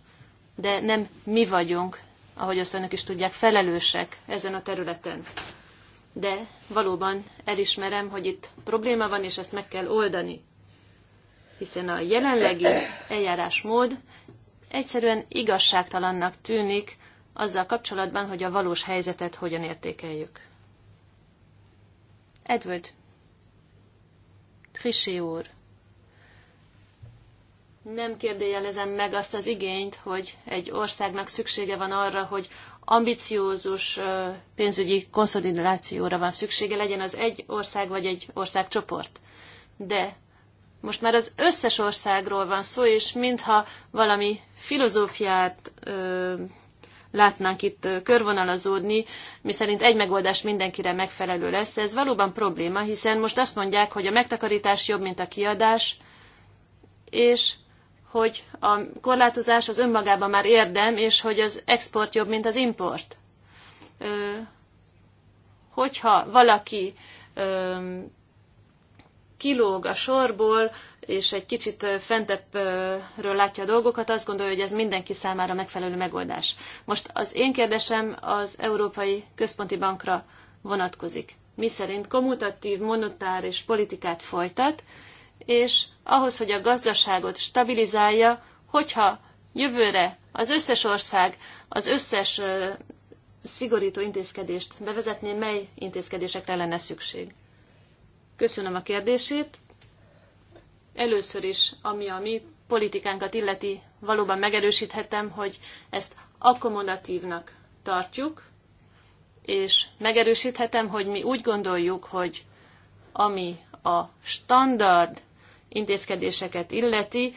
De nem mi vagyunk, ahogy azt önök is tudják, felelősek ezen a területen de valóban elismerem, hogy itt probléma van, és ezt meg kell oldani. Hiszen a jelenlegi eljárásmód egyszerűen igazságtalannak tűnik azzal kapcsolatban, hogy a valós helyzetet hogyan értékeljük. Edward, Trisi úr, nem kérdőjelezem meg azt az igényt, hogy egy országnak szüksége van arra, hogy ambiciózus pénzügyi konszolidációra van szüksége, legyen az egy ország vagy egy országcsoport. De most már az összes országról van szó, és mintha valami filozófiát ö, látnánk itt körvonalazódni, miszerint egy megoldás mindenkire megfelelő lesz. Ez valóban probléma, hiszen most azt mondják, hogy a megtakarítás jobb, mint a kiadás, és hogy a korlátozás az önmagában már érdem, és hogy az export jobb, mint az import. Hogyha valaki kilóg a sorból, és egy kicsit fentebbről látja a dolgokat, azt gondolja, hogy ez mindenki számára megfelelő megoldás. Most az én kérdésem az Európai Központi Bankra vonatkozik. Mi szerint kommutatív monetáris politikát folytat, és ahhoz, hogy a gazdaságot stabilizálja, hogyha jövőre az összes ország az összes szigorító intézkedést bevezetné, mely intézkedésekre lenne szükség? Köszönöm a kérdését. Először is, ami a mi politikánkat illeti, valóban megerősíthetem, hogy ezt akkomodatívnak tartjuk, és megerősíthetem, hogy mi úgy gondoljuk, hogy ami a standard intézkedéseket illeti,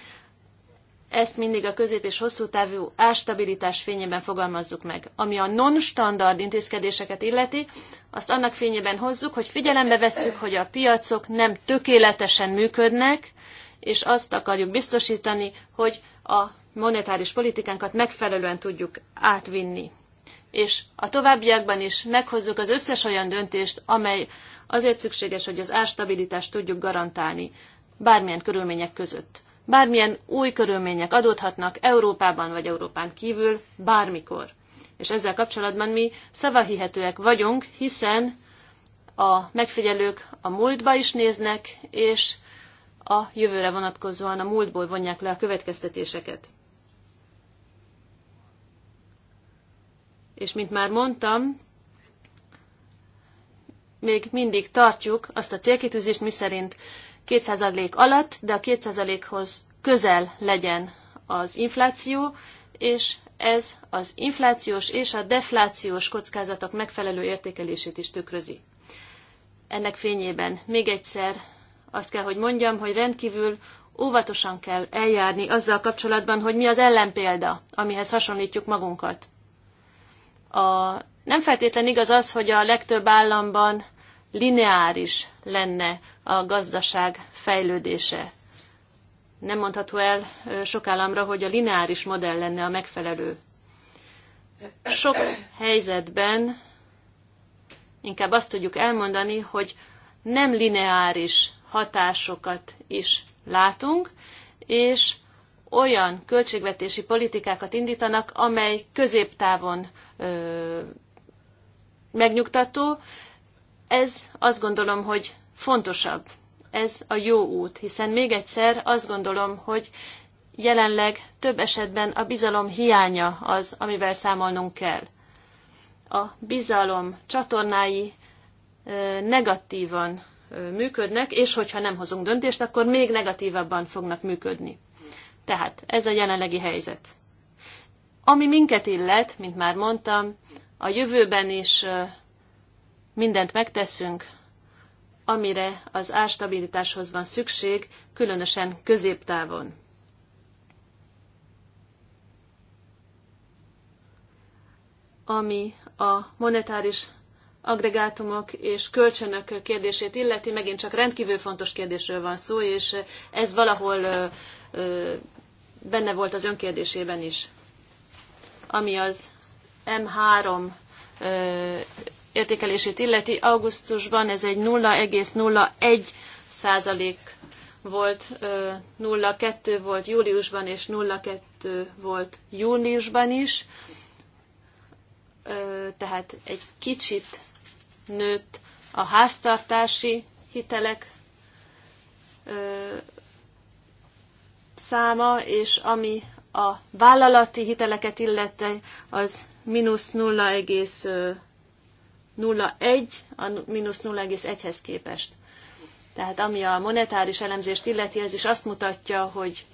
ezt mindig a közép- és hosszú távú árstabilitás fényében fogalmazzuk meg. Ami a non-standard intézkedéseket illeti, azt annak fényében hozzuk, hogy figyelembe vesszük, hogy a piacok nem tökéletesen működnek, és azt akarjuk biztosítani, hogy a monetáris politikánkat megfelelően tudjuk átvinni. És a továbbiakban is meghozzuk az összes olyan döntést, amely azért szükséges, hogy az árstabilitást tudjuk garantálni bármilyen körülmények között. Bármilyen új körülmények adódhatnak Európában vagy Európán kívül, bármikor. És ezzel kapcsolatban mi szavahihetőek vagyunk, hiszen a megfigyelők a múltba is néznek, és a jövőre vonatkozóan a múltból vonják le a következtetéseket. És mint már mondtam, még mindig tartjuk azt a célkitűzést, miszerint 2% alatt, de a 2%-hoz közel legyen az infláció, és ez az inflációs és a deflációs kockázatok megfelelő értékelését is tükrözi. Ennek fényében még egyszer azt kell, hogy mondjam, hogy rendkívül óvatosan kell eljárni azzal kapcsolatban, hogy mi az ellenpélda, amihez hasonlítjuk magunkat. A, nem feltétlen igaz az, hogy a legtöbb államban lineáris lenne a gazdaság fejlődése. Nem mondható el sok államra, hogy a lineáris modell lenne a megfelelő. Sok helyzetben inkább azt tudjuk elmondani, hogy nem lineáris hatásokat is látunk, és olyan költségvetési politikákat indítanak, amely középtávon ö, megnyugtató. Ez azt gondolom, hogy fontosabb. Ez a jó út, hiszen még egyszer azt gondolom, hogy jelenleg több esetben a bizalom hiánya az, amivel számolnunk kell. A bizalom csatornái negatívan működnek, és hogyha nem hozunk döntést, akkor még negatívabban fognak működni. Tehát ez a jelenlegi helyzet. Ami minket illet, mint már mondtam, a jövőben is mindent megteszünk amire az árstabilitáshoz van szükség, különösen középtávon. Ami a monetáris agregátumok és kölcsönök kérdését illeti, megint csak rendkívül fontos kérdésről van szó, és ez valahol benne volt az önkérdésében is. Ami az M3 értékelését illeti, augusztusban ez egy 0,01 százalék volt, 0,2 volt júliusban, és 0,2 volt júniusban is, tehát egy kicsit nőtt a háztartási hitelek száma, és ami a vállalati hiteleket illeti, az mínusz 0,1 a mínusz 0,1-hez képest. Tehát ami a monetáris elemzést illeti, ez is azt mutatja, hogy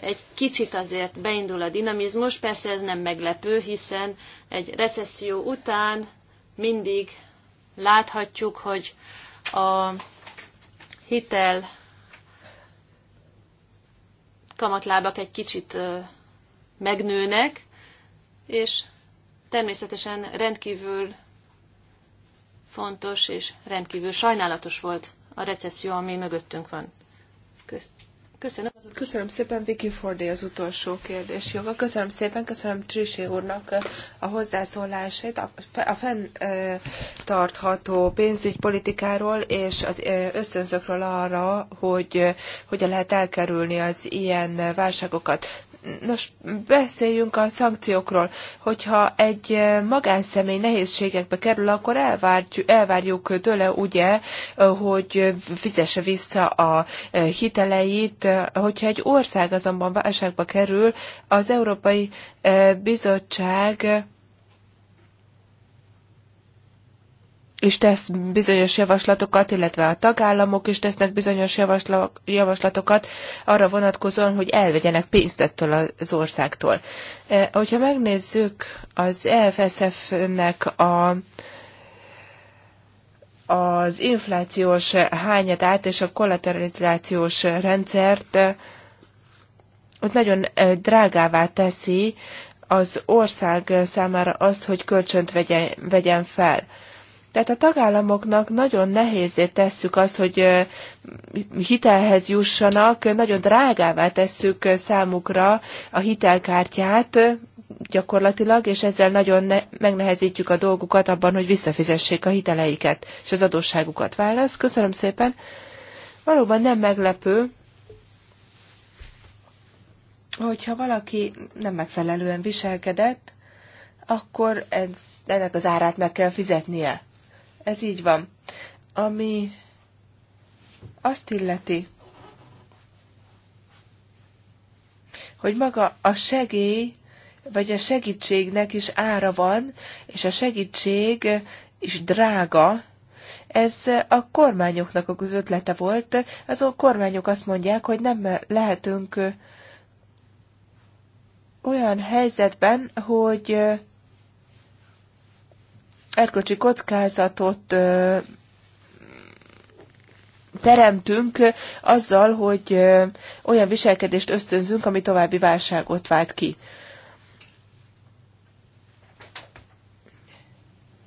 egy kicsit azért beindul a dinamizmus, persze ez nem meglepő, hiszen egy recesszió után mindig láthatjuk, hogy a hitel kamatlábak egy kicsit megnőnek, és Természetesen rendkívül fontos és rendkívül sajnálatos volt a recesszió, ami mögöttünk van. Köszönöm. Köszönöm szépen, Vicky Fordi az utolsó kérdés joga. Köszönöm szépen, köszönöm Trisi úrnak a hozzászólását a fenntartható pénzügypolitikáról és az ösztönzökről arra, hogy hogyan lehet elkerülni az ilyen válságokat. Nos, beszéljünk a szankciókról. Hogyha egy eh, magánszemély nehézségekbe kerül, akkor elvárjuk, elvárjuk tőle, ugye, eh, hogy fizesse vissza a eh, hiteleit. Hogyha egy ország azonban válságba kerül, az Európai Bizottság is tesz bizonyos javaslatokat, illetve a tagállamok is tesznek bizonyos javaslatokat arra vonatkozóan, hogy elvegyenek pénzt ettől az országtól. E, hogyha megnézzük az EFSF-nek a az inflációs hányadát és a kollateralizációs rendszert, e, az nagyon e, drágává teszi az ország számára azt, hogy kölcsönt vegyen, vegyen fel. Tehát a tagállamoknak nagyon nehézé tesszük azt, hogy hitelhez jussanak, nagyon drágává tesszük számukra a hitelkártyát gyakorlatilag, és ezzel nagyon ne- megnehezítjük a dolgukat abban, hogy visszafizessék a hiteleiket és az adósságukat. Válasz, köszönöm szépen. Valóban nem meglepő, hogyha valaki nem megfelelően viselkedett, akkor ez, ennek az árát meg kell fizetnie. Ez így van. Ami azt illeti, hogy maga a segély, vagy a segítségnek is ára van, és a segítség is drága, ez a kormányoknak az ötlete volt. Azok kormányok azt mondják, hogy nem lehetünk olyan helyzetben, hogy erkölcsi kockázatot teremtünk azzal, hogy olyan viselkedést ösztönzünk, ami további válságot vált ki.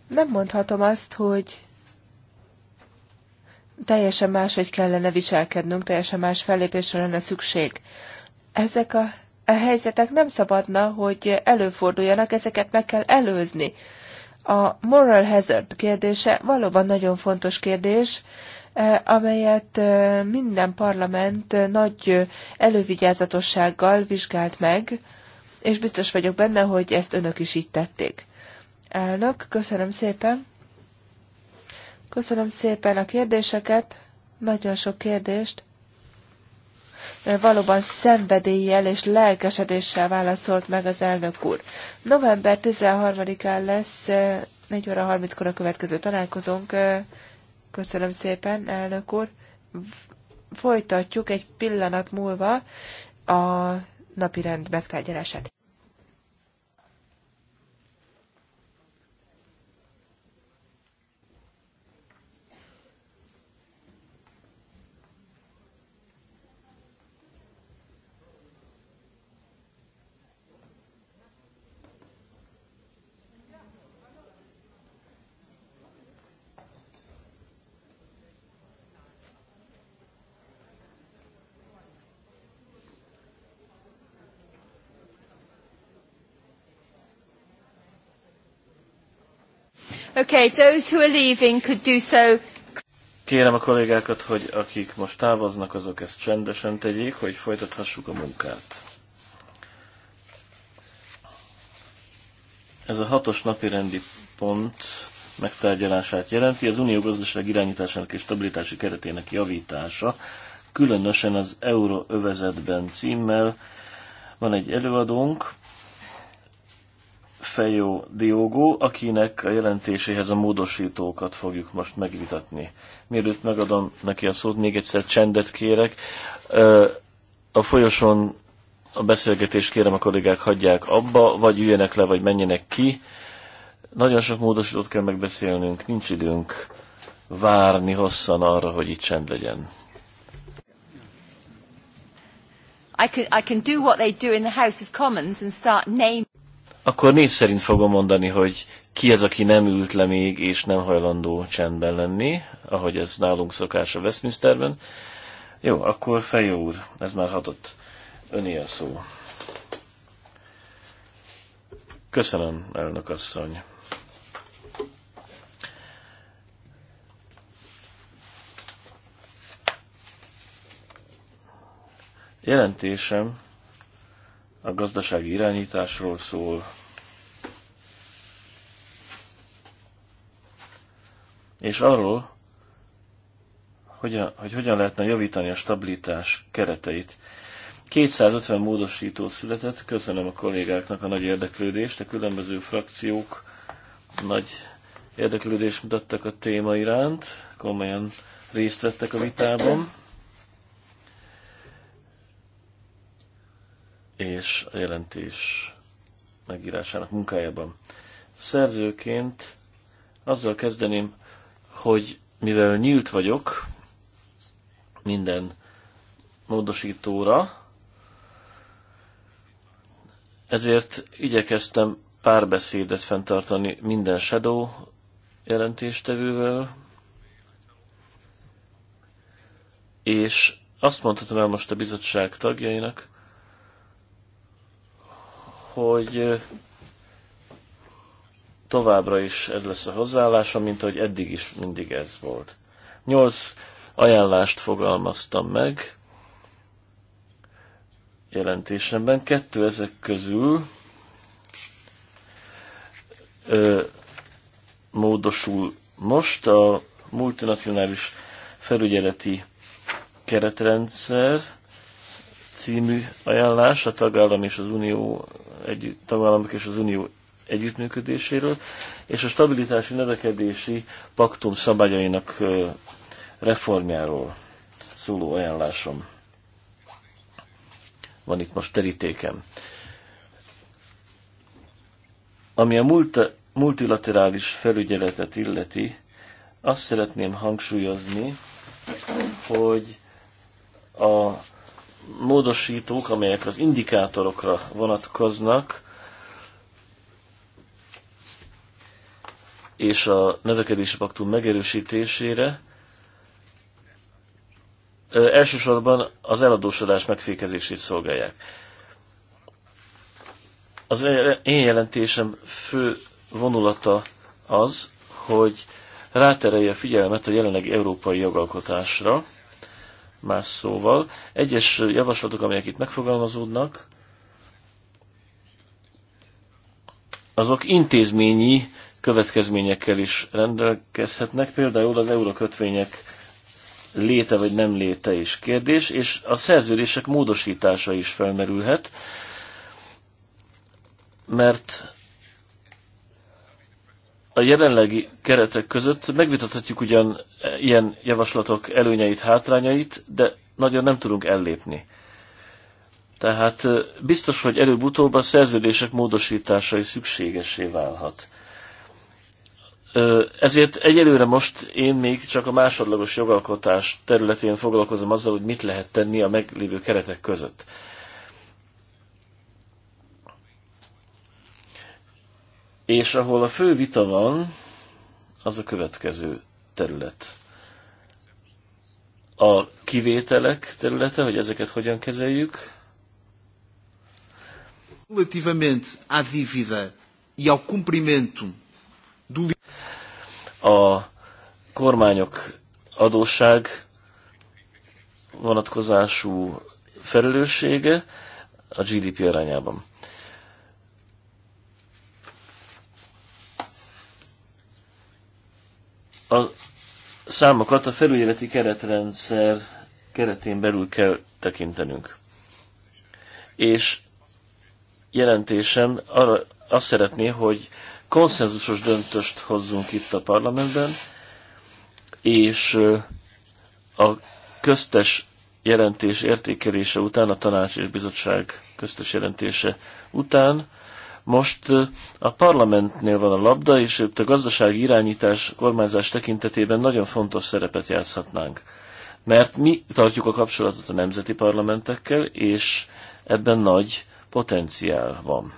Nem mondhatom azt, hogy teljesen máshogy kellene viselkednünk, teljesen más fellépésre lenne szükség. Ezek a, a helyzetek nem szabadna, hogy előforduljanak, ezeket meg kell előzni a moral hazard kérdése valóban nagyon fontos kérdés, eh, amelyet eh, minden parlament eh, nagy elővigyázatossággal vizsgált meg, és biztos vagyok benne, hogy ezt önök is így tették. Elnök, köszönöm szépen. Köszönöm szépen a kérdéseket, nagyon sok kérdést valóban szenvedéllyel és lelkesedéssel válaszolt meg az elnök úr. November 13-án lesz 4 óra 30-kor a következő találkozónk. Köszönöm szépen, elnök úr. Folytatjuk egy pillanat múlva a napirend megtárgyalását. Okay, those who are leaving could do so. Kérem a kollégákat, hogy akik most távoznak, azok ezt csendesen tegyék, hogy folytathassuk a munkát. Ez a hatos napi rendi pont megtárgyalását jelenti, az unió gazdaság irányításának és stabilitási keretének javítása, különösen az euróövezetben címmel. Van egy előadónk, Fejó Diogo, akinek a jelentéséhez a módosítókat fogjuk most megvitatni. Mielőtt megadom neki a szót, még egyszer csendet kérek. A folyosón a beszélgetést kérem a kollégák hagyják abba, vagy üljenek le, vagy menjenek ki. Nagyon sok módosítót kell megbeszélnünk, nincs időnk várni hosszan arra, hogy itt csend legyen. I can, I can do what they do in the House of Commons and start naming akkor név szerint fogom mondani, hogy ki az, aki nem ült le még, és nem hajlandó csendben lenni, ahogy ez nálunk szokás a Westminsterben. Jó, akkor Fejó úr, ez már hatott. Öné a szó. Köszönöm, elnök asszony. Jelentésem a gazdasági irányításról szól, és arról, hogyan, hogy hogyan lehetne javítani a stabilitás kereteit. 250 módosító született, köszönöm a kollégáknak a nagy érdeklődést, a különböző frakciók nagy érdeklődést mutattak a téma iránt, komolyan részt vettek a vitában. és a jelentés megírásának munkájában. Szerzőként azzal kezdeném, hogy mivel nyílt vagyok minden módosítóra, ezért igyekeztem párbeszédet fenntartani minden Shadow jelentéstevővel, és azt mondhatom el most a bizottság tagjainak, hogy továbbra is ez lesz a hozzáállása, mint ahogy eddig is mindig ez volt. Nyolc ajánlást fogalmaztam meg jelentésemben. Kettő ezek közül ö, módosul most a multinacionális felügyeleti keretrendszer, című ajánlás a tagállam és az unió együtt, tagállamok és az unió együttműködéséről, és a stabilitási növekedési paktum szabályainak reformjáról szóló ajánlásom van itt most terítékem. Ami a multi, multilaterális felügyeletet illeti, azt szeretném hangsúlyozni, hogy a módosítók, amelyek az indikátorokra vonatkoznak, és a növekedési paktum megerősítésére, elsősorban az eladósodás megfékezését szolgálják. Az én jelentésem fő vonulata az, hogy ráterelje a figyelmet a jelenlegi európai jogalkotásra, más szóval. Egyes javaslatok, amelyek itt megfogalmazódnak, azok intézményi következményekkel is rendelkezhetnek, például az eurokötvények léte vagy nem léte is kérdés, és a szerződések módosítása is felmerülhet, mert a jelenlegi keretek között megvitathatjuk ugyan e, ilyen javaslatok előnyeit, hátrányait, de nagyon nem tudunk ellépni. Tehát e, biztos, hogy előbb-utóbb a szerződések módosításai szükségesé válhat. E, ezért egyelőre most én még csak a másodlagos jogalkotás területén foglalkozom azzal, hogy mit lehet tenni a meglévő keretek között. És ahol a fő vita van, az a következő terület. A kivételek területe, hogy ezeket hogyan kezeljük. Relativamente à dívida e ao cumprimento do... A kormányok adósság vonatkozású felelőssége a GDP arányában. a számokat a felügyeleti keretrendszer keretén belül kell tekintenünk. És jelentésem arra azt szeretné, hogy konszenzusos döntést hozzunk itt a parlamentben, és a köztes jelentés értékelése után, a tanács és bizottság köztes jelentése után most a parlamentnél van a labda, és itt a gazdasági irányítás, kormányzás tekintetében nagyon fontos szerepet játszhatnánk. Mert mi tartjuk a kapcsolatot a nemzeti parlamentekkel, és ebben nagy potenciál van.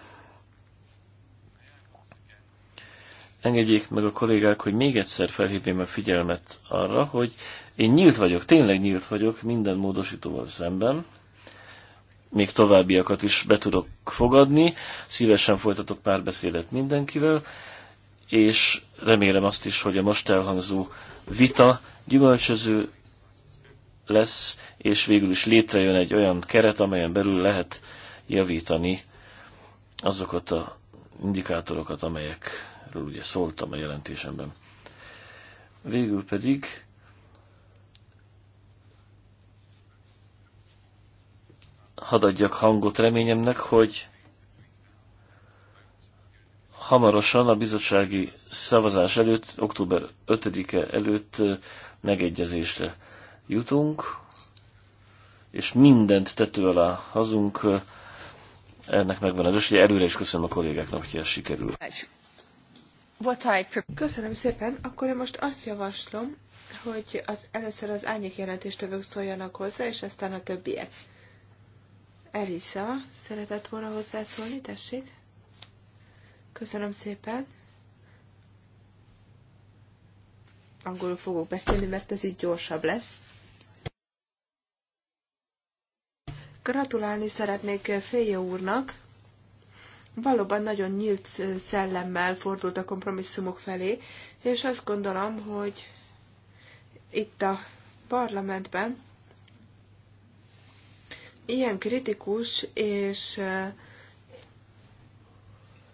Engedjék meg a kollégák, hogy még egyszer felhívjam a figyelmet arra, hogy én nyílt vagyok, tényleg nyílt vagyok minden módosítóval szemben, még továbbiakat is be tudok fogadni. Szívesen folytatok párbeszédet mindenkivel, és remélem azt is, hogy a most elhangzó vita gyümölcsöző lesz, és végül is létrejön egy olyan keret, amelyen belül lehet javítani azokat a indikátorokat, amelyekről ugye szóltam a jelentésemben. Végül pedig hadd adjak hangot reményemnek, hogy hamarosan a bizottsági szavazás előtt, október 5-e előtt megegyezésre jutunk, és mindent tető alá hazunk. Ennek megvan az esélye. Előre is köszönöm a kollégáknak, hogy ez sikerül. Köszönöm szépen. Akkor én most azt javaslom, hogy az, először az árnyék jelentéstövők szóljanak hozzá, és aztán a többiek. Elisa szeretett volna hozzászólni, tessék. Köszönöm szépen. Angolul fogok beszélni, mert ez így gyorsabb lesz. Gratulálni szeretnék Féje úrnak. Valóban nagyon nyílt szellemmel fordult a kompromisszumok felé, és azt gondolom, hogy itt a parlamentben ilyen kritikus és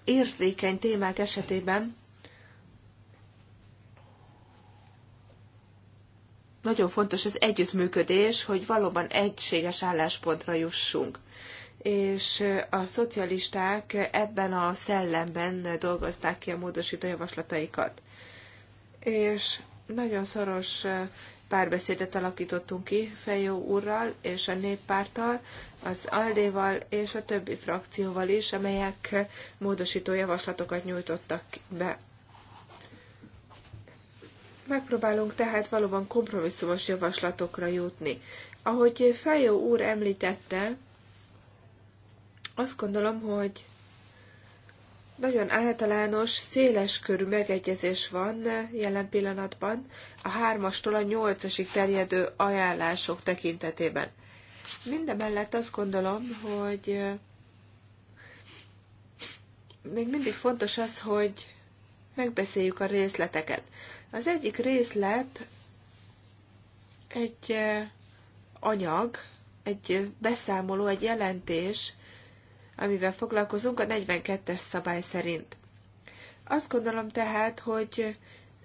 érzékeny témák esetében nagyon fontos az együttműködés, hogy valóban egységes álláspontra jussunk. És a szocialisták ebben a szellemben dolgozták ki a módosító javaslataikat. És nagyon szoros párbeszédet alakítottunk ki Fejó úrral és a néppárttal, az Aldéval és a többi frakcióval is, amelyek módosító javaslatokat nyújtottak be. Megpróbálunk tehát valóban kompromisszumos javaslatokra jutni. Ahogy Fejó úr említette, azt gondolom, hogy nagyon általános, széles körű megegyezés van jelen pillanatban a hármastól a nyolcasig terjedő ajánlások tekintetében. Mindemellett azt gondolom, hogy még mindig fontos az, hogy megbeszéljük a részleteket. Az egyik részlet egy anyag, egy beszámoló, egy jelentés, amivel foglalkozunk a 42-es szabály szerint. Azt gondolom tehát, hogy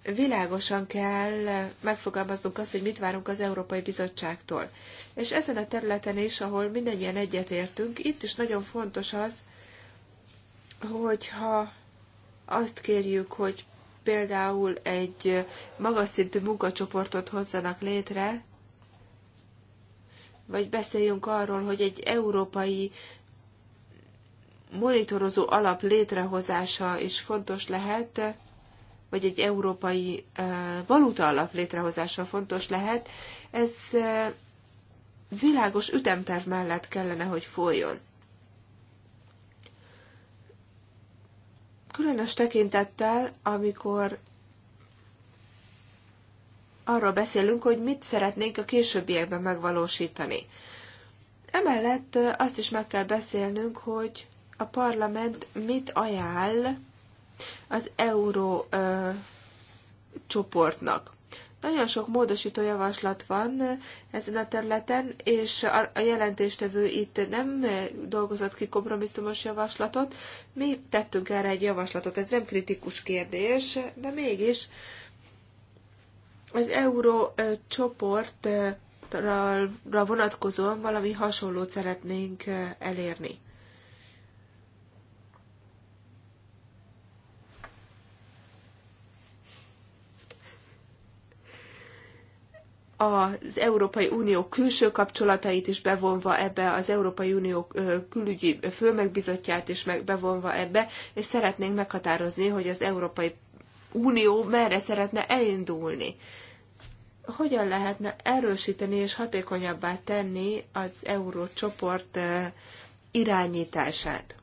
világosan kell megfogalmaznunk azt, hogy mit várunk az Európai Bizottságtól. És ezen a területen is, ahol mindannyian egyetértünk, itt is nagyon fontos az, hogyha azt kérjük, hogy például egy magas szintű munkacsoportot hozzanak létre, vagy beszéljünk arról, hogy egy európai monitorozó alap létrehozása is fontos lehet, vagy egy európai valuta alap létrehozása fontos lehet. Ez világos ütemterv mellett kellene, hogy folyjon. Különös tekintettel, amikor arról beszélünk, hogy mit szeretnénk a későbbiekben megvalósítani. Emellett azt is meg kell beszélnünk, hogy a parlament mit ajánl az euró ö, csoportnak. Nagyon sok módosító javaslat van ezen a területen, és a jelentéstevő itt nem dolgozott ki kompromisszumos javaslatot. Mi tettünk erre egy javaslatot, ez nem kritikus kérdés, de mégis az euró csoportra vonatkozóan valami hasonlót szeretnénk elérni. az Európai Unió külső kapcsolatait is bevonva ebbe, az Európai Unió külügyi főmegbizottját is meg bevonva ebbe, és szeretnénk meghatározni, hogy az Európai Unió merre szeretne elindulni. Hogyan lehetne erősíteni és hatékonyabbá tenni az eurócsoport irányítását?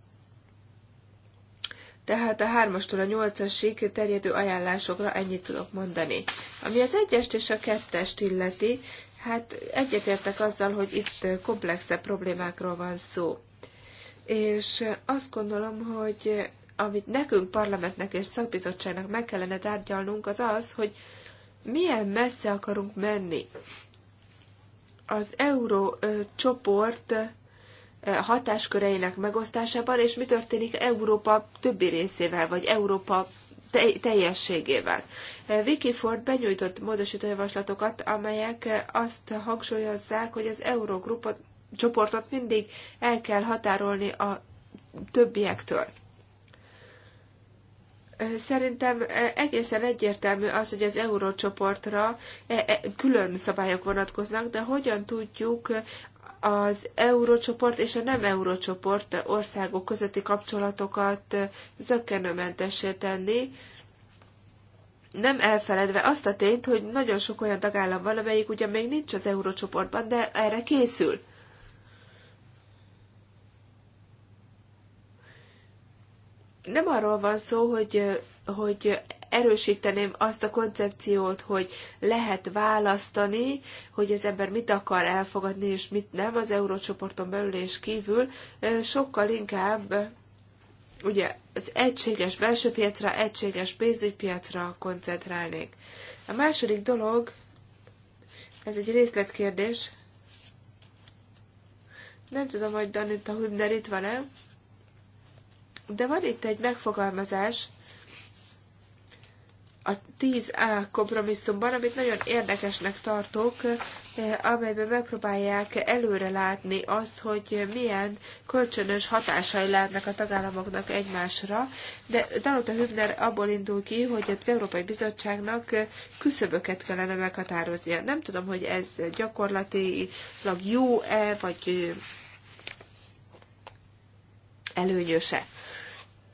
Tehát a 3-astól a 8-asig terjedő ajánlásokra ennyit tudok mondani. Ami az 1 és a 2-est illeti, hát egyetértek azzal, hogy itt komplexebb problémákról van szó. És azt gondolom, hogy amit nekünk, parlamentnek és szakbizottságnak meg kellene tárgyalnunk, az az, hogy milyen messze akarunk menni. Az euró csoport hatásköreinek megosztásában, és mi történik Európa többi részével, vagy Európa teljességével. Vicky Ford benyújtott módosító javaslatokat, amelyek azt hangsúlyozzák, hogy az Eurogrupot csoportot mindig el kell határolni a többiektől. Szerintem egészen egyértelmű az, hogy az eurócsoportra e-, e-, külön szabályok vonatkoznak, de hogyan tudjuk az eurócsoport és a nem eurócsoport országok közötti kapcsolatokat zöggenőmentessé tenni, nem elfeledve azt a tényt, hogy nagyon sok olyan tagállam van, amelyik ugyan még nincs az eurócsoportban, de erre készül. Nem arról van szó, hogy, hogy erősíteném azt a koncepciót, hogy lehet választani, hogy az ember mit akar elfogadni, és mit nem az eurócsoporton belül és kívül, sokkal inkább ugye az egységes belső piacra, egységes pénzügypiacra koncentrálnék. A második dolog, ez egy részletkérdés, nem tudom, hogy Danita Hübner itt van-e, de van itt egy megfogalmazás, a 10A kompromisszumban, amit nagyon érdekesnek tartok, eh, amelyben megpróbálják előre látni azt, hogy milyen kölcsönös hatásai lehetnek a tagállamoknak egymásra, de Dalota Hübner abból indul ki, hogy az Európai Bizottságnak küszöböket kellene meghatároznia. Nem tudom, hogy ez gyakorlatilag jó-e, vagy eh, előnyöse.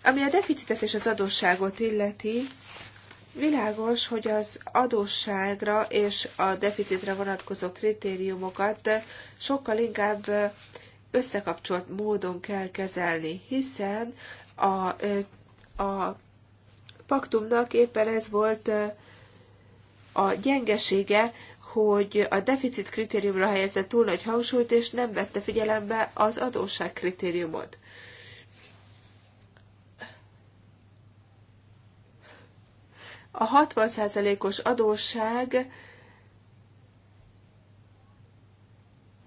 Ami a deficitet és az adósságot illeti, Világos, hogy az adósságra és a deficitre vonatkozó kritériumokat sokkal inkább összekapcsolt módon kell kezelni, hiszen a, a paktumnak éppen ez volt a gyengesége, hogy a deficit kritériumra helyezett túl nagy hangsúlyt, és nem vette figyelembe az adósság kritériumot. A 60%-os adósság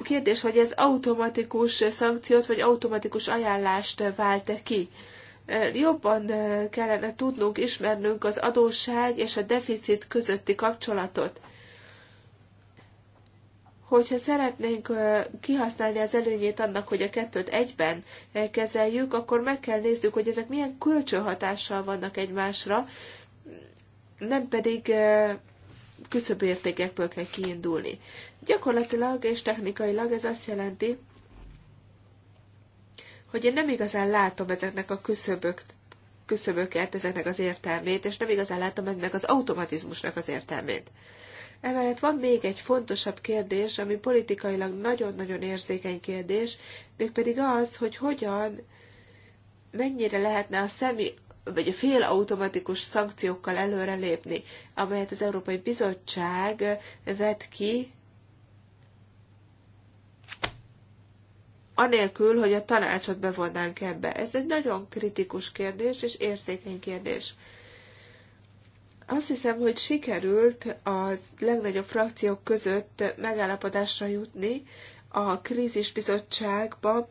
kérdés, hogy ez automatikus szankciót vagy automatikus ajánlást vált -e ki. Jobban kellene tudnunk, ismernünk az adósság és a deficit közötti kapcsolatot hogyha szeretnénk kihasználni az előnyét annak, hogy a kettőt egyben kezeljük, akkor meg kell nézzük, hogy ezek milyen kölcsönhatással vannak egymásra, nem pedig értékekből kell kiindulni. Gyakorlatilag és technikailag ez azt jelenti, hogy én nem igazán látom ezeknek a küszöbök, küszöböket, ezeknek az értelmét, és nem igazán látom ennek az automatizmusnak az értelmét. Emellett van még egy fontosabb kérdés, ami politikailag nagyon-nagyon érzékeny kérdés, mégpedig az, hogy hogyan, mennyire lehetne a, személy, vagy a félautomatikus szankciókkal előrelépni, amelyet az Európai Bizottság vet ki, anélkül, hogy a tanácsot bevonnánk ebbe. Ez egy nagyon kritikus kérdés és érzékeny kérdés. Azt hiszem, hogy sikerült a legnagyobb frakciók között megállapodásra jutni a krízisbizottságban,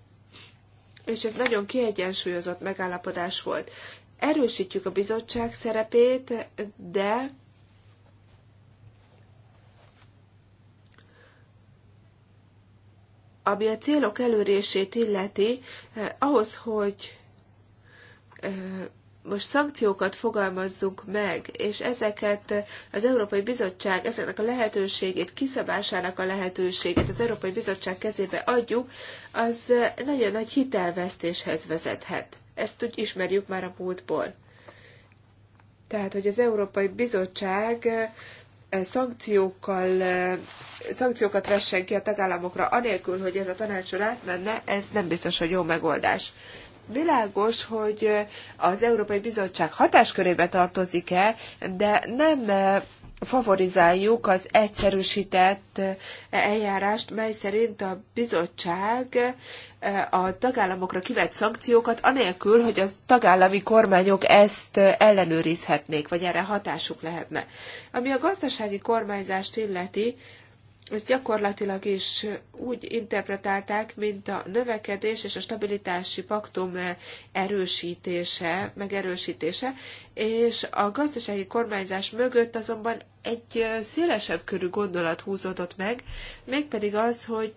és ez nagyon kiegyensúlyozott megállapodás volt erősítjük a bizottság szerepét, de ami a célok elérését illeti, eh, ahhoz, hogy eh, most szankciókat fogalmazzunk meg, és ezeket az Európai Bizottság, ezeknek a lehetőségét, kiszabásának a lehetőségét az Európai Bizottság kezébe adjuk, az eh, nagyon nagy hitelvesztéshez vezethet. Ezt úgy ismerjük már a múltból. Tehát, hogy az Európai Bizottság eh, szankciókkal, eh, szankciókat vessen ki a tagállamokra, anélkül, hogy ez a tanácsor átmenne, ez nem biztos, hogy jó megoldás. Világos, hogy eh, az Európai Bizottság hatáskörébe tartozik-e, de nem favorizáljuk az egyszerűsített eljárást, mely szerint a bizottság eh, a tagállamokra kivett szankciókat, anélkül, hogy az tagállami kormányok ezt ellenőrizhetnék, vagy erre hatásuk lehetne. Ami a gazdasági kormányzást illeti, ezt gyakorlatilag is úgy interpretálták, mint a növekedés és a stabilitási paktum erősítése, megerősítése, és a gazdasági kormányzás mögött azonban egy szélesebb körű gondolat húzódott meg, mégpedig az, hogy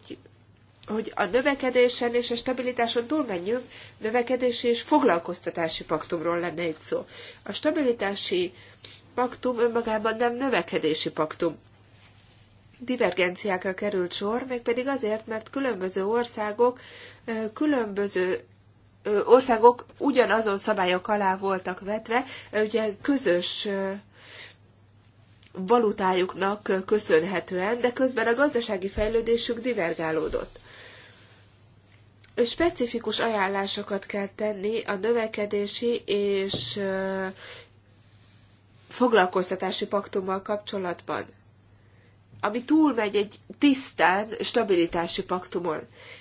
hogy a növekedésen és a stabilitáson túlmenjünk, növekedési és foglalkoztatási paktumról lenne itt szó. A stabilitási paktum önmagában nem növekedési paktum divergenciákra került sor, mégpedig azért, mert különböző országok különböző országok ugyanazon szabályok alá voltak vetve, ugye közös valutájuknak köszönhetően, de közben a gazdasági fejlődésük divergálódott. Specifikus ajánlásokat kell tenni a növekedési és foglalkoztatási paktummal kapcsolatban ami túlmegy egy tisztán stabilitási paktumon.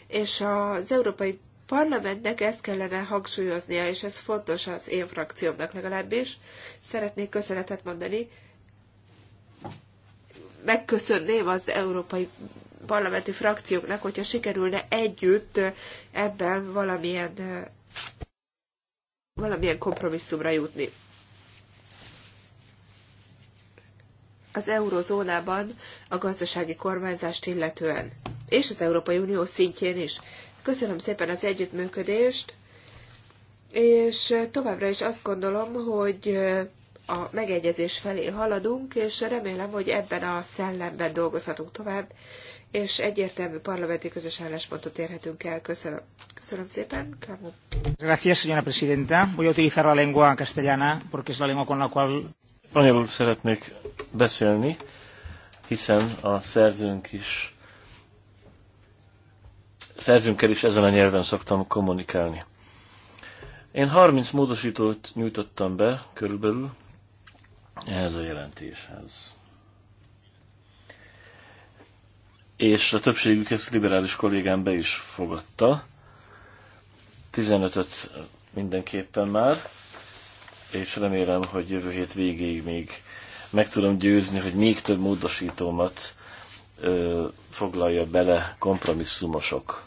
És az Európai Parlamentnek ezt kellene hangsúlyoznia, és ez fontos az én frakciómnak legalábbis. Szeretnék köszönetet mondani. Megköszönném az Európai Parlamenti frakcióknak, hogyha sikerülne együtt ebben valamilyen valamilyen kompromisszumra jutni. az eurozónában a gazdasági kormányzást illetően, és az Európai Unió szintjén is. Köszönöm szépen az együttműködést, és továbbra is azt gondolom, hogy a megegyezés felé haladunk, és remélem, hogy ebben a szellemben dolgozhatunk tovább, és egyértelmű parlamenti közös álláspontot érhetünk el. Köszönöm. Köszönöm szépen, Kramon. Gracias, señora presidenta. Voy a utilizar la lengua castellana, porque es la lengua con la cual... Spanyolul szeretnék beszélni, hiszen a szerzőnk is szerzőnkkel is ezen a nyelven szoktam kommunikálni. Én 30 módosítót nyújtottam be körülbelül ehhez a jelentéshez. És a többségük ezt liberális kollégám be is fogadta. 15-öt mindenképpen már, és remélem, hogy jövő hét végéig még meg tudom győzni, hogy még több módosítómat ö, foglalja bele kompromisszumosokba.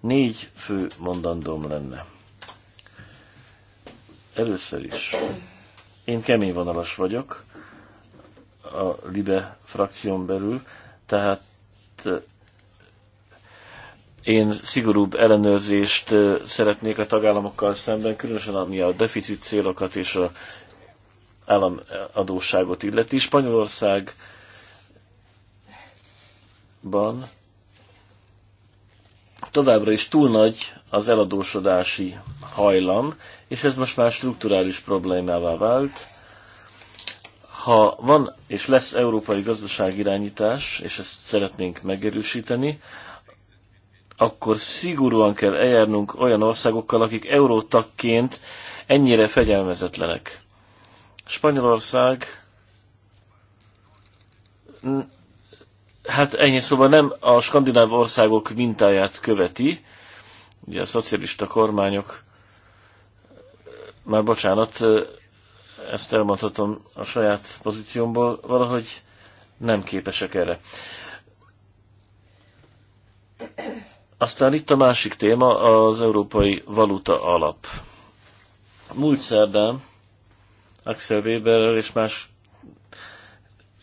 Négy fő mondandóm lenne. Először is. Én kemény vonalas vagyok a Libe frakción belül, tehát én szigorúbb ellenőrzést szeretnék a tagállamokkal szemben, különösen ami a deficit célokat és a államadóságot illeti. Spanyolországban továbbra is túl nagy az eladósodási hajlam, és ez most már strukturális problémává vált. Ha van és lesz európai gazdaságirányítás, és ezt szeretnénk megerősíteni, akkor szigorúan kell eljárnunk olyan országokkal, akik eurótakként ennyire fegyelmezetlenek. Spanyolország hát ennyi szóval nem a skandináv országok mintáját követi, ugye a szocialista kormányok, már bocsánat, ezt elmondhatom a saját pozíciómból, valahogy nem képesek erre. Aztán itt a másik téma, az Európai Valuta Alap. Múlt szerdán Axel Weberrel és más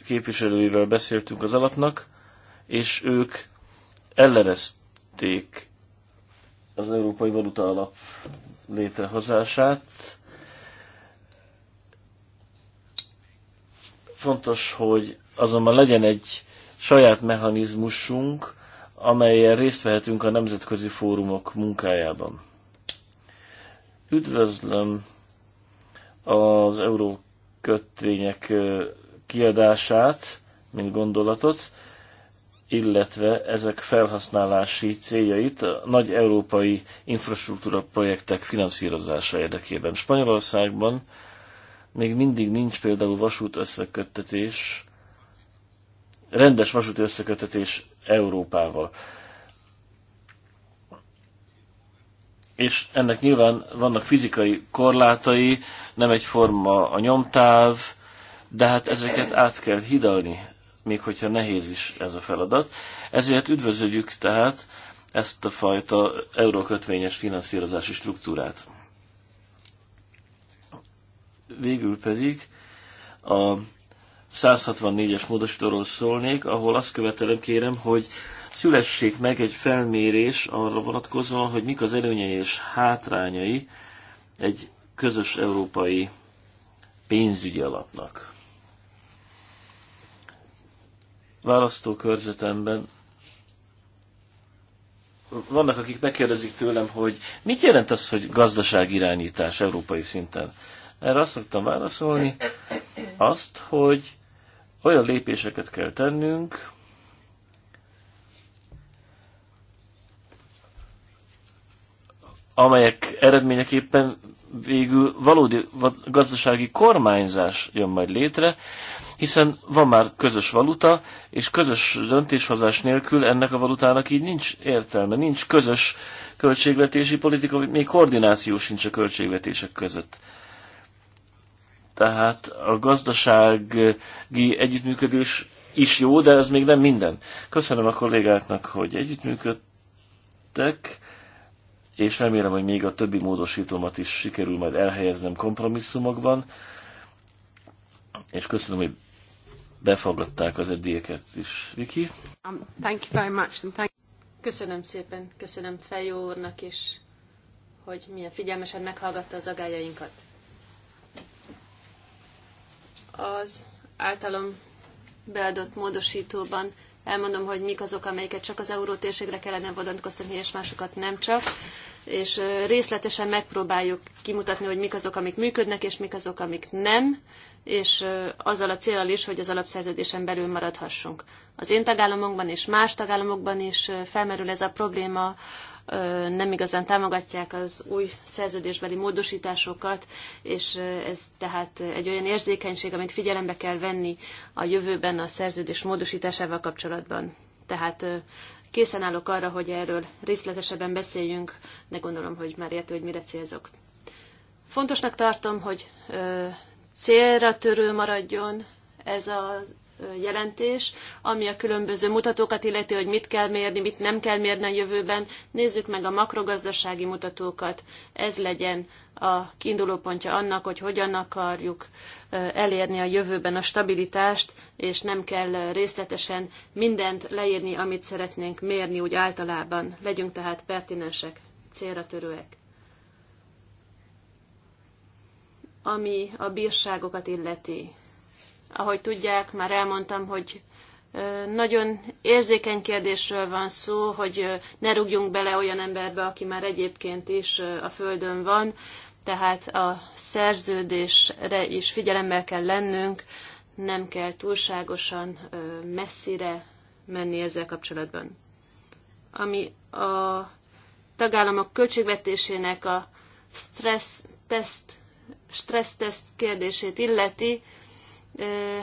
képviselőivel beszéltünk az alapnak, és ők ellenezték az Európai Valuta Alap létrehozását. Fontos, hogy azonban legyen egy saját mechanizmusunk, amelyen részt vehetünk a nemzetközi fórumok munkájában. Üdvözlöm az euró kötvények kiadását, mint gondolatot, illetve ezek felhasználási céljait a nagy európai infrastruktúra projektek finanszírozása érdekében. Spanyolországban még mindig nincs például vasút összeköttetés, rendes vasúti összeköttetés Európával. és ennek nyilván vannak fizikai korlátai, nem egyforma a nyomtáv, de hát ezeket át kell hidalni, még hogyha nehéz is ez a feladat. Ezért üdvözöljük tehát ezt a fajta eurókötvényes finanszírozási struktúrát. Végül pedig a 164-es módosítóról szólnék, ahol azt követelem kérem, hogy szülessék meg egy felmérés arra vonatkozóan, hogy mik az előnyei és hátrányai egy közös európai pénzügyi alapnak. Választókörzetemben vannak, akik megkérdezik tőlem, hogy mit jelent az, hogy gazdaságirányítás európai szinten? Erre azt szoktam válaszolni, azt, hogy olyan lépéseket kell tennünk, amelyek eredményeképpen végül valódi gazdasági kormányzás jön majd létre, hiszen van már közös valuta, és közös döntéshozás nélkül ennek a valutának így nincs értelme, nincs közös költségvetési politika, még koordináció sincs a költségvetések között. Tehát a gazdasági együttműködés is jó, de ez még nem minden. Köszönöm a kollégáknak, hogy együttműködtek és remélem, hogy még a többi módosítómat is sikerül majd elhelyeznem kompromisszumokban, és köszönöm, hogy befogadták az eddieket is. Viki? Um, thank you very much, and thank Köszönöm szépen, köszönöm Fejó úrnak is, hogy milyen figyelmesen meghallgatta az agályainkat. Az általam beadott módosítóban elmondom, hogy mik azok, amelyeket csak az eurótérségre kellene vonatkoztatni, és másokat nem csak, és részletesen megpróbáljuk kimutatni, hogy mik azok, amik működnek, és mik azok, amik nem, és azzal a célral is, hogy az alapszerződésen belül maradhassunk. Az én tagállamokban és más tagállamokban is felmerül ez a probléma nem igazán támogatják az új szerződésbeli módosításokat, és ez tehát egy olyan érzékenység, amit figyelembe kell venni a jövőben a szerződés módosításával kapcsolatban. Tehát készen állok arra, hogy erről részletesebben beszéljünk, de gondolom, hogy már értő, hogy mire célzok. Fontosnak tartom, hogy célra törő maradjon ez az jelentés, ami a különböző mutatókat illeti, hogy mit kell mérni, mit nem kell mérni a jövőben. Nézzük meg a makrogazdasági mutatókat. Ez legyen a kiinduló pontja annak, hogy hogyan akarjuk elérni a jövőben a stabilitást, és nem kell részletesen mindent leírni, amit szeretnénk mérni úgy általában. Legyünk tehát pertinensek, célra törőek. Ami a bírságokat illeti, ahogy tudják, már elmondtam, hogy nagyon érzékeny kérdésről van szó, hogy ne rúgjunk bele olyan emberbe, aki már egyébként is a Földön van, tehát a szerződésre is figyelemmel kell lennünk, nem kell túlságosan messzire menni ezzel kapcsolatban. Ami a tagállamok költségvetésének a stressz teszt, stressz teszt kérdését illeti,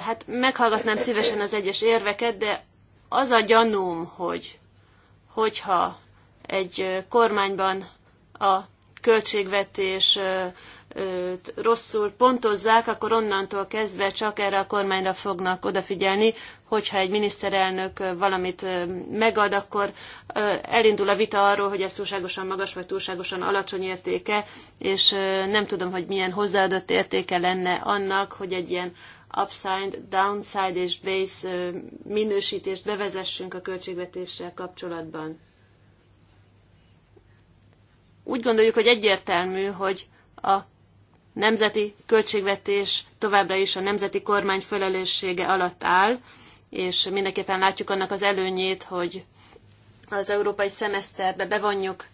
hát meghallgatnám szívesen az egyes érveket, de az a gyanúm, hogy hogyha egy kormányban a költségvetés rosszul pontozzák, akkor onnantól kezdve csak erre a kormányra fognak odafigyelni, hogyha egy miniszterelnök valamit megad, akkor elindul a vita arról, hogy ez túlságosan magas vagy túlságosan alacsony értéke, és nem tudom, hogy milyen hozzáadott értéke lenne annak, hogy egy ilyen upside, downside és base minősítést bevezessünk a költségvetéssel kapcsolatban. Úgy gondoljuk, hogy egyértelmű, hogy a nemzeti költségvetés továbbra is a nemzeti kormány felelőssége alatt áll, és mindenképpen látjuk annak az előnyét, hogy az európai szemeszterbe bevonjuk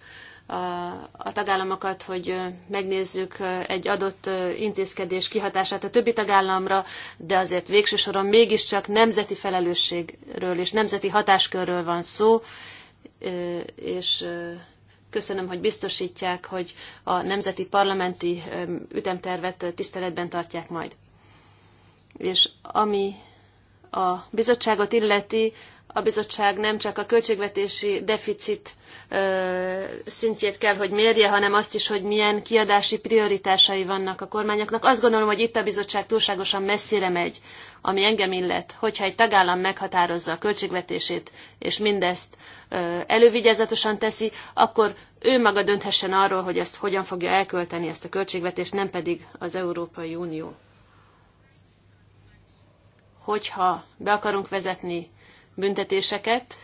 a, a tagállamokat, hogy megnézzük egy adott intézkedés kihatását a többi tagállamra, de azért végső soron mégiscsak nemzeti felelősségről és nemzeti hatáskörről van szó, és köszönöm, hogy biztosítják, hogy a nemzeti parlamenti ütemtervet tiszteletben tartják majd. És ami a bizottságot illeti, a bizottság nem csak a költségvetési deficit szintjét kell, hogy mérje, hanem azt is, hogy milyen kiadási prioritásai vannak a kormányoknak. Azt gondolom, hogy itt a bizottság túlságosan messzire megy, ami engem illet, hogyha egy tagállam meghatározza a költségvetését, és mindezt elővigyázatosan teszi, akkor ő maga dönthessen arról, hogy ezt hogyan fogja elkölteni ezt a költségvetést, nem pedig az Európai Unió. Hogyha be akarunk vezetni büntetéseket,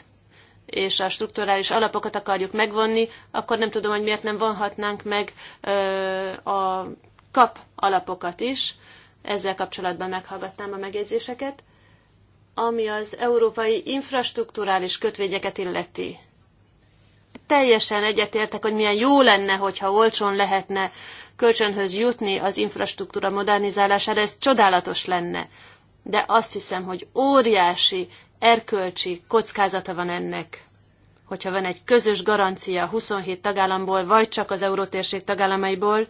és a strukturális alapokat akarjuk megvonni, akkor nem tudom, hogy miért nem vonhatnánk meg a kap alapokat is. Ezzel kapcsolatban meghallgattam a megjegyzéseket, ami az európai infrastruktúrális kötvényeket illeti. Teljesen egyetértek, hogy milyen jó lenne, hogyha olcsón lehetne kölcsönhöz jutni az infrastruktúra modernizálására, ez csodálatos lenne. De azt hiszem, hogy óriási erkölcsi kockázata van ennek, hogyha van egy közös garancia 27 tagállamból, vagy csak az eurótérség tagállamaiból,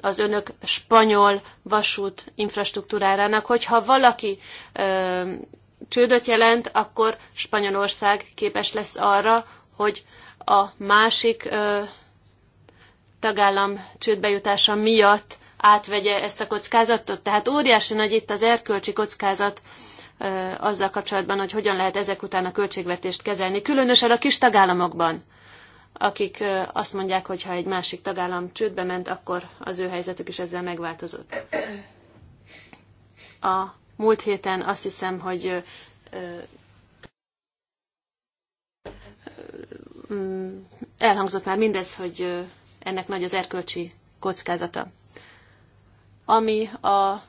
az önök spanyol vasút infrastruktúrájának, hogyha valaki ö, csődöt jelent, akkor Spanyolország képes lesz arra, hogy a másik ö, tagállam csődbejutása miatt átvegye ezt a kockázatot. Tehát óriási nagy itt az erkölcsi kockázat, azzal kapcsolatban, hogy hogyan lehet ezek után a költségvetést kezelni, különösen a kis tagállamokban, akik azt mondják, hogy ha egy másik tagállam csődbe ment, akkor az ő helyzetük is ezzel megváltozott. A múlt héten azt hiszem, hogy mm, elhangzott már mindez, hogy ennek nagy az erkölcsi kockázata. Ami a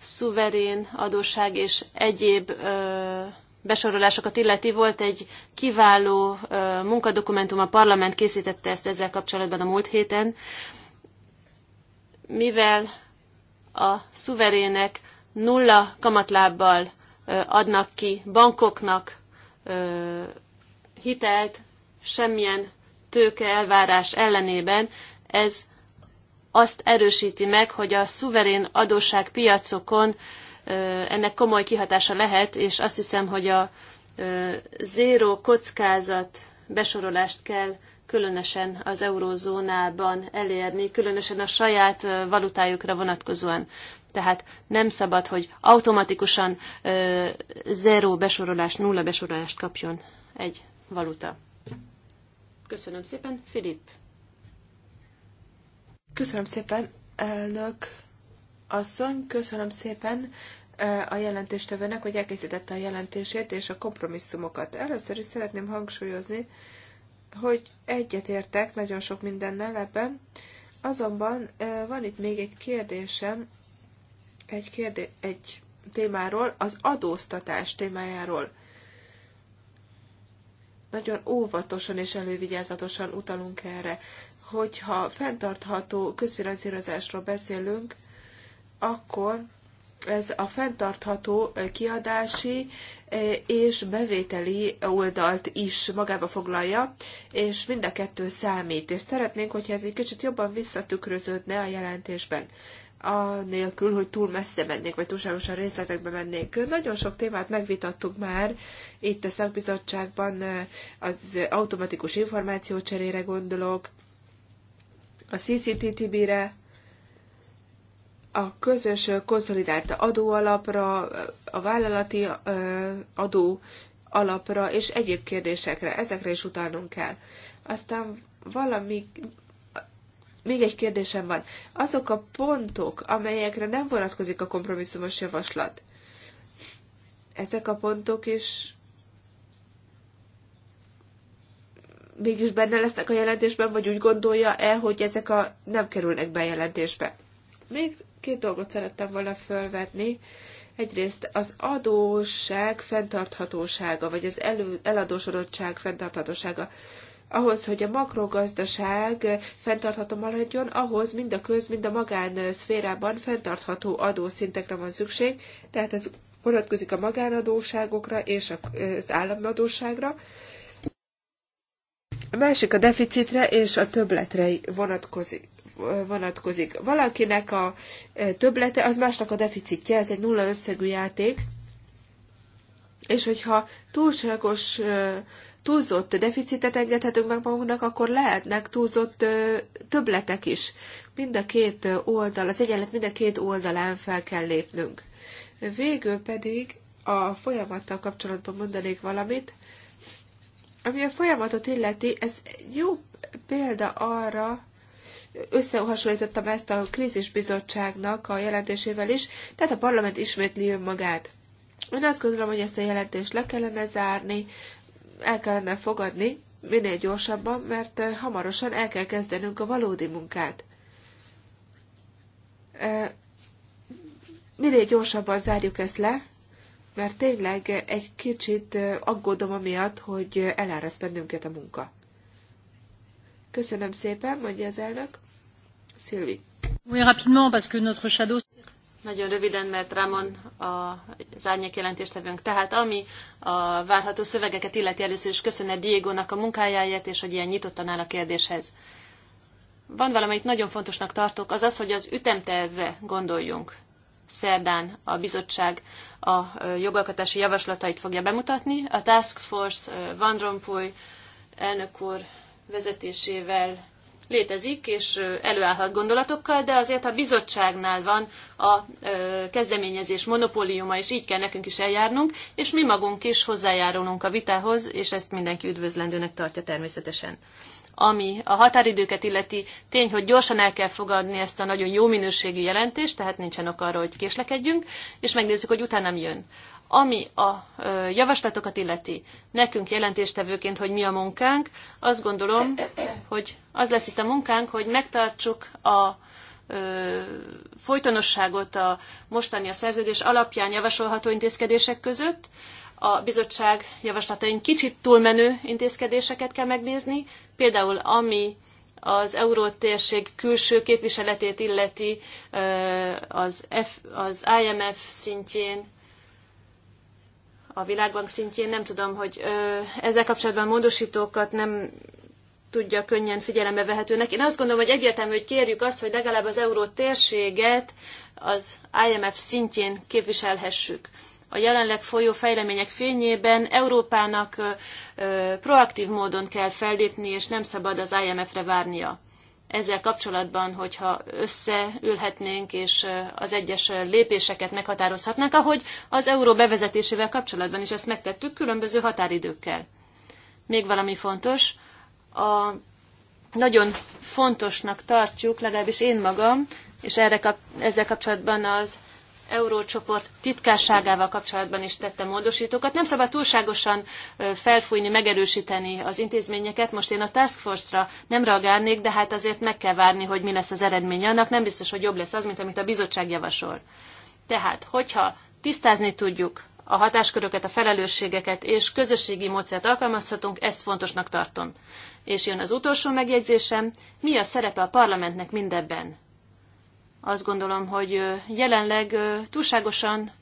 szuverén adósság és egyéb besorolásokat illeti, volt egy kiváló munkadokumentum, a parlament készítette ezt ezzel kapcsolatban a múlt héten, mivel a szuverének nulla kamatlábbal adnak ki bankoknak hitelt, semmilyen tőke elvárás ellenében, ez azt erősíti meg, hogy a szuverén adósságpiacokon ennek komoly kihatása lehet, és azt hiszem, hogy a zéró kockázat besorolást kell különösen az eurózónában elérni, különösen a saját valutájukra vonatkozóan. Tehát nem szabad, hogy automatikusan zéró besorolást, nulla besorolást kapjon egy valuta. Köszönöm szépen, Filip. Köszönöm szépen, elnök asszony, köszönöm szépen a jelentéstevőnek, hogy elkészítette a jelentését és a kompromisszumokat. Először is szeretném hangsúlyozni, hogy egyetértek nagyon sok mindennel ebben, azonban van itt még egy kérdésem, egy, kérdé- egy témáról, az adóztatás témájáról. Nagyon óvatosan és elővigyázatosan utalunk erre hogyha fenntartható közfinanszírozásról beszélünk, akkor ez a fenntartható kiadási és bevételi oldalt is magába foglalja, és mind a kettő számít. És szeretnénk, hogyha ez egy kicsit jobban visszatükröződne a jelentésben anélkül, hogy túl messze mennék, vagy túlságosan részletekbe mennék. Nagyon sok témát megvitattuk már itt a szakbizottságban, az automatikus információcserére gondolok, a CCTTB-re, a közös konszolidált adóalapra, a vállalati adó alapra és egyéb kérdésekre, ezekre is utalnunk kell. Aztán valami, még egy kérdésem van. Azok a pontok, amelyekre nem vonatkozik a kompromisszumos javaslat, ezek a pontok is mégis benne lesznek a jelentésben, vagy úgy gondolja-e, hogy ezek a nem kerülnek be jelentésbe. Még két dolgot szerettem volna fölvetni. Egyrészt az adósság fenntarthatósága, vagy az elő, eladósodottság fenntarthatósága. Ahhoz, hogy a makrogazdaság fenntartható maradjon, ahhoz mind a köz, mind a magán szférában fenntartható adószintekre van szükség, tehát ez vonatkozik a magánadóságokra és az államadóságra. A másik a deficitre és a többletre vonatkozik. vonatkozik. Valakinek a e, töblete, az másnak a deficitje, ez egy nulla összegű játék, és hogyha túlságos, e, túlzott deficitet engedhetünk meg magunknak, akkor lehetnek túlzott e, többletek is. Mind a két oldal, az egyenlet mind a két oldalán fel kell lépnünk. Végül pedig a folyamattal kapcsolatban mondanék valamit. Ami a folyamatot illeti, ez jó példa arra, összehasonlítottam ezt a krízisbizottságnak a jelentésével is, tehát a parlament ismétli önmagát. Én azt gondolom, hogy ezt a jelentést le kellene zárni, el kellene fogadni, minél gyorsabban, mert eh, hamarosan el kell kezdenünk a valódi munkát. Eh, minél gyorsabban zárjuk ezt le, mert tényleg egy kicsit aggódom amiatt, hogy eláraszt bennünket a munka. Köszönöm szépen, mondja az elnök. Szilvi. Oui, rapidement, parce que notre shadow... Nagyon röviden, mert Ramon a, az árnyék jelentéstevőnk. Tehát ami a várható szövegeket illeti először is köszönet Diego-nak a munkájáért, és hogy ilyen nyitottan áll a kérdéshez. Van valamit nagyon fontosnak tartok, az az, hogy az ütemtervre gondoljunk. Szerdán a bizottság a jogalkotási javaslatait fogja bemutatni. A Task Force Van Rompuy elnök úr vezetésével létezik, és előállhat gondolatokkal, de azért a bizottságnál van a kezdeményezés monopóliuma, és így kell nekünk is eljárnunk, és mi magunk is hozzájárulunk a vitához, és ezt mindenki üdvözlendőnek tartja természetesen ami a határidőket illeti, tény, hogy gyorsan el kell fogadni ezt a nagyon jó minőségű jelentést, tehát nincsen ok arra, hogy késlekedjünk, és megnézzük, hogy utána mi jön. Ami a javaslatokat illeti nekünk jelentéstevőként, hogy mi a munkánk, azt gondolom, hogy az lesz itt a munkánk, hogy megtartsuk a ö, folytonosságot a mostani a szerződés alapján javasolható intézkedések között, a bizottság javaslatain kicsit túlmenő intézkedéseket kell megnézni, például ami az eurótérség külső képviseletét illeti az, F, az IMF szintjén, a világbank szintjén, nem tudom, hogy ezzel kapcsolatban módosítókat nem tudja könnyen figyelembe vehetőnek. Én azt gondolom, hogy egyértelmű, hogy kérjük azt, hogy legalább az euró térséget az IMF szintjén képviselhessük a jelenleg folyó fejlemények fényében Európának proaktív módon kell fellépni, és nem szabad az IMF-re várnia. Ezzel kapcsolatban, hogyha összeülhetnénk, és az egyes lépéseket meghatározhatnánk, ahogy az euró bevezetésével kapcsolatban is ezt megtettük különböző határidőkkel. Még valami fontos, a nagyon fontosnak tartjuk, legalábbis én magam, és erre kap, ezzel kapcsolatban az eurócsoport titkárságával kapcsolatban is tette módosítókat. Nem szabad túlságosan felfújni, megerősíteni az intézményeket. Most én a Task Force-ra nem reagálnék, de hát azért meg kell várni, hogy mi lesz az eredmény annak. Nem biztos, hogy jobb lesz az, mint amit a bizottság javasol. Tehát, hogyha tisztázni tudjuk a hatásköröket, a felelősségeket és közösségi módszert alkalmazhatunk, ezt fontosnak tartom. És jön az utolsó megjegyzésem, mi a szerepe a parlamentnek mindebben? Azt gondolom, hogy jelenleg túlságosan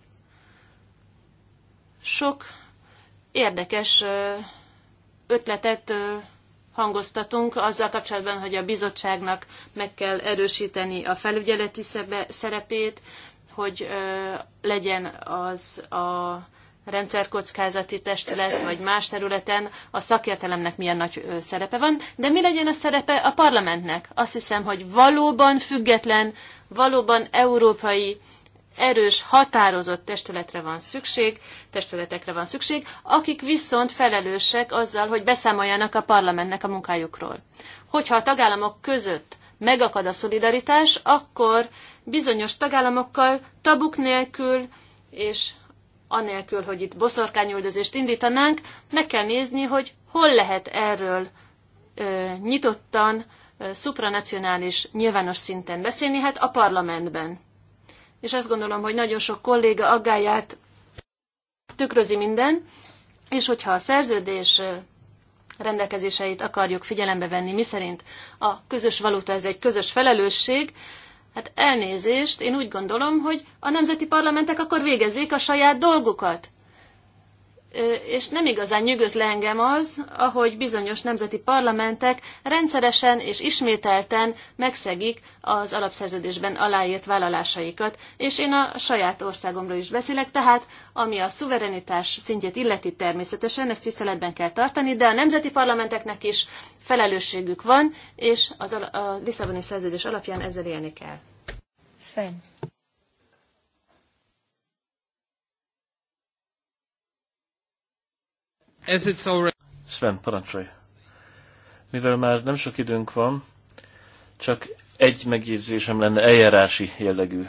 sok érdekes ötletet hangoztatunk azzal kapcsolatban, hogy a bizottságnak meg kell erősíteni a felügyeleti szerepét, hogy legyen az a rendszerkockázati testület, vagy más területen a szakértelemnek milyen nagy szerepe van, de mi legyen a szerepe a parlamentnek? Azt hiszem, hogy valóban független valóban európai erős, határozott testületre van szükség, testületekre van szükség, akik viszont felelősek azzal, hogy beszámoljanak a parlamentnek a munkájukról. Hogyha a tagállamok között megakad a szolidaritás, akkor bizonyos tagállamokkal tabuk nélkül és anélkül, hogy itt boszorkányüldözést indítanánk, meg kell nézni, hogy hol lehet erről ö, nyitottan szupranacionális nyilvános szinten beszélni, hát a parlamentben. És azt gondolom, hogy nagyon sok kolléga aggáját tükrözi minden, és hogyha a szerződés rendelkezéseit akarjuk figyelembe venni, szerint a közös valuta ez egy közös felelősség, hát elnézést, én úgy gondolom, hogy a nemzeti parlamentek akkor végezzék a saját dolgukat és nem igazán nyűgöz le engem az, ahogy bizonyos nemzeti parlamentek rendszeresen és ismételten megszegik az alapszerződésben aláírt vállalásaikat, és én a saját országomról is beszélek, tehát ami a szuverenitás szintjét illeti természetesen, ezt tiszteletben kell tartani, de a nemzeti parlamenteknek is felelősségük van, és az a Lisszaboni szerződés alapján ezzel élni kell. Sven. As it's already... Sven, parancsolj! Mivel már nem sok időnk van, csak egy megjegyzésem lenne eljárási jellegű.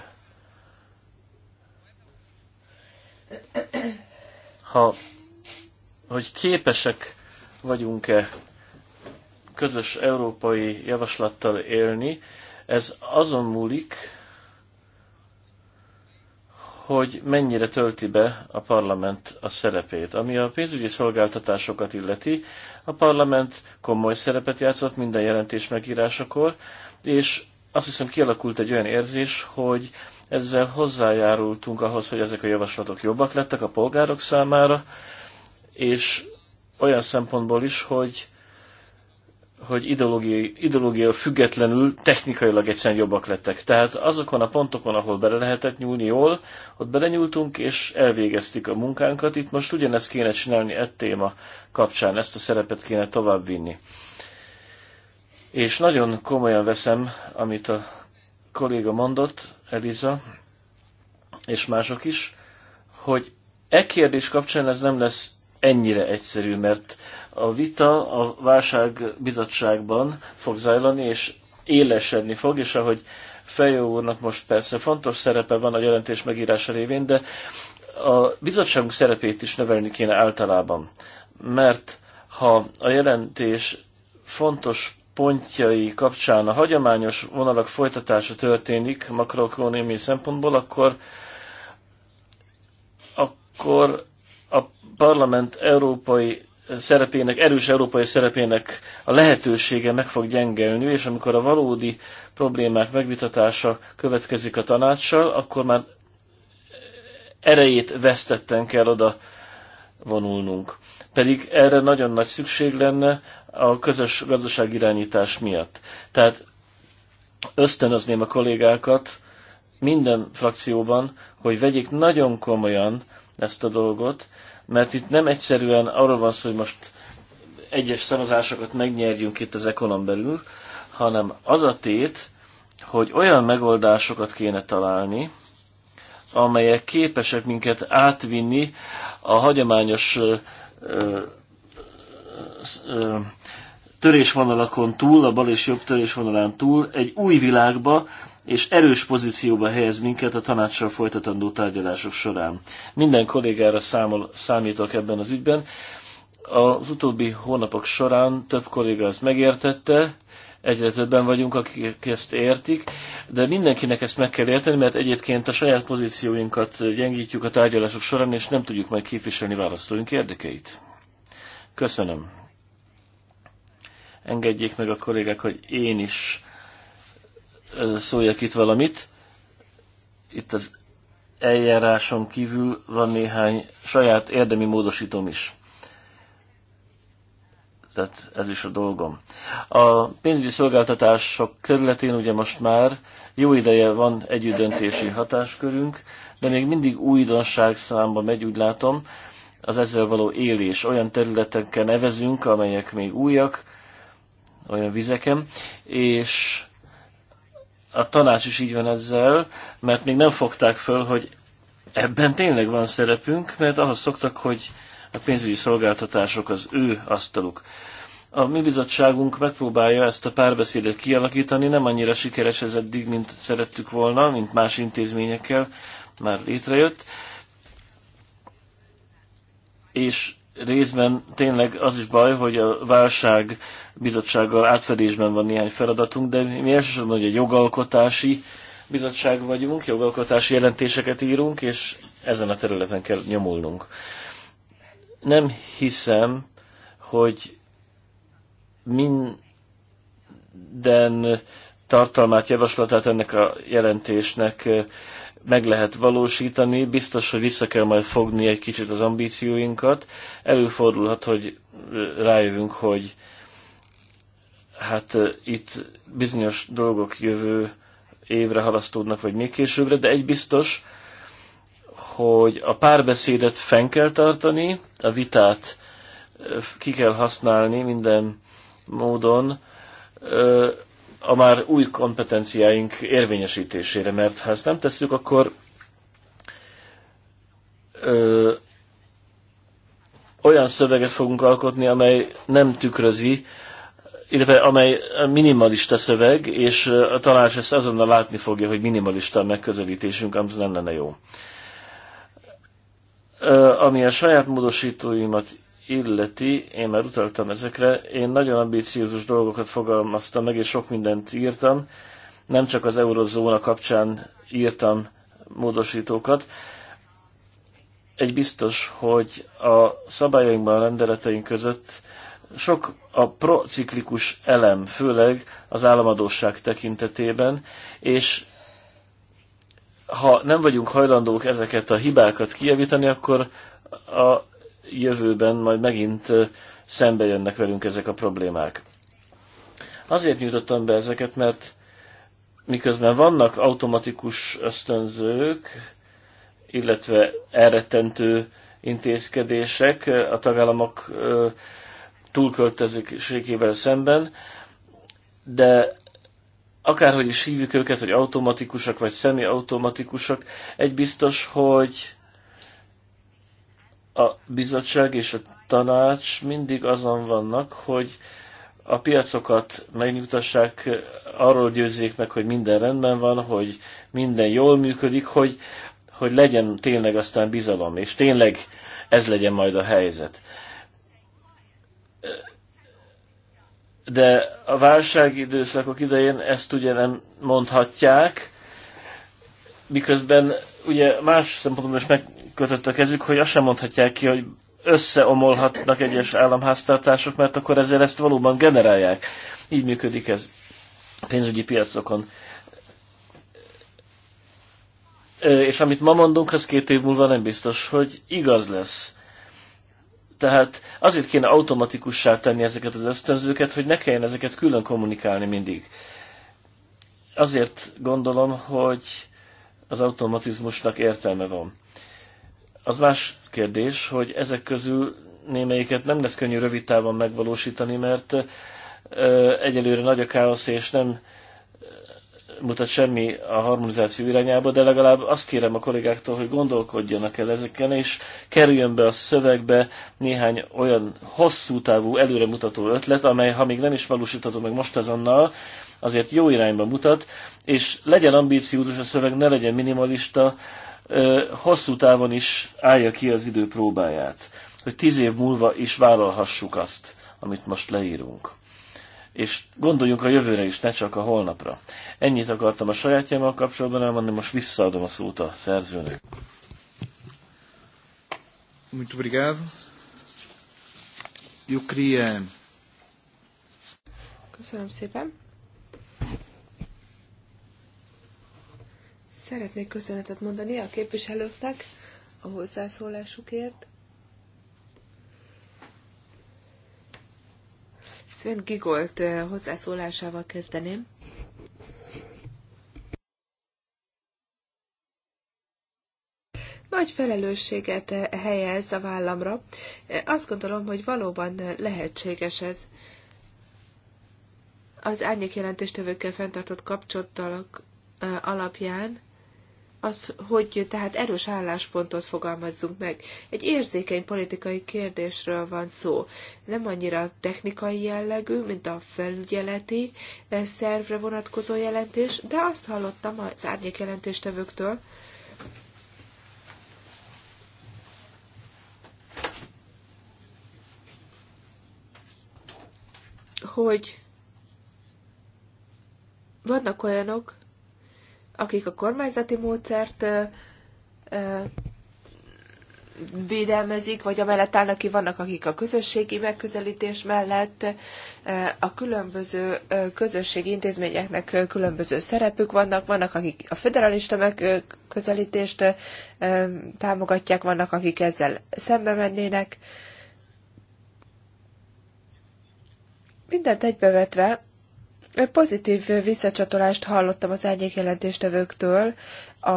Ha, hogy képesek vagyunk-e közös európai javaslattal élni, ez azon múlik, hogy mennyire tölti be a parlament a szerepét. Ami a pénzügyi szolgáltatásokat illeti, a parlament komoly szerepet játszott minden jelentés megírásakor, és azt hiszem kialakult egy olyan érzés, hogy ezzel hozzájárultunk ahhoz, hogy ezek a javaslatok jobbak lettek a polgárok számára, és olyan szempontból is, hogy hogy ideológiai, ideológiai függetlenül technikailag egyszerűen jobbak lettek. Tehát azokon a pontokon, ahol bele lehetett nyúlni jól, ott belenyúltunk és elvégeztük a munkánkat. Itt most ugyanezt kéne csinálni e téma kapcsán, ezt a szerepet kéne továbbvinni. És nagyon komolyan veszem, amit a kolléga mondott, Eliza, és mások is, hogy e kérdés kapcsán ez nem lesz ennyire egyszerű, mert a vita a válságbizottságban fog zajlani, és élesedni fog, és ahogy Fejó úrnak most persze fontos szerepe van a jelentés megírása révén, de a bizottságunk szerepét is növelni kéne általában. Mert ha a jelentés fontos pontjai kapcsán a hagyományos vonalak folytatása történik makroekonomiai szempontból, akkor, akkor a parlament európai szerepének, erős európai szerepének a lehetősége meg fog gyengelni, és amikor a valódi problémák megvitatása következik a tanácssal, akkor már erejét vesztetten kell oda vonulnunk. Pedig erre nagyon nagy szükség lenne a közös gazdaságirányítás miatt. Tehát ösztönözném a kollégákat minden frakcióban, hogy vegyék nagyon komolyan ezt a dolgot, mert itt nem egyszerűen arról van szó, hogy most egyes szavazásokat megnyerjünk itt az ekonom belül, hanem az a tét, hogy olyan megoldásokat kéne találni, amelyek képesek minket átvinni a hagyományos ö, ö, ö, törésvonalakon túl, a bal és jobb törésvonalán túl egy új világba, és erős pozícióba helyez minket a tanácssal folytatandó tárgyalások során. Minden kollégára számol, számítok ebben az ügyben. Az utóbbi hónapok során több kolléga ezt megértette, egyre többen vagyunk, akik ezt értik, de mindenkinek ezt meg kell érteni, mert egyébként a saját pozícióinkat gyengítjük a tárgyalások során, és nem tudjuk majd képviselni választóink érdekeit. Köszönöm. Engedjék meg a kollégák, hogy én is szóljak itt valamit. Itt az eljárásom kívül van néhány saját érdemi módosítom is. Tehát ez is a dolgom. A pénzügyi szolgáltatások területén ugye most már jó ideje van együttdöntési hatáskörünk, de még mindig újdonság számba megy, úgy látom, az ezzel való élés. Olyan területeken nevezünk, amelyek még újak, olyan vizeken, és a tanács is így van ezzel, mert még nem fogták föl, hogy ebben tényleg van szerepünk, mert ahhoz szoktak, hogy a pénzügyi szolgáltatások az ő asztaluk. A mi bizottságunk megpróbálja ezt a párbeszédet kialakítani, nem annyira sikeres ez eddig, mint szerettük volna, mint más intézményekkel már létrejött. És részben tényleg az is baj, hogy a válság bizottsággal átfedésben van néhány feladatunk, de mi elsősorban hogy a jogalkotási bizottság vagyunk, jogalkotási jelentéseket írunk, és ezen a területen kell nyomulnunk. Nem hiszem, hogy minden tartalmát, javaslatát ennek a jelentésnek meg lehet valósítani, biztos, hogy vissza kell majd fogni egy kicsit az ambícióinkat. Előfordulhat, hogy rájövünk, hogy hát itt bizonyos dolgok jövő évre halasztódnak, vagy még későbbre, de egy biztos, hogy a párbeszédet fenn kell tartani, a vitát ki kell használni minden módon, a már új kompetenciáink érvényesítésére, mert ha ezt nem tesszük, akkor ö, olyan szöveget fogunk alkotni, amely nem tükrözi, illetve amely minimalista szöveg, és a tanács ezt azonnal látni fogja, hogy minimalista a megközelítésünk, az nem lenne jó. Ö, ami a saját módosítóimat illeti, én már utaltam ezekre, én nagyon ambíciózus dolgokat fogalmaztam meg, és sok mindent írtam, nem csak az eurozóna kapcsán írtam módosítókat. Egy biztos, hogy a szabályainkban, a rendeleteink között sok a prociklikus elem, főleg az államadóság tekintetében, és ha nem vagyunk hajlandók ezeket a hibákat kijavítani, akkor a jövőben majd megint szembe jönnek velünk ezek a problémák. Azért nyújtottam be ezeket, mert miközben vannak automatikus ösztönzők, illetve elrettentő intézkedések a tagállamok túlköltözésével szemben, de akárhogy is hívjuk őket, hogy automatikusak vagy automatikusak, egy biztos, hogy a bizottság és a tanács mindig azon vannak, hogy a piacokat megnyugtassák, arról győzzék meg, hogy minden rendben van, hogy minden jól működik, hogy, hogy legyen tényleg aztán bizalom, és tényleg ez legyen majd a helyzet. De a válság időszakok idején ezt ugye nem mondhatják, miközben ugye más szempontból is meg kötött a kezük, hogy azt sem mondhatják ki, hogy összeomolhatnak egyes államháztartások, mert akkor ezért ezt valóban generálják. Így működik ez pénzügyi piacokon. És amit ma mondunk, az két év múlva nem biztos, hogy igaz lesz. Tehát azért kéne automatikussá tenni ezeket az ösztönzőket, hogy ne kelljen ezeket külön kommunikálni mindig. Azért gondolom, hogy az automatizmusnak értelme van. Az más kérdés, hogy ezek közül némelyiket nem lesz könnyű rövid távon megvalósítani, mert egyelőre nagy a káosz, és nem mutat semmi a harmonizáció irányába, de legalább azt kérem a kollégáktól, hogy gondolkodjanak el ezeken, és kerüljön be a szövegbe néhány olyan hosszú távú, előremutató ötlet, amely, ha még nem is valósítható meg most azonnal, azért jó irányba mutat, és legyen ambíciózus a szöveg, ne legyen minimalista, hosszú távon is állja ki az idő próbáját, hogy tíz év múlva is vállalhassuk azt, amit most leírunk. És gondoljunk a jövőre is, ne csak a holnapra. Ennyit akartam a sajátjámmal kapcsolatban elmondani, most visszaadom a szót a szerzőnek. Muito obrigado. Eu queria... Köszönöm szépen. Szeretnék köszönetet mondani a képviselőknek a hozzászólásukért. Sven Gigolt eh, hozzászólásával kezdeném. nagy felelősséget eh, helyez a vállamra. Eh, azt gondolom, hogy valóban lehetséges ez. Az árnyék jelentéstevőkkel fenntartott kapcsolattal alapján az, hogy tehát erős álláspontot fogalmazzunk meg. Egy érzékeny politikai kérdésről van szó. Nem annyira technikai jellegű, mint a felügyeleti eh, szervre vonatkozó jelentés, de azt hallottam az árnyék jelentéstevőktől, hogy vannak olyanok, akik a kormányzati módszert védelmezik, vagy amellett állnak ki, vannak akik a közösségi megközelítés mellett, a különböző közösségi intézményeknek különböző szerepük vannak, vannak akik a federalista megközelítést támogatják, vannak akik ezzel szembe mennének. Mindent egybevetve Pozitív visszacsatolást hallottam az egyik jelentéstevőktől a,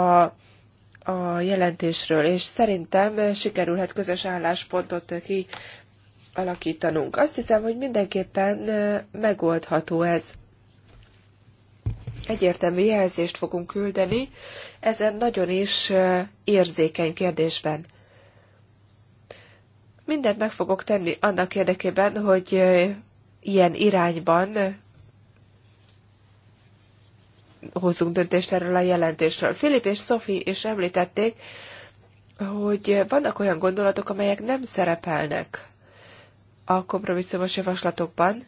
a jelentésről, és szerintem sikerülhet közös álláspontot ki alakítanunk. Azt hiszem, hogy mindenképpen megoldható ez. Egyértelmű jelzést fogunk küldeni ezen nagyon is érzékeny kérdésben. Mindent meg fogok tenni annak érdekében, hogy ilyen irányban hozzunk döntést erről a jelentésről. Filip és Szofi is említették, hogy vannak olyan gondolatok, amelyek nem szerepelnek a kompromisszumos javaslatokban,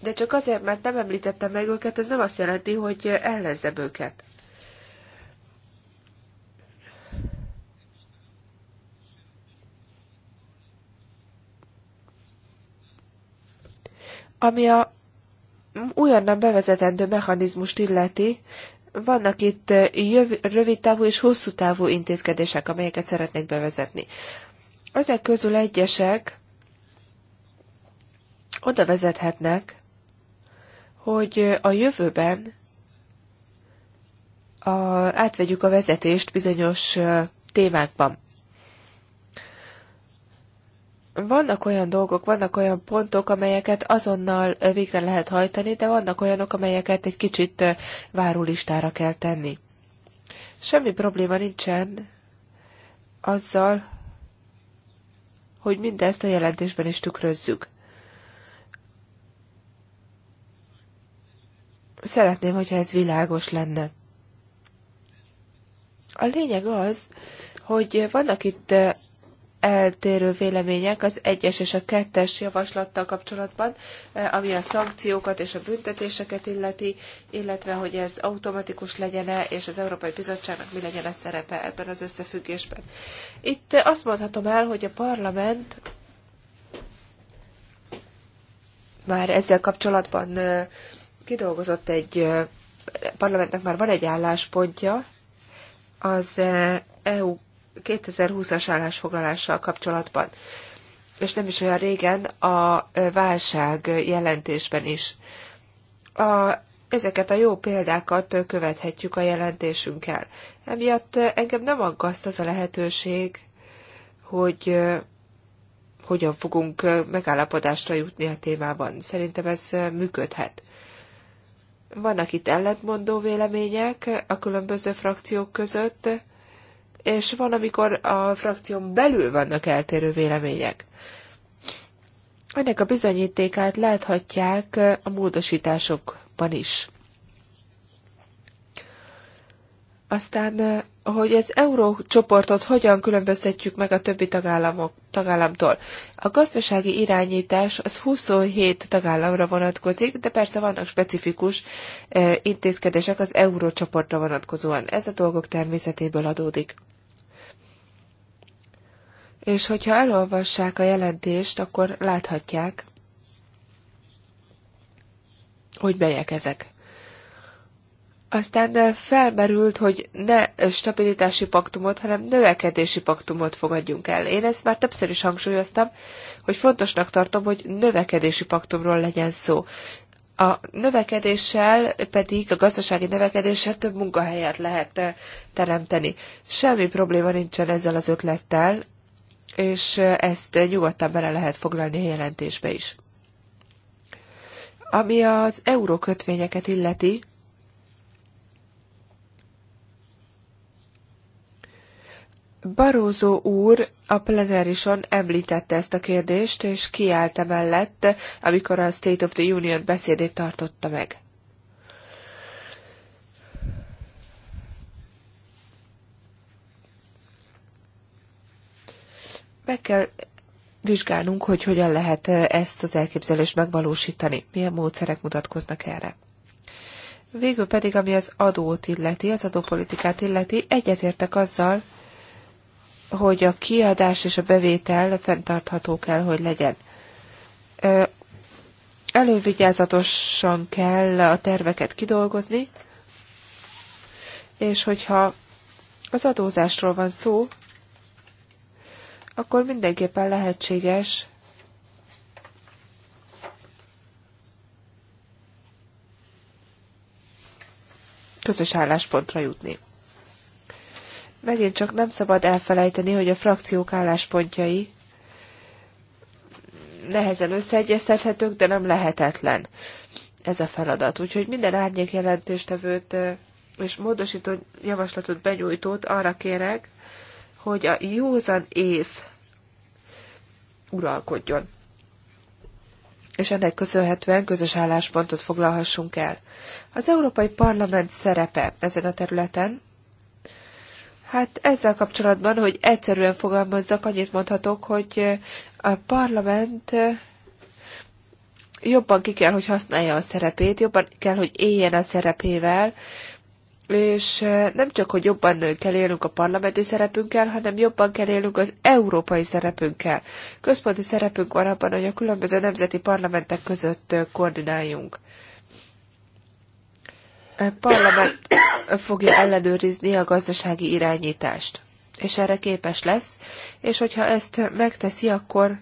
de csak azért, mert nem említettem meg őket, ez nem azt jelenti, hogy ellenzem őket. Ami a újonnan bevezetendő mechanizmust illeti, vannak itt jöv, rövid távú és hosszú távú intézkedések, amelyeket szeretnék bevezetni. Ezek közül egyesek oda vezethetnek, hogy a jövőben a, átvegyük a vezetést bizonyos témákban vannak olyan dolgok, vannak olyan pontok, amelyeket azonnal végre lehet hajtani, de vannak olyanok, amelyeket egy kicsit várólistára kell tenni. Semmi probléma nincsen azzal, hogy mindezt a jelentésben is tükrözzük. Szeretném, hogyha ez világos lenne. A lényeg az, hogy vannak itt eltérő vélemények az egyes és a kettes javaslattal kapcsolatban, e, ami a szankciókat és a büntetéseket illeti, illetve hogy ez automatikus legyen-e, és az Európai Bizottságnak mi legyen a szerepe ebben az összefüggésben. Itt azt mondhatom el, hogy a parlament már ezzel kapcsolatban e, kidolgozott egy, e, parlamentnek már van egy álláspontja, az EU 2020-as állásfoglalással kapcsolatban. És nem is olyan régen a válság jelentésben is. A, ezeket a jó példákat követhetjük a jelentésünkkel. Emiatt engem nem aggaszt az a lehetőség, hogy hogyan fogunk megállapodásra jutni a témában. Szerintem ez működhet. Vannak itt ellentmondó vélemények a különböző frakciók között, és van, amikor a frakción belül vannak eltérő vélemények. Ennek a bizonyítékát láthatják a módosításokban is. Aztán, hogy az eurócsoportot hogyan különböztetjük meg a többi tagállamok, tagállamtól. A gazdasági irányítás az 27 tagállamra vonatkozik, de persze vannak specifikus intézkedések az eurócsoportra vonatkozóan. Ez a dolgok természetéből adódik és hogyha elolvassák a jelentést, akkor láthatják, hogy melyek ezek. Aztán eh, felmerült, hogy ne stabilitási paktumot, hanem növekedési paktumot fogadjunk el. Én ezt már többször is hangsúlyoztam, hogy fontosnak tartom, hogy növekedési paktumról legyen szó. A növekedéssel pedig, a gazdasági növekedéssel több munkahelyet lehet eh, teremteni. Semmi probléma nincsen ezzel az ötlettel, és ezt nyugodtan bele lehet foglalni a jelentésbe is. Ami az eurókötvényeket illeti, Barózó úr a plenárison említette ezt a kérdést, és kiállt emellett, amikor a State of the Union beszédét tartotta meg. Meg kell vizsgálnunk, hogy hogyan lehet eh, ezt az elképzelést megvalósítani, milyen módszerek mutatkoznak erre. Végül pedig, ami az adót illeti, az adópolitikát illeti, egyetértek azzal, hogy a kiadás és a bevétel fenntartható kell, hogy legyen. Elővigyázatosan kell a terveket kidolgozni, és hogyha az adózásról van szó, akkor mindenképpen lehetséges közös álláspontra jutni. Megint csak nem szabad elfelejteni, hogy a frakciók álláspontjai nehezen összeegyeztethetők, de nem lehetetlen ez a feladat. Úgyhogy minden árnyék jelentéstevőt és módosító javaslatot benyújtót arra kérek, hogy a józan ész uralkodjon. És ennek köszönhetően közös álláspontot foglalhassunk el. Az Európai Parlament szerepe ezen a területen, hát ezzel kapcsolatban, hogy egyszerűen fogalmazzak, annyit mondhatok, hogy a parlament jobban ki kell, hogy használja a szerepét, jobban kell, hogy éljen a szerepével, és nem csak, hogy jobban kell élnünk a parlamenti szerepünkkel, hanem jobban kell élnünk az európai szerepünkkel. Központi szerepünk van abban, hogy a különböző nemzeti parlamentek között koordináljunk. A parlament fogja ellenőrizni a gazdasági irányítást, és erre képes lesz, és hogyha ezt megteszi, akkor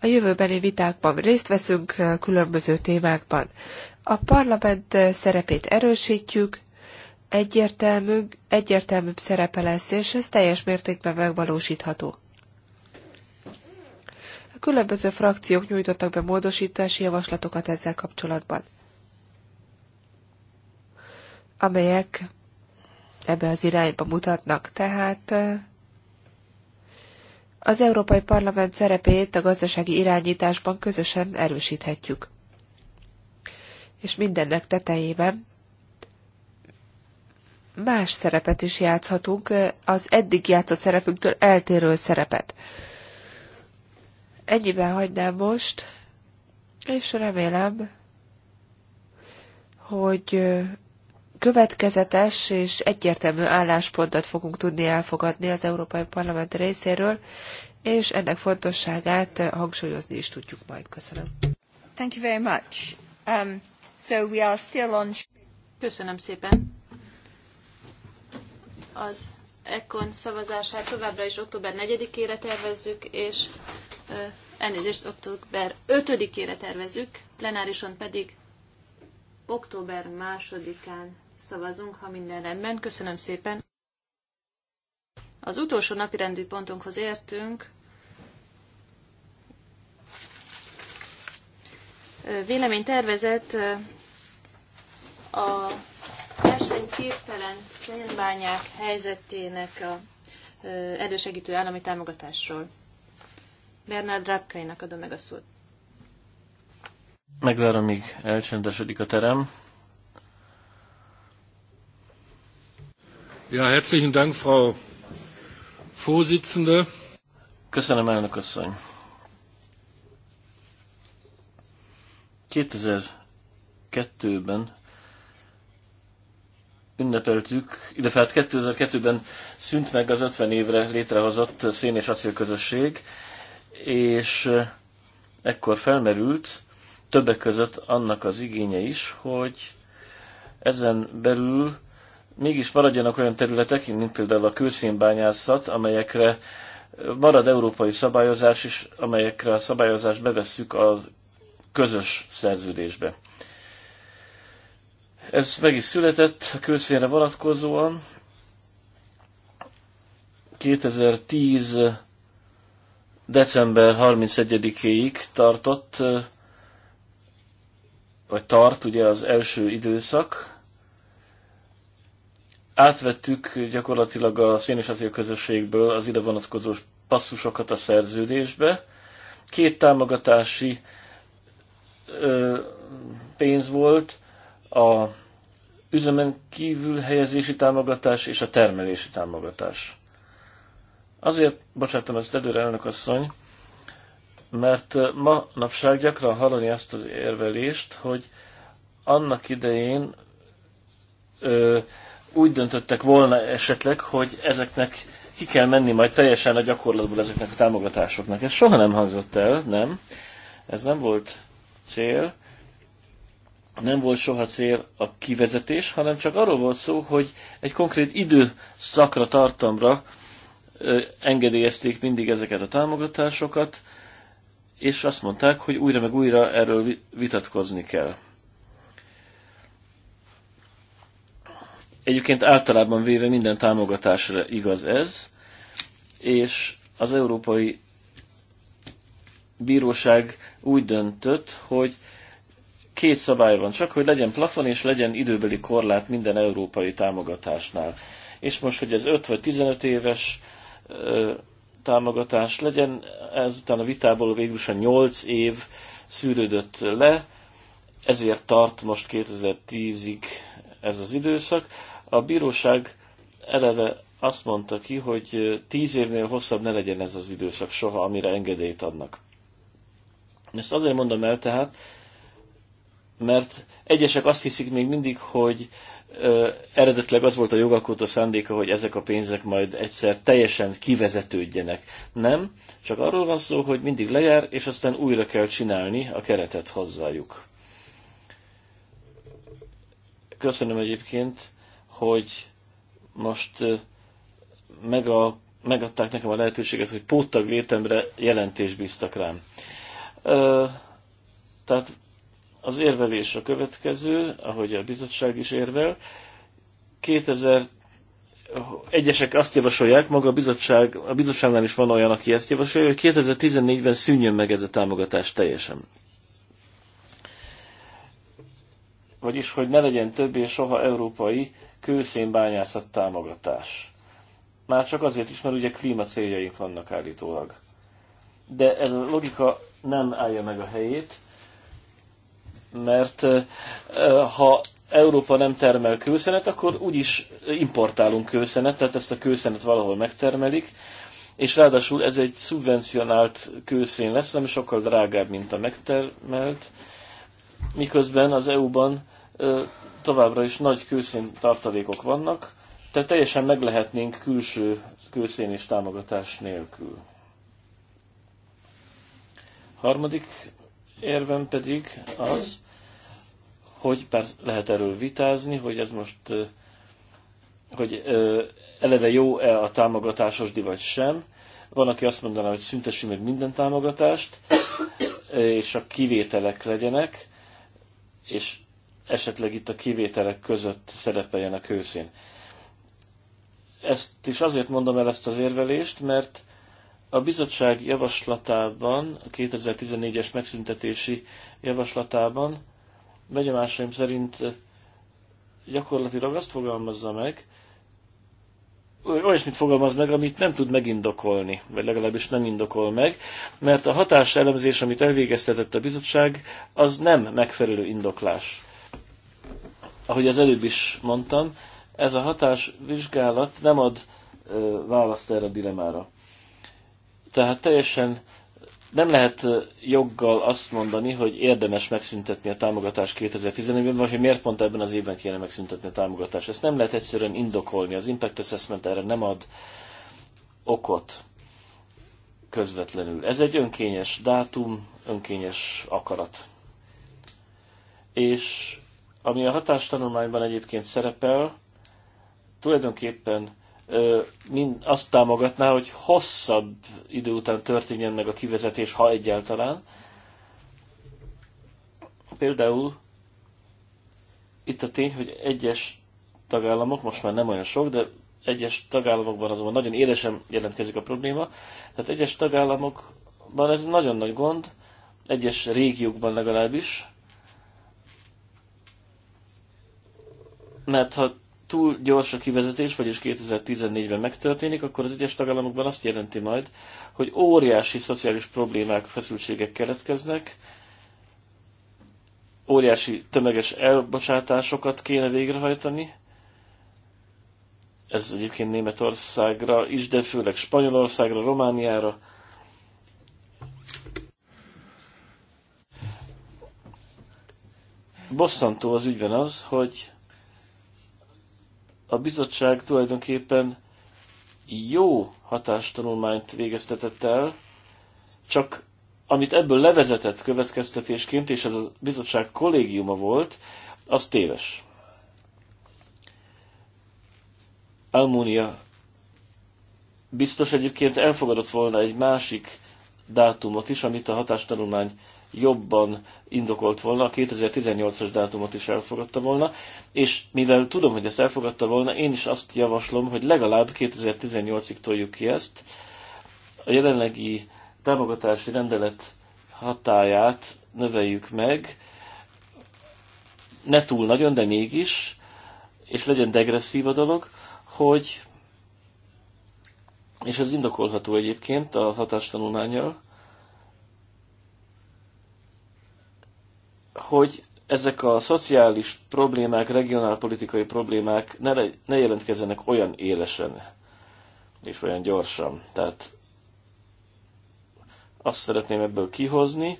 a jövőbeni vitákban részt veszünk különböző témákban. A parlament szerepét erősítjük, egyértelmű, egyértelműbb szerepe lesz, és ez teljes mértékben megvalósítható. A különböző frakciók nyújtottak be módosítási javaslatokat ezzel kapcsolatban, amelyek ebbe az irányba mutatnak. Tehát az Európai Parlament szerepét a gazdasági irányításban közösen erősíthetjük és mindennek tetejében más szerepet is játszhatunk, eh, az eddig játszott szerepünktől eltérő szerepet. Ennyiben hagynám most, és remélem, hogy eh, következetes és egyértelmű álláspontot fogunk tudni elfogadni az Európai Parlament részéről, és ennek fontosságát eh, hangsúlyozni is tudjuk majd. Köszönöm. Thank you very much. Um... So we are still on... Köszönöm szépen. Az Ekon szavazását továbbra is október 4-ére tervezzük, és elnézést, október 5-ére tervezzük, plenárison pedig október 2-án szavazunk, ha minden rendben. Köszönöm szépen. Az utolsó rendű pontunkhoz értünk. Véleménytervezet a versenyképtelen szénbányák helyzetének a elősegítő állami támogatásról. Bernard Rapkainak adom meg a szót. Megvárom, míg elcsendesedik a terem. Ja, herzlichen Dank, Frau Vorsitzende. Köszönöm, elnök asszony. 2002-ben ünnepeltük, illetve hát 2002-ben szűnt meg az 50 évre létrehozott szén és acélközösség, és ekkor felmerült többek között annak az igénye is, hogy ezen belül mégis maradjanak olyan területek, mint például a kőszénbányászat, amelyekre marad európai szabályozás is, amelyekre a szabályozást bevesszük a közös szerződésbe. Ez meg is született a kőszénre vonatkozóan. 2010 december 31-éig tartott, vagy tart ugye az első időszak. Átvettük gyakorlatilag a szén és közösségből az ide vonatkozó passzusokat a szerződésbe. Két támogatási pénz volt, a üzemen kívül helyezési támogatás és a termelési támogatás. Azért bocsátom ezt előre, elnök asszony, mert ma napság gyakran hallani azt az érvelést, hogy annak idején ö, úgy döntöttek volna esetleg, hogy ezeknek ki kell menni majd teljesen a gyakorlatból ezeknek a támogatásoknak. Ez soha nem hangzott el, nem? Ez nem volt cél nem volt soha cél a kivezetés, hanem csak arról volt szó, hogy egy konkrét időszakra, tartamra engedélyezték mindig ezeket a támogatásokat, és azt mondták, hogy újra meg újra erről vitatkozni kell. Egyébként általában véve minden támogatásra igaz ez, és az Európai Bíróság úgy döntött, hogy két szabály van csak, hogy legyen plafon és legyen időbeli korlát minden európai támogatásnál. És most, hogy ez 5 vagy 15 éves ö, támogatás legyen, ezután a vitából végül is a 8 év szűrődött le, ezért tart most 2010-ig ez az időszak. A bíróság eleve azt mondta ki, hogy 10 évnél hosszabb ne legyen ez az időszak soha, amire engedélyt adnak. Ezt azért mondom el tehát, mert egyesek azt hiszik még mindig, hogy ö, eredetleg az volt a jogalkotó szándéka, hogy ezek a pénzek majd egyszer teljesen kivezetődjenek. Nem, csak arról van szó, hogy mindig lejár, és aztán újra kell csinálni a keretet hozzájuk. Köszönöm egyébként, hogy most meg a, megadták nekem a lehetőséget, hogy póttag létemre jelentést bíztak rám. Ö, tehát az érvelés a következő, ahogy a bizottság is érvel. 2000 egyesek azt javasolják, maga a bizottság, a bizottságnál is van olyan, aki ezt javasolja, hogy 2014-ben szűnjön meg ez a támogatás teljesen. Vagyis, hogy ne legyen többé soha európai kőszénbányászat támogatás. Már csak azért is, mert ugye klíma céljaink vannak állítólag. De ez a logika nem állja meg a helyét, mert ha Európa nem termel kőszenet, akkor úgyis importálunk kőszenet, tehát ezt a kőszenet valahol megtermelik, és ráadásul ez egy szubvencionált kőszén lesz, ami sokkal drágább, mint a megtermelt, miközben az EU-ban továbbra is nagy kőszén tartalékok vannak, tehát teljesen meg lehetnénk külső kőszén és támogatás nélkül. Harmadik érvem pedig az, hogy persze lehet erről vitázni, hogy ez most hogy eleve jó-e a támogatásos di vagy sem. Van, aki azt mondaná, hogy szüntessünk meg minden támogatást, és a kivételek legyenek, és esetleg itt a kivételek között szerepeljen a kőszín. Ezt is azért mondom el ezt az érvelést, mert a bizottság javaslatában, a 2014-es megszüntetési javaslatában benyomásaim szerint gyakorlatilag azt fogalmazza meg, olyasmit fogalmaz meg, amit nem tud megindokolni, vagy legalábbis nem indokol meg, mert a hatás elemzés, amit elvégeztetett a bizottság, az nem megfelelő indoklás. Ahogy az előbb is mondtam, ez a hatás vizsgálat nem ad ö, választ erre a dilemára. Tehát teljesen nem lehet joggal azt mondani, hogy érdemes megszüntetni a támogatást 2011-ben, vagy hogy miért pont ebben az évben kéne megszüntetni a támogatást. Ezt nem lehet egyszerűen indokolni. Az Impact Assessment erre nem ad okot közvetlenül. Ez egy önkényes dátum, önkényes akarat. És ami a hatástanulmányban egyébként szerepel, tulajdonképpen mind azt támogatná, hogy hosszabb idő után történjen meg a kivezetés, ha egyáltalán. Például itt a tény, hogy egyes tagállamok, most már nem olyan sok, de egyes tagállamokban azonban nagyon élesen jelentkezik a probléma, tehát egyes tagállamokban ez nagyon nagy gond, egyes régiókban legalábbis, mert ha túl gyors a kivezetés, vagyis 2014-ben megtörténik, akkor az egyes tagállamokban azt jelenti majd, hogy óriási szociális problémák, feszültségek keletkeznek, óriási tömeges elbocsátásokat kéne végrehajtani. Ez egyébként Németországra is, de főleg Spanyolországra, Romániára. Bosszantó az ügyben az, hogy a bizottság tulajdonképpen jó hatástanulmányt végeztetett el, csak amit ebből levezetett következtetésként, és ez a bizottság kollégiuma volt, az téves. Almúnia biztos egyébként elfogadott volna egy másik dátumot is, amit a hatástanulmány jobban indokolt volna, a 2018-as dátumot is elfogadta volna, és mivel tudom, hogy ezt elfogadta volna, én is azt javaslom, hogy legalább 2018-ig toljuk ki ezt, a jelenlegi támogatási rendelet hatáját növeljük meg, ne túl nagyon, de mégis, és legyen degresszív a dolog, hogy, és ez indokolható egyébként a hatástanulmányjal, hogy ezek a szociális problémák, regionálpolitikai problémák ne, ne jelentkezzenek olyan élesen és olyan gyorsan. Tehát azt szeretném ebből kihozni,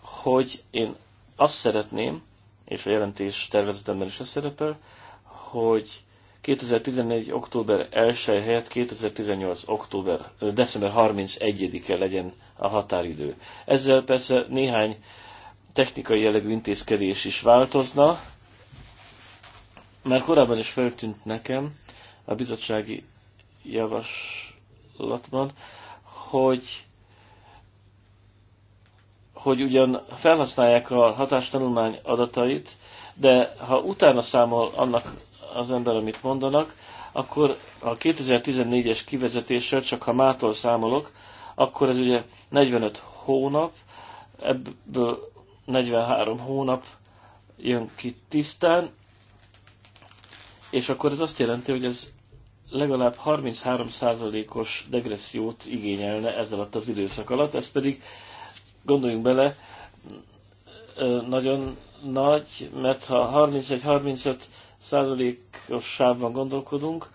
hogy én azt szeretném, és a jelentés tervezetemben is ez szerepel, hogy 2014. október 1 helyett 2018. október, december 31-e legyen a határidő. Ezzel persze néhány technikai jellegű intézkedés is változna. mert korábban is feltűnt nekem a bizottsági javaslatban, hogy hogy ugyan felhasználják a hatástanulmány adatait, de ha utána számol annak az ember, amit mondanak, akkor a 2014-es kivezetéssel, csak ha mától számolok, akkor ez ugye 45 hónap, ebből 43 hónap jön ki tisztán, és akkor ez azt jelenti, hogy ez legalább 33%-os degressziót igényelne ez alatt az időszak alatt, ez pedig, gondoljunk bele, nagyon nagy, mert ha 31-35 százalékos sávban gondolkodunk,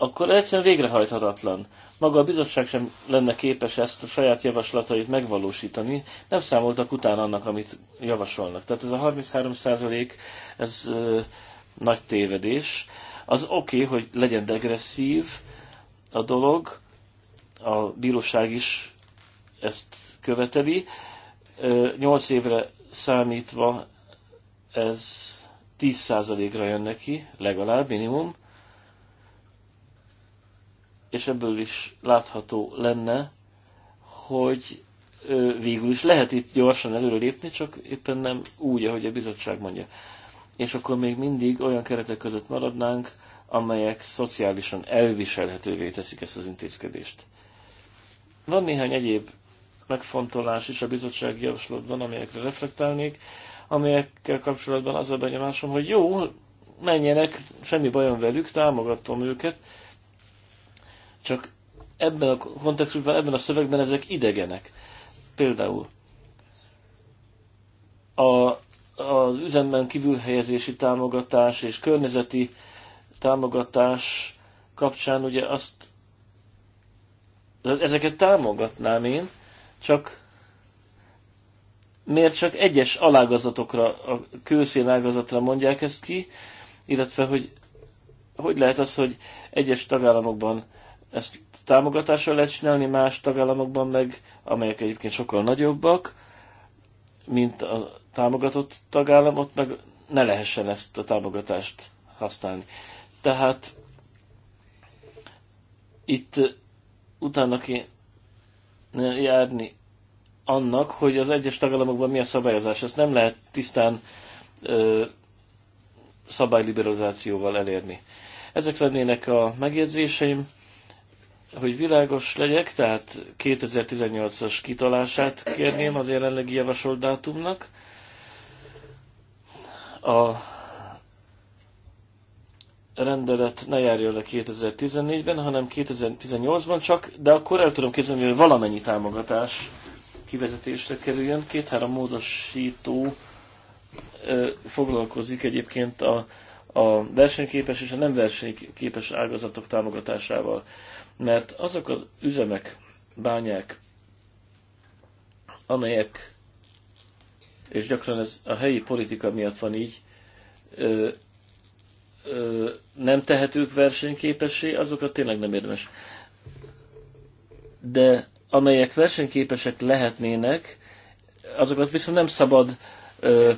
akkor egyszerűen végrehajthatatlan. Maga a bizottság sem lenne képes ezt a saját javaslatait megvalósítani, nem számoltak utána annak, amit javasolnak. Tehát ez a 33 százalék, ez ö, nagy tévedés. Az oké, okay, hogy legyen degresszív a dolog, a bíróság is ezt követeli. Ö, 8 évre számítva ez 10 százalékra jön neki, legalább minimum és ebből is látható lenne, hogy végül is lehet itt gyorsan előrelépni, csak éppen nem úgy, ahogy a bizottság mondja. És akkor még mindig olyan keretek között maradnánk, amelyek szociálisan elviselhetővé teszik ezt az intézkedést. Van néhány egyéb megfontolás is a bizottsági javaslatban, amelyekre reflektálnék, amelyekkel kapcsolatban az a benyomásom, hogy jó, menjenek, semmi bajom velük, támogatom őket, csak ebben a kontextusban, ebben a szövegben ezek idegenek. Például a, az üzemben kívülhelyezési támogatás és környezeti támogatás kapcsán ugye azt ezeket támogatnám én, csak miért csak egyes alágazatokra, a kőszén ágazatra mondják ezt ki, illetve hogy hogy lehet az, hogy egyes tagállamokban ezt támogatással lehet csinálni más tagállamokban meg, amelyek egyébként sokkal nagyobbak, mint a támogatott tagállamot, meg ne lehessen ezt a támogatást használni. Tehát itt utána kéne járni annak, hogy az egyes tagállamokban mi a szabályozás. Ezt nem lehet tisztán ö, szabályliberalizációval elérni. Ezek lennének a megjegyzéseim hogy világos legyek, tehát 2018-as kitalását kérném az jelenlegi javasolt dátumnak. A rendelet ne járjon le 2014-ben, hanem 2018-ban csak, de akkor el tudom képzelni, hogy valamennyi támogatás kivezetésre kerüljön. Két-három módosító ö, foglalkozik egyébként a, a versenyképes és a nem versenyképes ágazatok támogatásával mert azok az üzemek, bányák, amelyek, és gyakran ez a helyi politika miatt van így, ö, ö, nem tehetők versenyképessé, azokat tényleg nem érdemes. De amelyek versenyképesek lehetnének, azokat viszont nem szabad ö,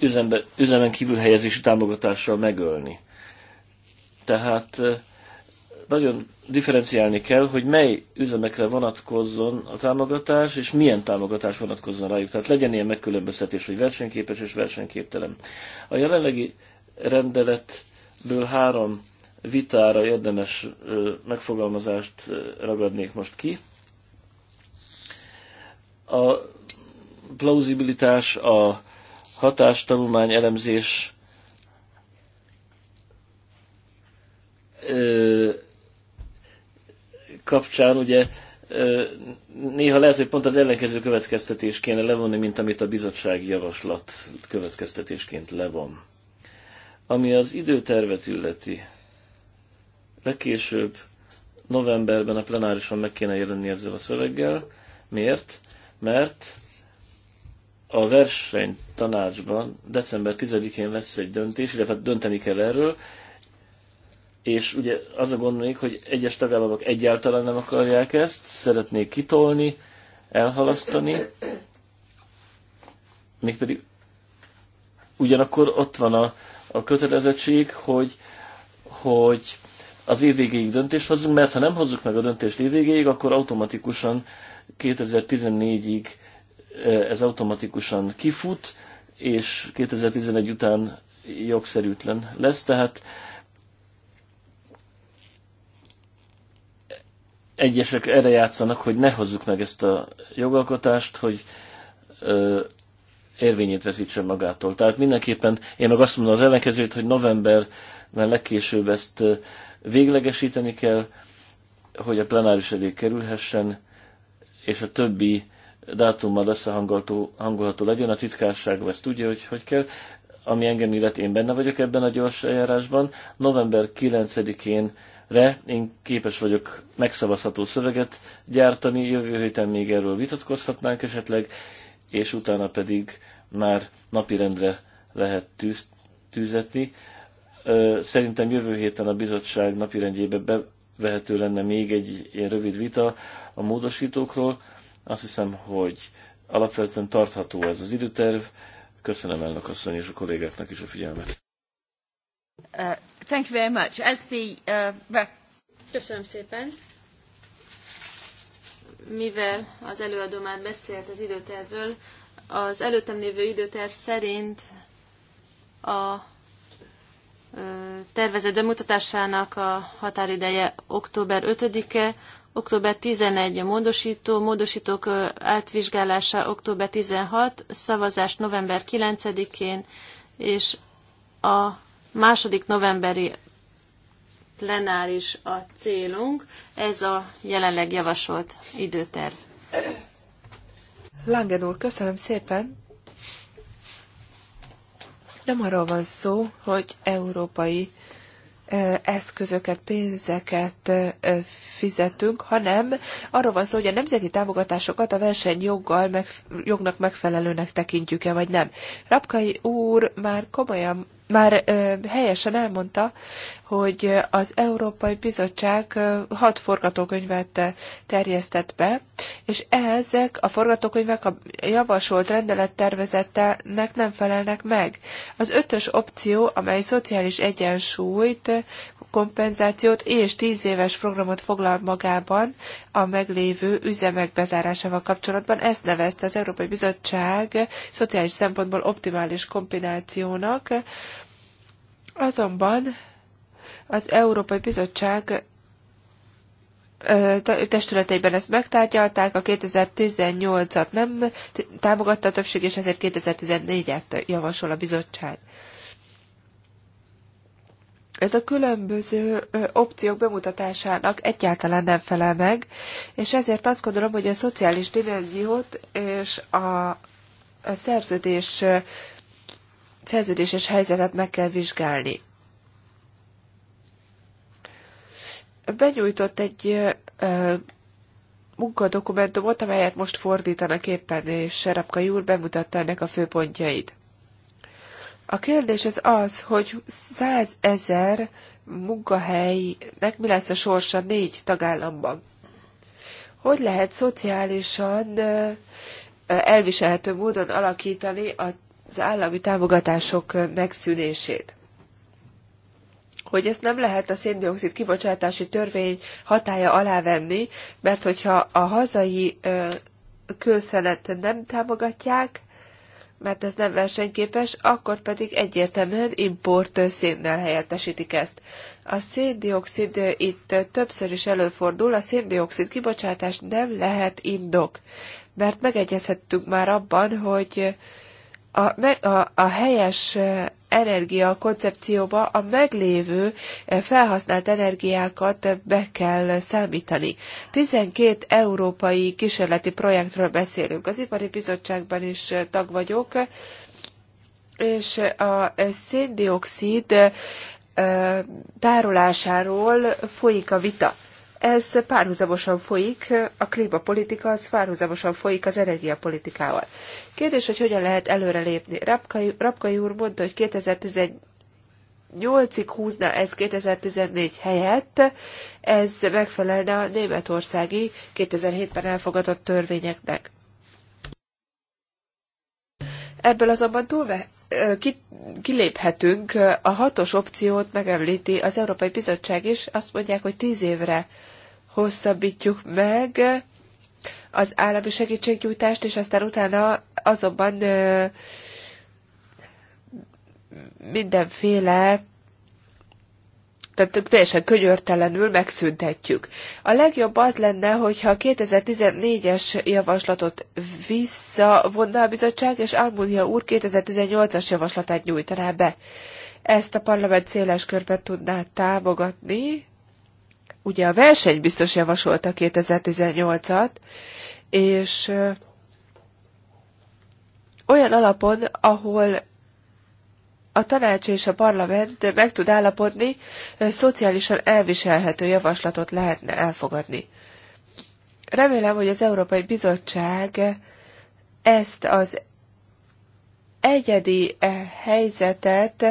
üzembe, üzemen kívül helyezési támogatással megölni. Tehát nagyon differenciálni kell, hogy mely üzemekre vonatkozzon a támogatás, és milyen támogatás vonatkozzon rájuk. Tehát legyen ilyen megkülönböztetés, hogy versenyképes és versenyképtelen. A jelenlegi rendeletből három vitára érdemes megfogalmazást ragadnék most ki. A plauzibilitás, a hatástanulmány elemzés kapcsán ugye néha lehet, hogy pont az ellenkező következtetés kéne levonni, mint amit a bizottság javaslat következtetésként levon. Ami az időtervet illeti, legkésőbb novemberben a plenárison meg kéne jelenni ezzel a szöveggel. Miért? Mert a versenytanácsban december 10-én lesz egy döntés, illetve dönteni kell erről, és ugye az a gond még, hogy egyes tagállamok egyáltalán nem akarják ezt, szeretnék kitolni, elhalasztani, mégpedig ugyanakkor ott van a, a kötelezettség, hogy, hogy az év végéig döntést hozzunk, mert ha nem hozzuk meg a döntést év végéig, akkor automatikusan 2014-ig eh, ez automatikusan kifut, és 2011 után jogszerűtlen lesz, tehát egyesek erre játszanak, hogy ne hozzuk meg ezt a jogalkotást, hogy ö, érvényét veszítsen magától. Tehát mindenképpen én meg azt mondom az ellenkezőt, hogy novemberben legkésőbb ezt véglegesíteni kell, hogy a plenáris elé kerülhessen, és a többi dátummal összehangolható legyen. A titkárság ezt tudja, hogy hogy kell. Ami engem illet, én benne vagyok ebben a gyors eljárásban. November 9-én re én képes vagyok megszavazható szöveget gyártani, jövő héten még erről vitatkozhatnánk esetleg, és utána pedig már napirendre lehet tűz, tűzetni. Szerintem jövő héten a bizottság napirendjébe bevehető lenne még egy ilyen rövid vita a módosítókról. Azt hiszem, hogy alapvetően tartható ez az időterv. Köszönöm elnök asszony és a kollégáknak is a figyelmet. Uh, thank you very much. As the, uh, Köszönöm szépen. Mivel az előadó már beszélt az időtervről, az előttem lévő időterv szerint a tervezett bemutatásának a határideje október 5-e, október 11 a módosító, módosítók átvizsgálása október 16, szavazás november 9-én, és a Második novemberi plenáris a célunk, ez a jelenleg javasolt időterv. Langen úr, köszönöm szépen. Nem arról van szó, hogy európai eszközöket, pénzeket fizetünk, hanem arról van szó, hogy a nemzeti támogatásokat a versenyjoggal meg, jognak megfelelőnek tekintjük-e, vagy nem. Rapkai úr már komolyan már helyesen elmondta, hogy az Európai Bizottság hat forgatókönyvet terjesztett be, és ezek a forgatókönyvek a javasolt rendelettervezetnek nem felelnek meg. Az ötös opció, amely szociális egyensúlyt, kompenzációt és tíz éves programot foglal magában a meglévő üzemek bezárásával kapcsolatban, ezt nevezte az Európai Bizottság szociális szempontból optimális kombinációnak, Azonban az Európai Bizottság testületeiben ezt megtárgyalták, a 2018-at nem támogatta a többség, és ezért 2014-et javasol a bizottság. Ez a különböző opciók bemutatásának egyáltalán nem felel meg, és ezért azt gondolom, hogy a szociális dimenziót és a szerződés szerződéses helyzetet meg kell vizsgálni. Benyújtott egy munkadokumentumot, amelyet most fordítanak éppen, és Serapka Júr bemutatta ennek a főpontjait. A kérdés az az, hogy 100 ezer munkahelynek mi lesz a sorsa négy tagállamban. Hogy lehet szociálisan elviselhető módon alakítani a az állami támogatások megszűnését. Hogy ezt nem lehet a széndiokszid kibocsátási törvény hatája alá venni, mert hogyha a hazai kőszenet nem támogatják, mert ez nem versenyképes, akkor pedig egyértelműen import szénnel helyettesítik ezt. A széndiokszid itt többször is előfordul, a széndiokszid kibocsátás nem lehet indok, mert megegyezhettünk már abban, hogy a, a, a helyes energia koncepcióba a meglévő felhasznált energiákat be kell számítani. 12 európai kísérleti projektről beszélünk. Az Ipari Bizottságban is tag vagyok, és a széndiokszid tárolásáról folyik a vita. Ez párhuzamosan folyik, a klímapolitika az párhuzamosan folyik az energiapolitikával. Kérdés, hogy hogyan lehet előrelépni. Rapkai, Rapkai úr mondta, hogy 2018-ig húzna ez 2014 helyett, ez megfelelne a németországi 2007-ben elfogadott törvényeknek. Ebből azonban túlve, ki, kiléphetünk, a hatos opciót megemlíti az Európai Bizottság is, azt mondják, hogy tíz évre hosszabbítjuk meg az állami segítségnyújtást, és aztán utána azonban mindenféle tehát teljesen könyörtelenül megszüntetjük. A legjobb az lenne, hogyha a 2014-es javaslatot visszavonna a bizottság, és Almunia úr 2018-as javaslatát nyújtaná be. Ezt a parlament széles körben tudná támogatni, Ugye a verseny biztos javasolta 2018-at, és olyan alapon, ahol a tanács és a parlament meg tud állapodni, szociálisan elviselhető javaslatot lehetne elfogadni. Remélem, hogy az Európai Bizottság ezt az egyedi eh, helyzetet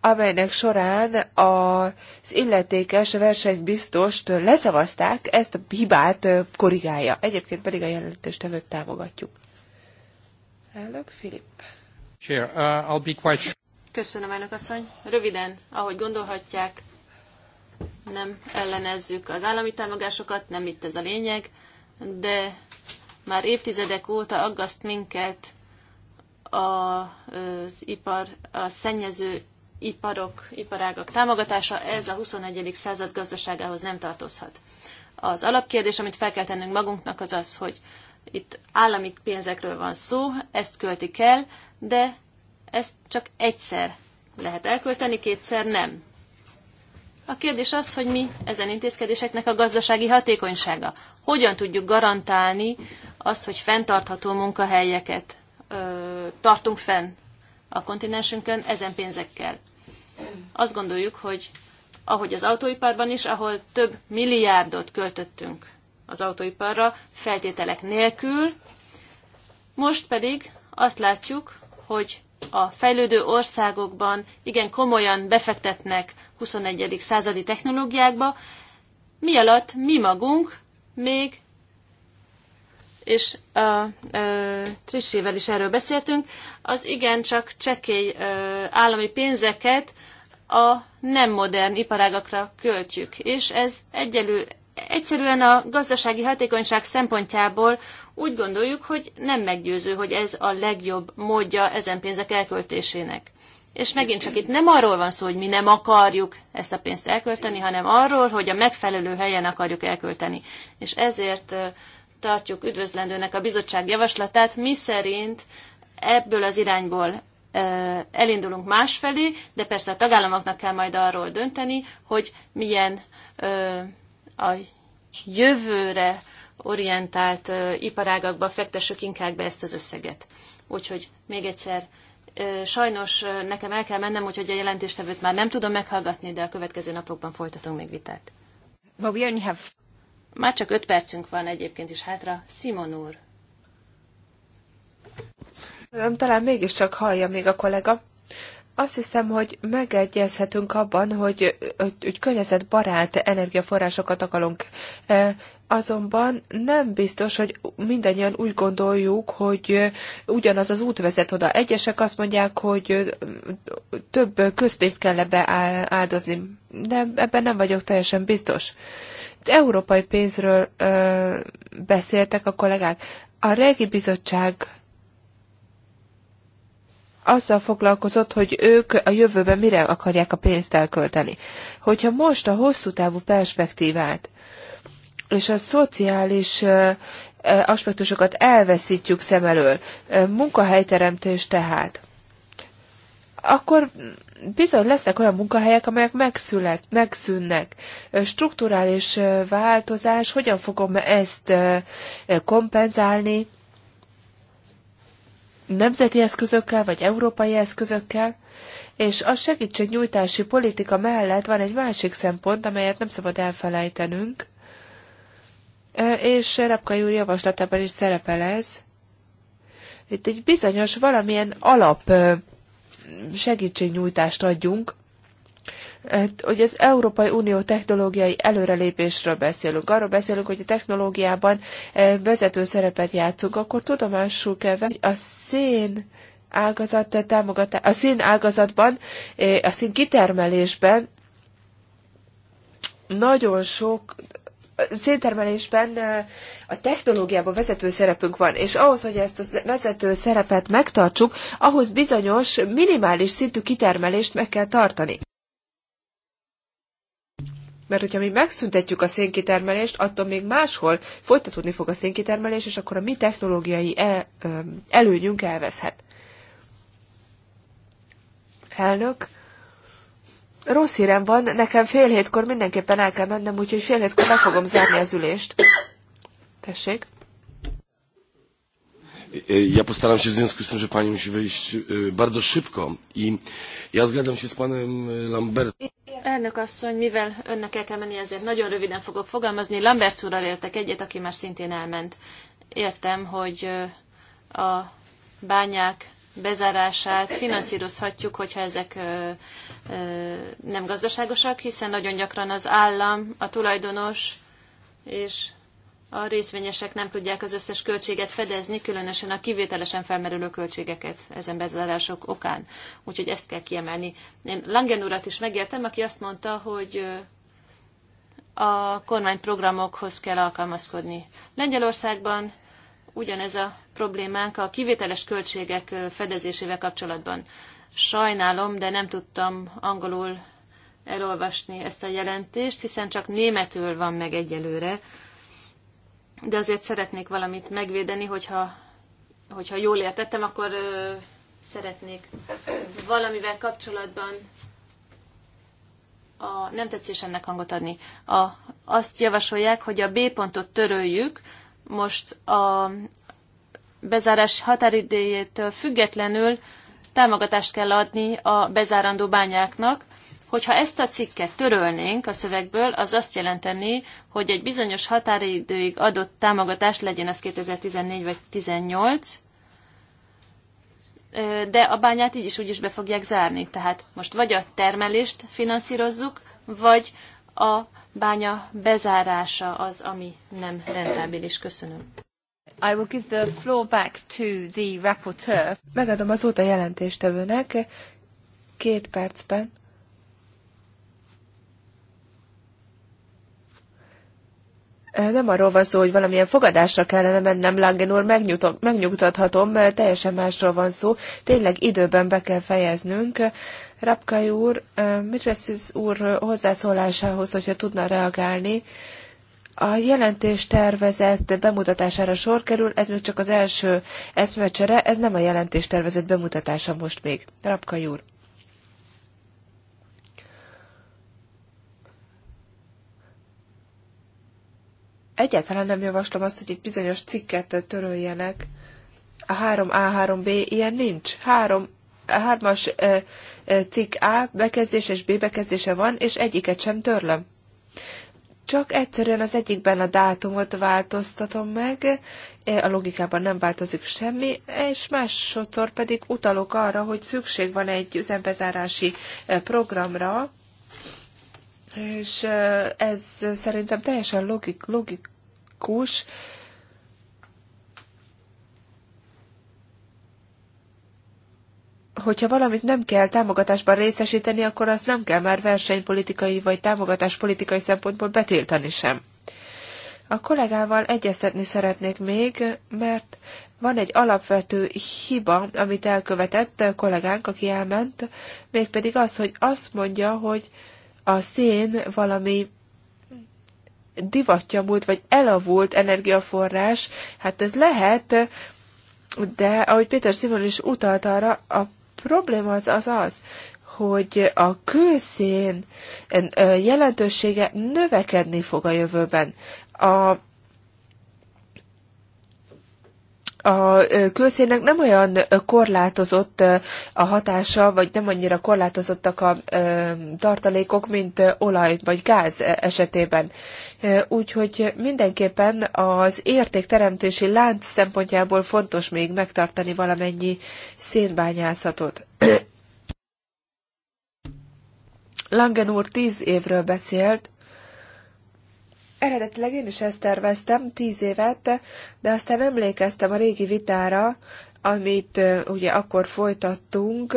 amelynek során az illetékes versenybiztost leszavazták, ezt a hibát korrigálja. Egyébként pedig a jelentéstevőt támogatjuk. Elnök Filip. Chair, uh, I'll be quite sure. Köszönöm, elnök asszony. Röviden, ahogy gondolhatják, nem ellenezzük az állami támogásokat, nem itt ez a lényeg, de már évtizedek óta aggaszt minket az ipar, a szennyező iparok, iparágak támogatása, ez a 21. század gazdaságához nem tartozhat. Az alapkérdés, amit fel kell tennünk magunknak, az az, hogy itt állami pénzekről van szó, ezt költik el, de ezt csak egyszer lehet elkölteni, kétszer nem. A kérdés az, hogy mi ezen intézkedéseknek a gazdasági hatékonysága. Hogyan tudjuk garantálni azt, hogy fenntartható munkahelyeket ö, tartunk fenn a kontinensünkön ezen pénzekkel. Azt gondoljuk, hogy ahogy az autóiparban is, ahol több milliárdot költöttünk az autóiparra feltételek nélkül, most pedig azt látjuk, hogy a fejlődő országokban igen komolyan befektetnek 21. századi technológiákba, mi alatt mi magunk még és a, a Trissével is erről beszéltünk, az igencsak csekély ö, állami pénzeket a nem modern iparágakra költjük, és ez egyelő, egyszerűen a gazdasági hatékonyság szempontjából úgy gondoljuk, hogy nem meggyőző, hogy ez a legjobb módja ezen pénzek elköltésének. És megint csak itt nem arról van szó, hogy mi nem akarjuk ezt a pénzt elkölteni, hanem arról, hogy a megfelelő helyen akarjuk elkölteni. És ezért tartjuk üdvözlendőnek a bizottság javaslatát, mi szerint ebből az irányból elindulunk másfelé, de persze a tagállamoknak kell majd arról dönteni, hogy milyen a jövőre orientált iparágakba fektessük inkább be ezt az összeget. Úgyhogy még egyszer, sajnos nekem el kell mennem, úgyhogy a jelentéstevőt már nem tudom meghallgatni, de a következő napokban folytatunk még vitát. Well, we only have... Már csak öt percünk van egyébként is hátra. Simon úr. talán mégiscsak hallja még a kollega. Azt hiszem, hogy megegyezhetünk abban, hogy, hogy, hogy környezetbarát energiaforrásokat akarunk. Azonban nem biztos, hogy mindannyian úgy gondoljuk, hogy ugyanaz az út vezet oda. Egyesek azt mondják, hogy több közpénzt kell ebbe áldozni, de ebben nem vagyok teljesen biztos európai pénzről ö, beszéltek a kollégák. A régi bizottság azzal foglalkozott, hogy ők a jövőben mire akarják a pénzt elkölteni. Hogyha most a hosszú távú perspektívát és a szociális aspektusokat elveszítjük szem elől, munkahelyteremtés tehát, akkor bizony lesznek olyan munkahelyek, amelyek megszület, megszűnnek. Strukturális változás, hogyan fogom ezt kompenzálni? Nemzeti eszközökkel, vagy európai eszközökkel? És a segítségnyújtási politika mellett van egy másik szempont, amelyet nem szabad elfelejtenünk, és Repka úr javaslatában is szerepel ez. Itt egy bizonyos valamilyen alap segítségnyújtást adjunk, hát, hogy az Európai Unió technológiai előrelépésről beszélünk, arról beszélünk, hogy a technológiában eh, vezető szerepet játszunk, akkor tudomásul kell venni, hogy a szén ágazat támogatás, a szén ágazatban, eh, a szín kitermelésben nagyon sok széntermelésben a technológiában vezető szerepünk van, és ahhoz, hogy ezt a vezető szerepet megtartsuk, ahhoz bizonyos minimális szintű kitermelést meg kell tartani. Mert hogyha mi megszüntetjük a szénkitermelést, attól még máshol folytatódni fog a szénkitermelés, és akkor a mi technológiai e, előnyünk elveszhet. Elnök, rossz hírem van, nekem fél hétkor mindenképpen el kell mennem, úgyhogy fél hétkor meg fogom zárni az ülést. Tessék. Ja postaram się w związku z tym, że pani musi wyjść e, bardzo szybko i ja zgadzam się z panem e, Lambert. Elnök asszony, mivel önnek el kell menni, ezért nagyon röviden fogok fogalmazni. Lambert úrral értek egyet, aki már szintén elment. Értem, hogy e, a bányák bezárását finanszírozhatjuk, hogyha ezek ö, ö, nem gazdaságosak, hiszen nagyon gyakran az állam, a tulajdonos és a részvényesek nem tudják az összes költséget fedezni, különösen a kivételesen felmerülő költségeket ezen bezárások okán. Úgyhogy ezt kell kiemelni. Én Langen urat is megértem, aki azt mondta, hogy a kormányprogramokhoz kell alkalmazkodni. Lengyelországban ugyanez a problémánk a kivételes költségek fedezésével kapcsolatban. Sajnálom, de nem tudtam angolul elolvasni ezt a jelentést, hiszen csak németül van meg egyelőre, de azért szeretnék valamit megvédeni, hogyha, hogyha jól értettem, akkor ö, szeretnék valamivel kapcsolatban a nem tetszésemnek hangot adni. A, azt javasolják, hogy a B pontot töröljük, most a bezárás határidéjétől függetlenül támogatást kell adni a bezárandó bányáknak. Hogyha ezt a cikket törölnénk a szövegből, az azt jelenteni, hogy egy bizonyos határidőig adott támogatás legyen az 2014 vagy 2018, de a bányát így is úgy is be fogják zárni. Tehát most vagy a termelést finanszírozzuk, vagy a bánya bezárása az, ami nem rentábilis. Köszönöm. I will give the floor back to the rapporteur. Megadom az út a jelentéstevőnek két percben, Nem arról van szó, hogy valamilyen fogadásra kellene mennem, Langen úr, megnyugtathatom, teljesen másról van szó. Tényleg időben be kell fejeznünk. Rapkai úr, Mitreszis úr hozzászólásához, hogyha tudna reagálni, a jelentés tervezett bemutatására sor kerül, ez még csak az első eszmecsere, ez nem a jelentés tervezett bemutatása most még. Rapkai úr. egyáltalán nem javaslom azt, hogy egy bizonyos cikket töröljenek. A 3A3B ilyen nincs. 3 a hármas e, e, cikk A bekezdése és B bekezdése van, és egyiket sem törlöm. Csak egyszerűen az egyikben a dátumot változtatom meg, a logikában nem változik semmi, és másodszor pedig utalok arra, hogy szükség van egy üzembezárási programra, és ez szerintem teljesen logik, logikus, hogyha valamit nem kell támogatásban részesíteni, akkor azt nem kell már versenypolitikai vagy támogatáspolitikai szempontból betiltani sem. A kollégával egyeztetni szeretnék még, mert van egy alapvető hiba, amit elkövetett a kollégánk, aki elment, mégpedig az, hogy azt mondja, hogy a szén valami divatja múlt, vagy elavult energiaforrás, hát ez lehet, de ahogy Péter Simon is utalt arra, a probléma az az, az hogy a kőszén jelentősége növekedni fog a jövőben. A a külszénnek nem olyan korlátozott a hatása, vagy nem annyira korlátozottak a tartalékok, mint olaj vagy gáz e, esetében. Úgyhogy mindenképpen az értékteremtési lánc szempontjából fontos még megtartani valamennyi szénbányászatot. Langen úr tíz évről beszélt, Eredetileg én is ezt terveztem, tíz évet, de aztán emlékeztem a régi vitára, amit ugye akkor folytattunk,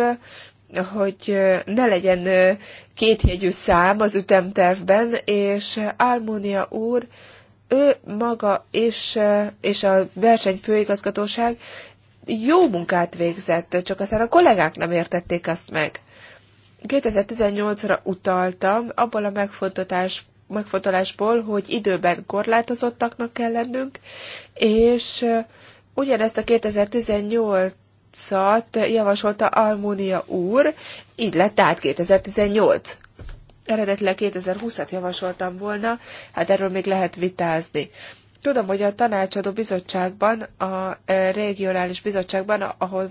hogy ne legyen kétjegyű szám az ütemtervben, és Almónia úr, ő maga és, és a versenyfőigazgatóság jó munkát végzett, csak aztán a kollégák nem értették azt meg. 2018-ra utaltam, abból a megfontotás megfontolásból, hogy időben korlátozottaknak kell lennünk, és ugyanezt a 2018 Szat javasolta Almunia úr, így lett tehát 2018. Eredetileg 2020-at javasoltam volna, hát erről még lehet vitázni. Tudom, hogy a tanácsadó bizottságban, a regionális bizottságban, ahol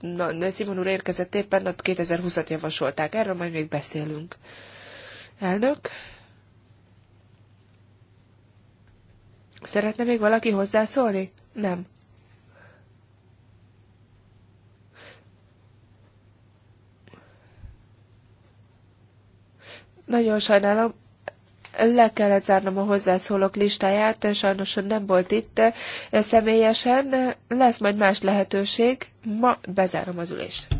na, Simon úr érkezett éppen, ott 2020-at javasolták. Erről majd még beszélünk. Elnök. Szeretne még valaki hozzászólni? Nem. Nagyon sajnálom, le kellett zárnom a hozzászólók listáját, sajnos nem volt itt eh, személyesen, lesz majd más lehetőség, ma bezárom az ülést.